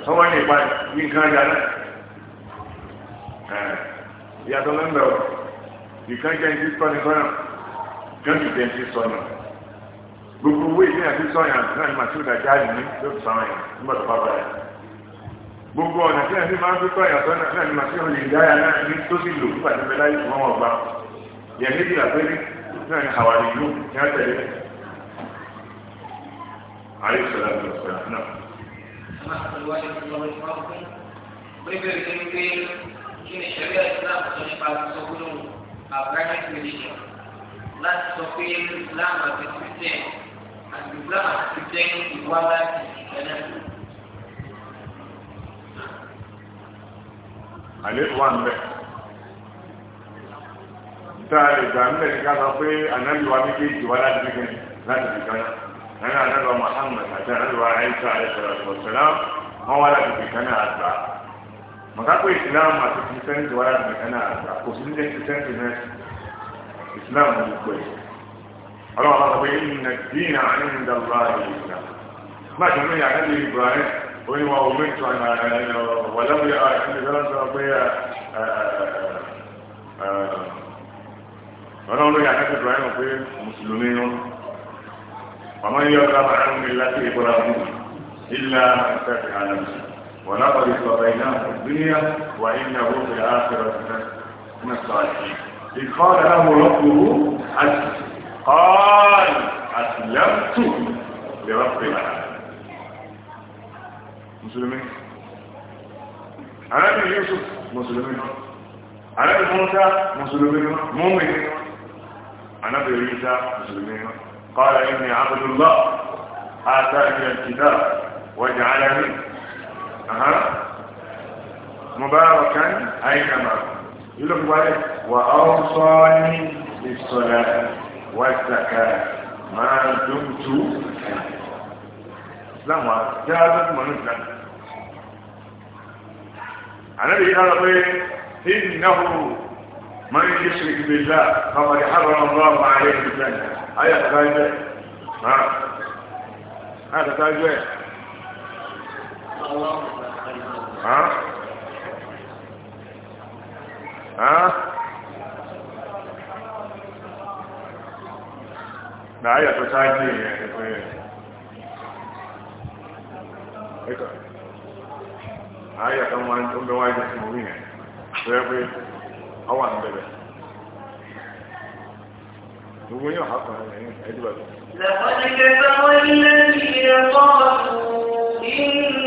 [SPEAKER 2] sọ kan Eh, ìyàtọ̀ lọ́nà ọ̀ ìkan jẹ́ ìdí sọ́ni sọ́nà kan jù jẹ́ ìdí sọ́nà gbogbo owó ìdí àti sọ́yà náà ni màtí ìdájá yìí ní tó ti sọ́yà nígbà tó bá bẹ̀rẹ̀ gbogbo ọ̀nà tí àti máa ń fi sọ́yà sọ́nà náà ni màtí ìdájá ìdáyà náà ní tó sì lò nígbà tó bẹ láyé fún wọn ọgbà yẹn níbi àpẹẹrẹ náà ni àwàrí ìlú ní àtẹ̀lé àyè sọ̀rọ̀ àti ọ̀sẹ̀ náà
[SPEAKER 1] kí ni ṣẹ̀ríà islam sọ nípa sọ gbólóhùn abrahamic religion láti sọ pé islam àti christian àti islam àti christian ìwà láti ìṣẹ̀lẹ̀.
[SPEAKER 2] àlékún wà ń bẹ̀ tá a lè gbà ń bẹ̀ ní ká sọ pé ànábìwá méjèèjì wá láti fi láti fi kẹ́ni nana anagba Muhammad àti anagba Aisha alayhi salatu wa salam wá láti fi kẹ́ni àgbà. makako islam ati kristianity wala mekana kò sí nílé kristianity náà islam ní kò yìí ọlọ́wọ́ bá sọ pé inna dina inda Allah islam máa jẹ́ mẹ́rin àdáni ibrahim oníwà omíntù wàláwí àti ìdára sọ pé ọlọ́wọ́ lórí àdáni ibrahim pé mùsùlùmí wọn wàmọ́ yíyọ́ ọ̀gá máa ń rí láti ìbúra mú ilá àti àlàmùsùlùmí ولقد اصطفيناه في الدنيا وانه في الاخره من الصالحين اذ قال له ربه اسلم قال اسلمت لرب العالمين مسلمين ابي يوسف مسلمين ابي موسى مسلمين مؤمن عن ابي عيسى مسلمين قال اني عبد الله اتاني الكتاب وجعلني mubarakan àìkàmà yìí ló fi wáyé wà ọ́sọ́ ní ìsọ̀lá wà zaka máa dùn tú islam wa jáde tó mọ̀ ní islam ànábì yìí lọ́rọ̀ pé إنه من يشرك بالله فقد حرم الله عليه الجنة آية تاجوة آية تاجوة Hah? Hah? Nah, ayat tu saja ya. Eka. Ayat kamu antum bawa itu semua ni. Sebab awan bebek. Tunggu ni apa? Ini itu baru.
[SPEAKER 1] لقد كفر الذين قالوا إن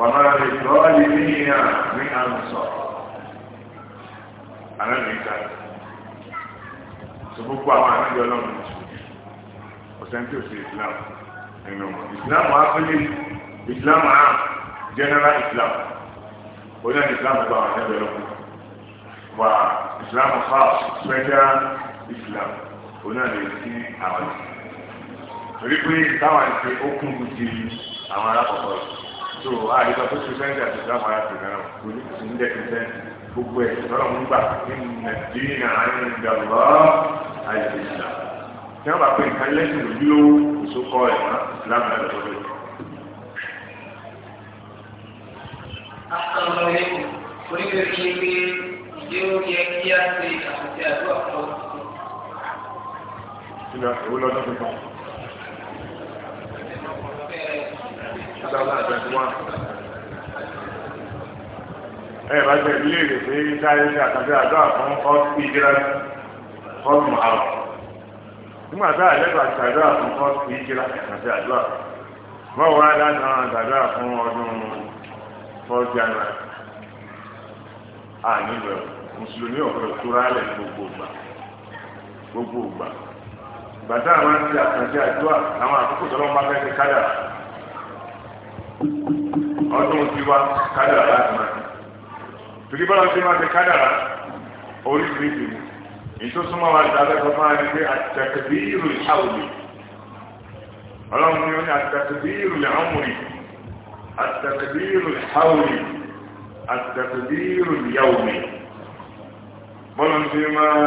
[SPEAKER 2] wàmà lè tọ́ lè ní ìyá ní àmùsọ̀ anábìíta tó gbogbo àwọn ànájọ ọlọ́run ọ̀sẹ̀ntì òsì islam ẹnu wọn islam wà fúnni islam à general islam ó ní islam gba àwọn ànájọ ọlọ́run wà islam fà special islam ó ní àlè sí àwọn torí pé táwọn àti okùn ti àwọn alákọ̀ọ́kọ́ yìí so àyíká tó ṣe sẹ́ńtì àti ìdáhùn ara ti náà kò ní kò ní dẹ́kun sẹ́ńtì gbogbo ẹ̀ lọ́rọ̀ ń gbà ní nàìjíríà àyìn ìdàgbọ́ àyè ìṣà tí wọ́n bá pè nǹkan lẹ́sìn lójúlówó ìṣókọ ẹ̀ mọ́ ìsìlámù náà lọ́wọ́ lọ́wọ́.
[SPEAKER 1] Assalamu alaikum. Oníbẹ̀rẹ̀ ṣe pé ìdí ó yẹ kí á ṣe àṣìṣe àdúrà fún ọ̀sán.
[SPEAKER 2] Ìlú àti owó lọ́dún tuntun. ẹ bá jẹ ilé rẹ pé káyé ṣe àkàndé àdúrà fún ọtí ìjìlá fọọmù àwọn nígbà tá a lẹ́gbàá ti àdúrà fún ọtí ìjìlá àkàndé wá láti àwọn àdúrà fún ọdún fọọsì àníbẹ̀ mùsùlùmí ọ̀pẹ̀ tóra lẹ̀ gbogbo ìgbà gbogbo ìgbà ọdún tiwa kádàrà láti máa ní torí bọ́lá ti máa fi kádàrà oríṣiríṣi mu ètò súnmọ́ wa dáadáa tó máa ní pé àtẹ̀kẹ̀bíìrù ìṣàwòlè ọlọ́run ni ó ní àtẹ̀kẹ̀bíìrù ìhàmùrì àtẹ̀kẹ̀bíìrù ìṣàwòlè àtẹ̀kẹ̀bíìrù ìyàwòlè bọ́lá ti máa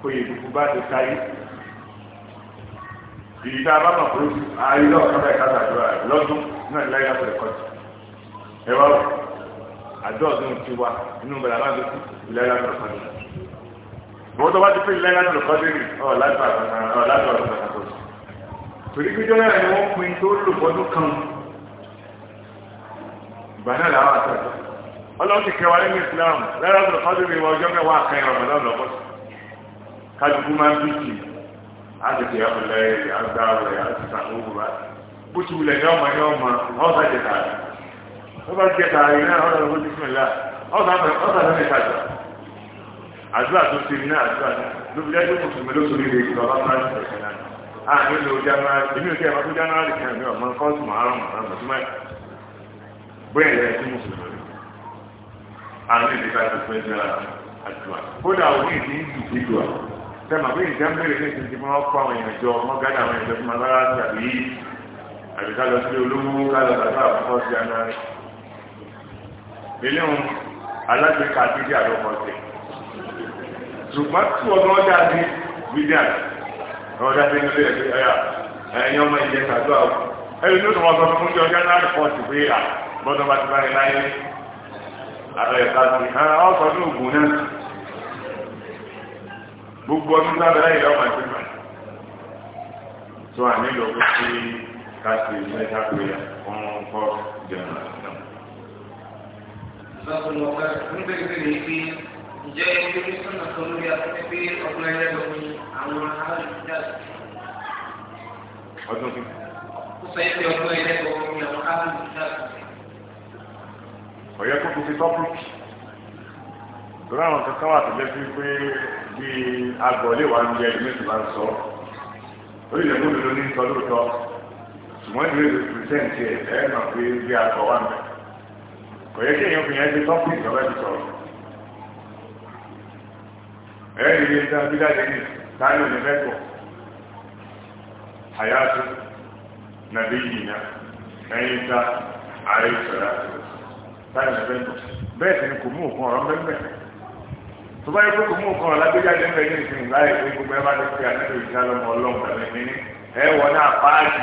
[SPEAKER 2] kó ìdìbò bá ti káyé ìdí tá a bá mọ̀ pé ayé lọ́ọ̀kọ́ bẹ́ẹ̀ náà láyé àpẹẹrẹ kọjú ẹ wá wọ àjọ ọdún ti wá inú bẹ̀rẹ̀ àbá lókù ìlàyé àpẹẹrẹ kọjú bọ́n tó bá ti pé ìlàyé àpẹẹrẹ kọjú rí ọ láti ọ̀rọ̀ kàkà tó torí gbígbé náà ni wọ́n pin tó lò fọdún kan ìgbà náà làwọn àtẹ̀tẹ̀ ọlọ́run ti kẹwàá nínú Islam láyé àpẹẹrẹ kọjú rí ọjọ́ mẹ́wàá kan ìrọ̀mọ̀ náà lọ́kọ́ kájúkú máa ń bí kì á ti kẹ̀yà pẹ̀lẹ́ àgbà rẹ̀ àti sàkóso báyìí bó ti wulẹ̀ ní ọmọ ní ọmọ ọ̀sà jẹta rẹ̀ wọ́n bá jẹta rẹ̀ náà ọ̀sà lọ́wọ́ ti sùn lá ọ̀sà lọ́wọ́ ti sàjọ. àdúrà tó ti rí náà àdúrà náà ló fi dájú kò sùnmí lóṣòrí rẹ̀ ìlú ọba máa ń sọ̀rọ̀ kan náà. a ah, ní lo january èmi ò tẹ́ ẹ̀ máa tó january kan mi ọ̀mọ nǹkan ọ̀sùn márùn márùn tó máa bóyá ìyá ẹ̀ tí mo sùn lórí. àmì ìdíkà ti fẹ́ jẹ́ àdúrà kódà òní ìdí ìdí ìdí sẹ́mà bí ìjẹ́ ń bèrè ní ìsinmi wọn kọ́ àwọn èèyàn jọ wọn gádà àwọn èèyàn jọ fún agbára tàbí àbí ká lọ sílé olówó ká lọ bàbá àkọ́kọ́ sí january eléhùn alágbèéká àti ìdí àlọ́kọ̀ sí ṣùgbọ́n tí ọdún ọjà ní william ọjà tó ń lé ẹgbẹ́ ọyà ẹ̀yìn ọmọ ìjẹ́ sàdúrà ó ẹ̀yìn tó tọmọ sọ fún ọjọ́ january fọ́ọ̀tì pé à bọ́dọ̀ bá ti bá rẹ láyé àbẹ̀yẹ̀ká sí ọ̀sọ̀ ní ògùn náà gbogbo ọdún sábẹ́ láyé lọ́mọ ìpínlẹ̀ tó à nílò pé káṣí mẹ́ta pé wọ́n kọ́ jẹun náà.
[SPEAKER 1] lọ́kùnrin ọ̀gá ń bẹ̀rẹ̀ ní pé ǹjẹ́ ẹni tó ní sọ̀nà tó lórí afẹ́fẹ́ pé ọkùnrin ẹlẹ́gbẹ̀ẹ́ ni àwọn aráàlú
[SPEAKER 2] ọdún kí. ó
[SPEAKER 1] sọ yẹn pé ọkùnrin ẹlẹ́gbẹ̀ẹ́ ni àwọn aráàlú
[SPEAKER 2] ọ̀yẹ́ kúkú ti tọ́pùkì torí àwọn kankan wà tó jẹ́ sí pé bí agbọ̀ọ́lé wa ń jẹ ìmẹ́sì máa ń sọ orílẹ̀-èdè mélòó ní sọ ṣùgbọ́n ìwé ìlú pìrìsẹ́ǹtì ẹ̀ ẹ̀ náà fi gbé akọ wá mẹ́ kò yẹ kí èèyàn fi yẹn ṣe tọ́pù ìjọba ti sọ̀rọ̀ ẹ̀ ẹ́ ìdílé ìta bí dáadé ní táyé òní mẹ́kọ̀ àyàtú nàbí yìnyín ẹ̀yìn ìta ààrẹ ìṣọ̀rọ̀ táyé òní mẹ́kọ̀ bẹ́ẹ̀ sì ni kò mú òkun ọ̀rọ̀ mẹ́mẹ́ tó bá yẹ kó kò mú òkun ọ̀rọ̀ lágbèjáde mẹ́rin ní ìsìn láì pé gbogbo ẹ bá ti fi àtẹ́tò ìṣàlọ́mọ ọlọ́run tàbí ní ẹ wọ náà páàkì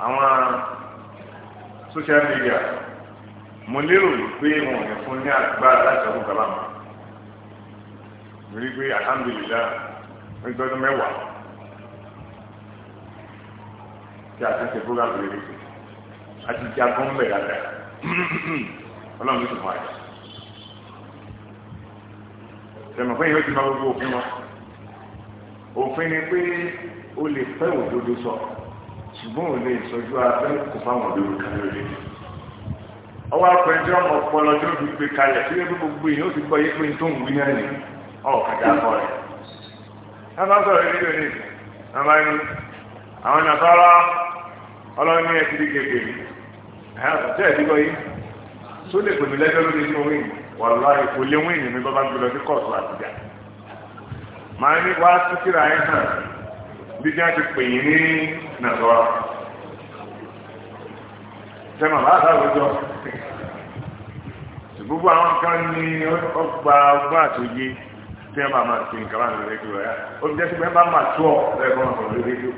[SPEAKER 2] àwọn social media mo lérò pé wọn ò ní fún ní agbára láti ọdún kaba mọ torí pé alhamdulilah ó ti tọ́jú a ti ń ṣe program lórí a ti di agbọ́n bẹ̀ dáadáa [CLEARS THROAT] ọlọ́run ló ti fún àyè tẹ̀mọ̀ fún yìí o lè fẹ́ òdodo so ṣùgbọ́n ò lè a abẹ́ kò ọwọ́ ọpọlọ tó fi gbé kalẹ̀ gbogbo èèyàn ó ti gbọ́ yé pé tó ń wí náà ni ọ̀kadà kọ rẹ̀ wọ́n bá sọ̀rọ̀ nílò ní ọmọ àwọn nàfàrà ọlọ́ni ẹ̀ ti di gègé àti ẹ̀dígbọ́ yìí tó lè pèmí lẹ́jọ́ lórí inú wíìn wàlúwà gbọdọ̀ sí àtijọ́ ní bí kí wọ́n ti pè yín ní nàzọ́ra sẹ́mọ̀ láti àwùjọ gbogbo àwọn kan ní ọgbà ọgbà àtòyé tí wọ́n bá máa ti nǹkan láti rédíò rẹ̀ ó fi jẹ́ sí pé bá máa tó ọ lẹ́gbọ́n ọ̀rọ̀ lórí rédíò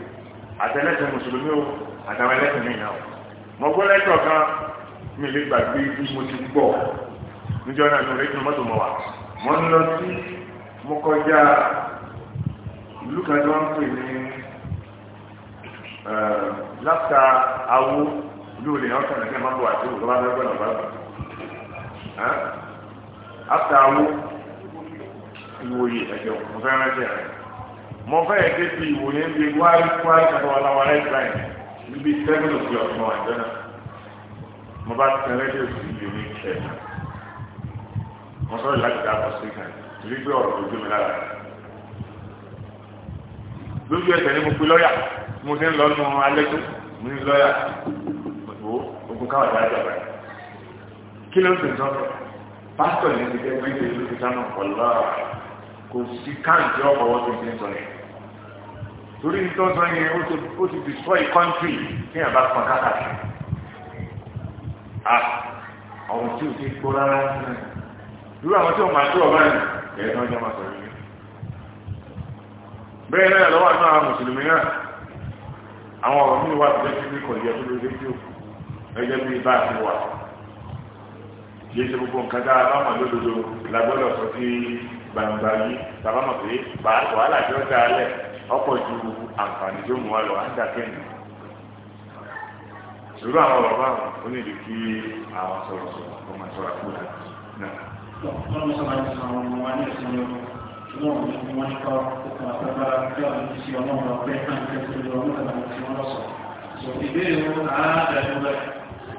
[SPEAKER 2] àtẹlẹ́sẹ̀ mùsùlùmí o àtàwọn ẹlẹ́sìn mìíràn o mo gbọ́ lẹ́tọ̀ kan mi lè gbàgbé bí mo ti gbọ́ níjọ́ náà ní rédíò mọ́tò mọ́ wa mo ń lọ sí mo kọjá ìlú kan tí wọ́n ń pè ní Eh, láfta awo lóòlù yẹn ọ̀sán nàkẹ́ máa bọ̀ àti òkú bá fẹ́ gbọ́dọ̀ bá bọ̀ eh, láfta awo ìwòye ẹ̀jẹ̀ mo fẹ́ rántí rẹ̀ mo fẹ́ ẹ̀ débi ìwòye ń bi wáyé wáyé kàtó wà láwọn right line níbi seven o'clock mo wà jẹ́ náà mo bá tẹ rédíò sí ibi mi kẹ́ ẹ̀ mo sọ̀rọ̀ láti dá àbọ̀ sí kan torí pé ọ̀rọ̀ ojú mi lójú ẹsẹ̀ ni mo pe lọ́ọ̀yà mo ti ń lọ nù alẹ́ tó mo ní lọ́yà òwò ogun káwọn ìdájọ́ àbáyé kí ló ń sèǹtọ́ pásítọ̀ ní ti dẹ́gbẹ́ ìdè ló ti dáná ọ̀la kò sí káàdì ọkọ̀ wọ́n ti ń sọ yẹn torí ní tọ́sán yẹn ó ti destroy country kí yàrá kan káàkiri à ah, àwọn tí o ti gbọ́ rárá irú àwọn tí o máa tó ọba yìí ẹ̀ẹ́dọ́jọ́ máa sọ̀rọ̀ yìí bẹ́ẹ̀ náà lọ́wọ́ àti àwọn mùsùlùmí náà àwọn ọ̀rọ̀ mi wà tó ti rí kọ̀ọ̀yà tó lórí rédíò gẹ́gẹ́ bí bá a ti wà yé ṣe gbogbo nǹkan dára bá mọ̀ lódodo làgbọ́dọ̀ sọ sí gbangba yìí bàbá mọ̀ pé wàhálà tí ó dá alẹ̀ ọ̀pọ̀ ju àǹfààní tó mú wa lọ áńdà kẹ́yìn irú àwọn ọ̀rọ̀ báwọn ó ní ìdí àwọn sọ̀rọ̀ sọ̀rọ̀ kọ́ máa náà
[SPEAKER 1] náà ni wọ́n ń kọ́ ọkàn àtàbára tí wọ́n ti ṣe ọlọ́run ọ̀pẹ́ náà ń tẹ́sí ọlọ́run àti àwọn tí
[SPEAKER 3] wọ́n lọ́sọ̀ọ́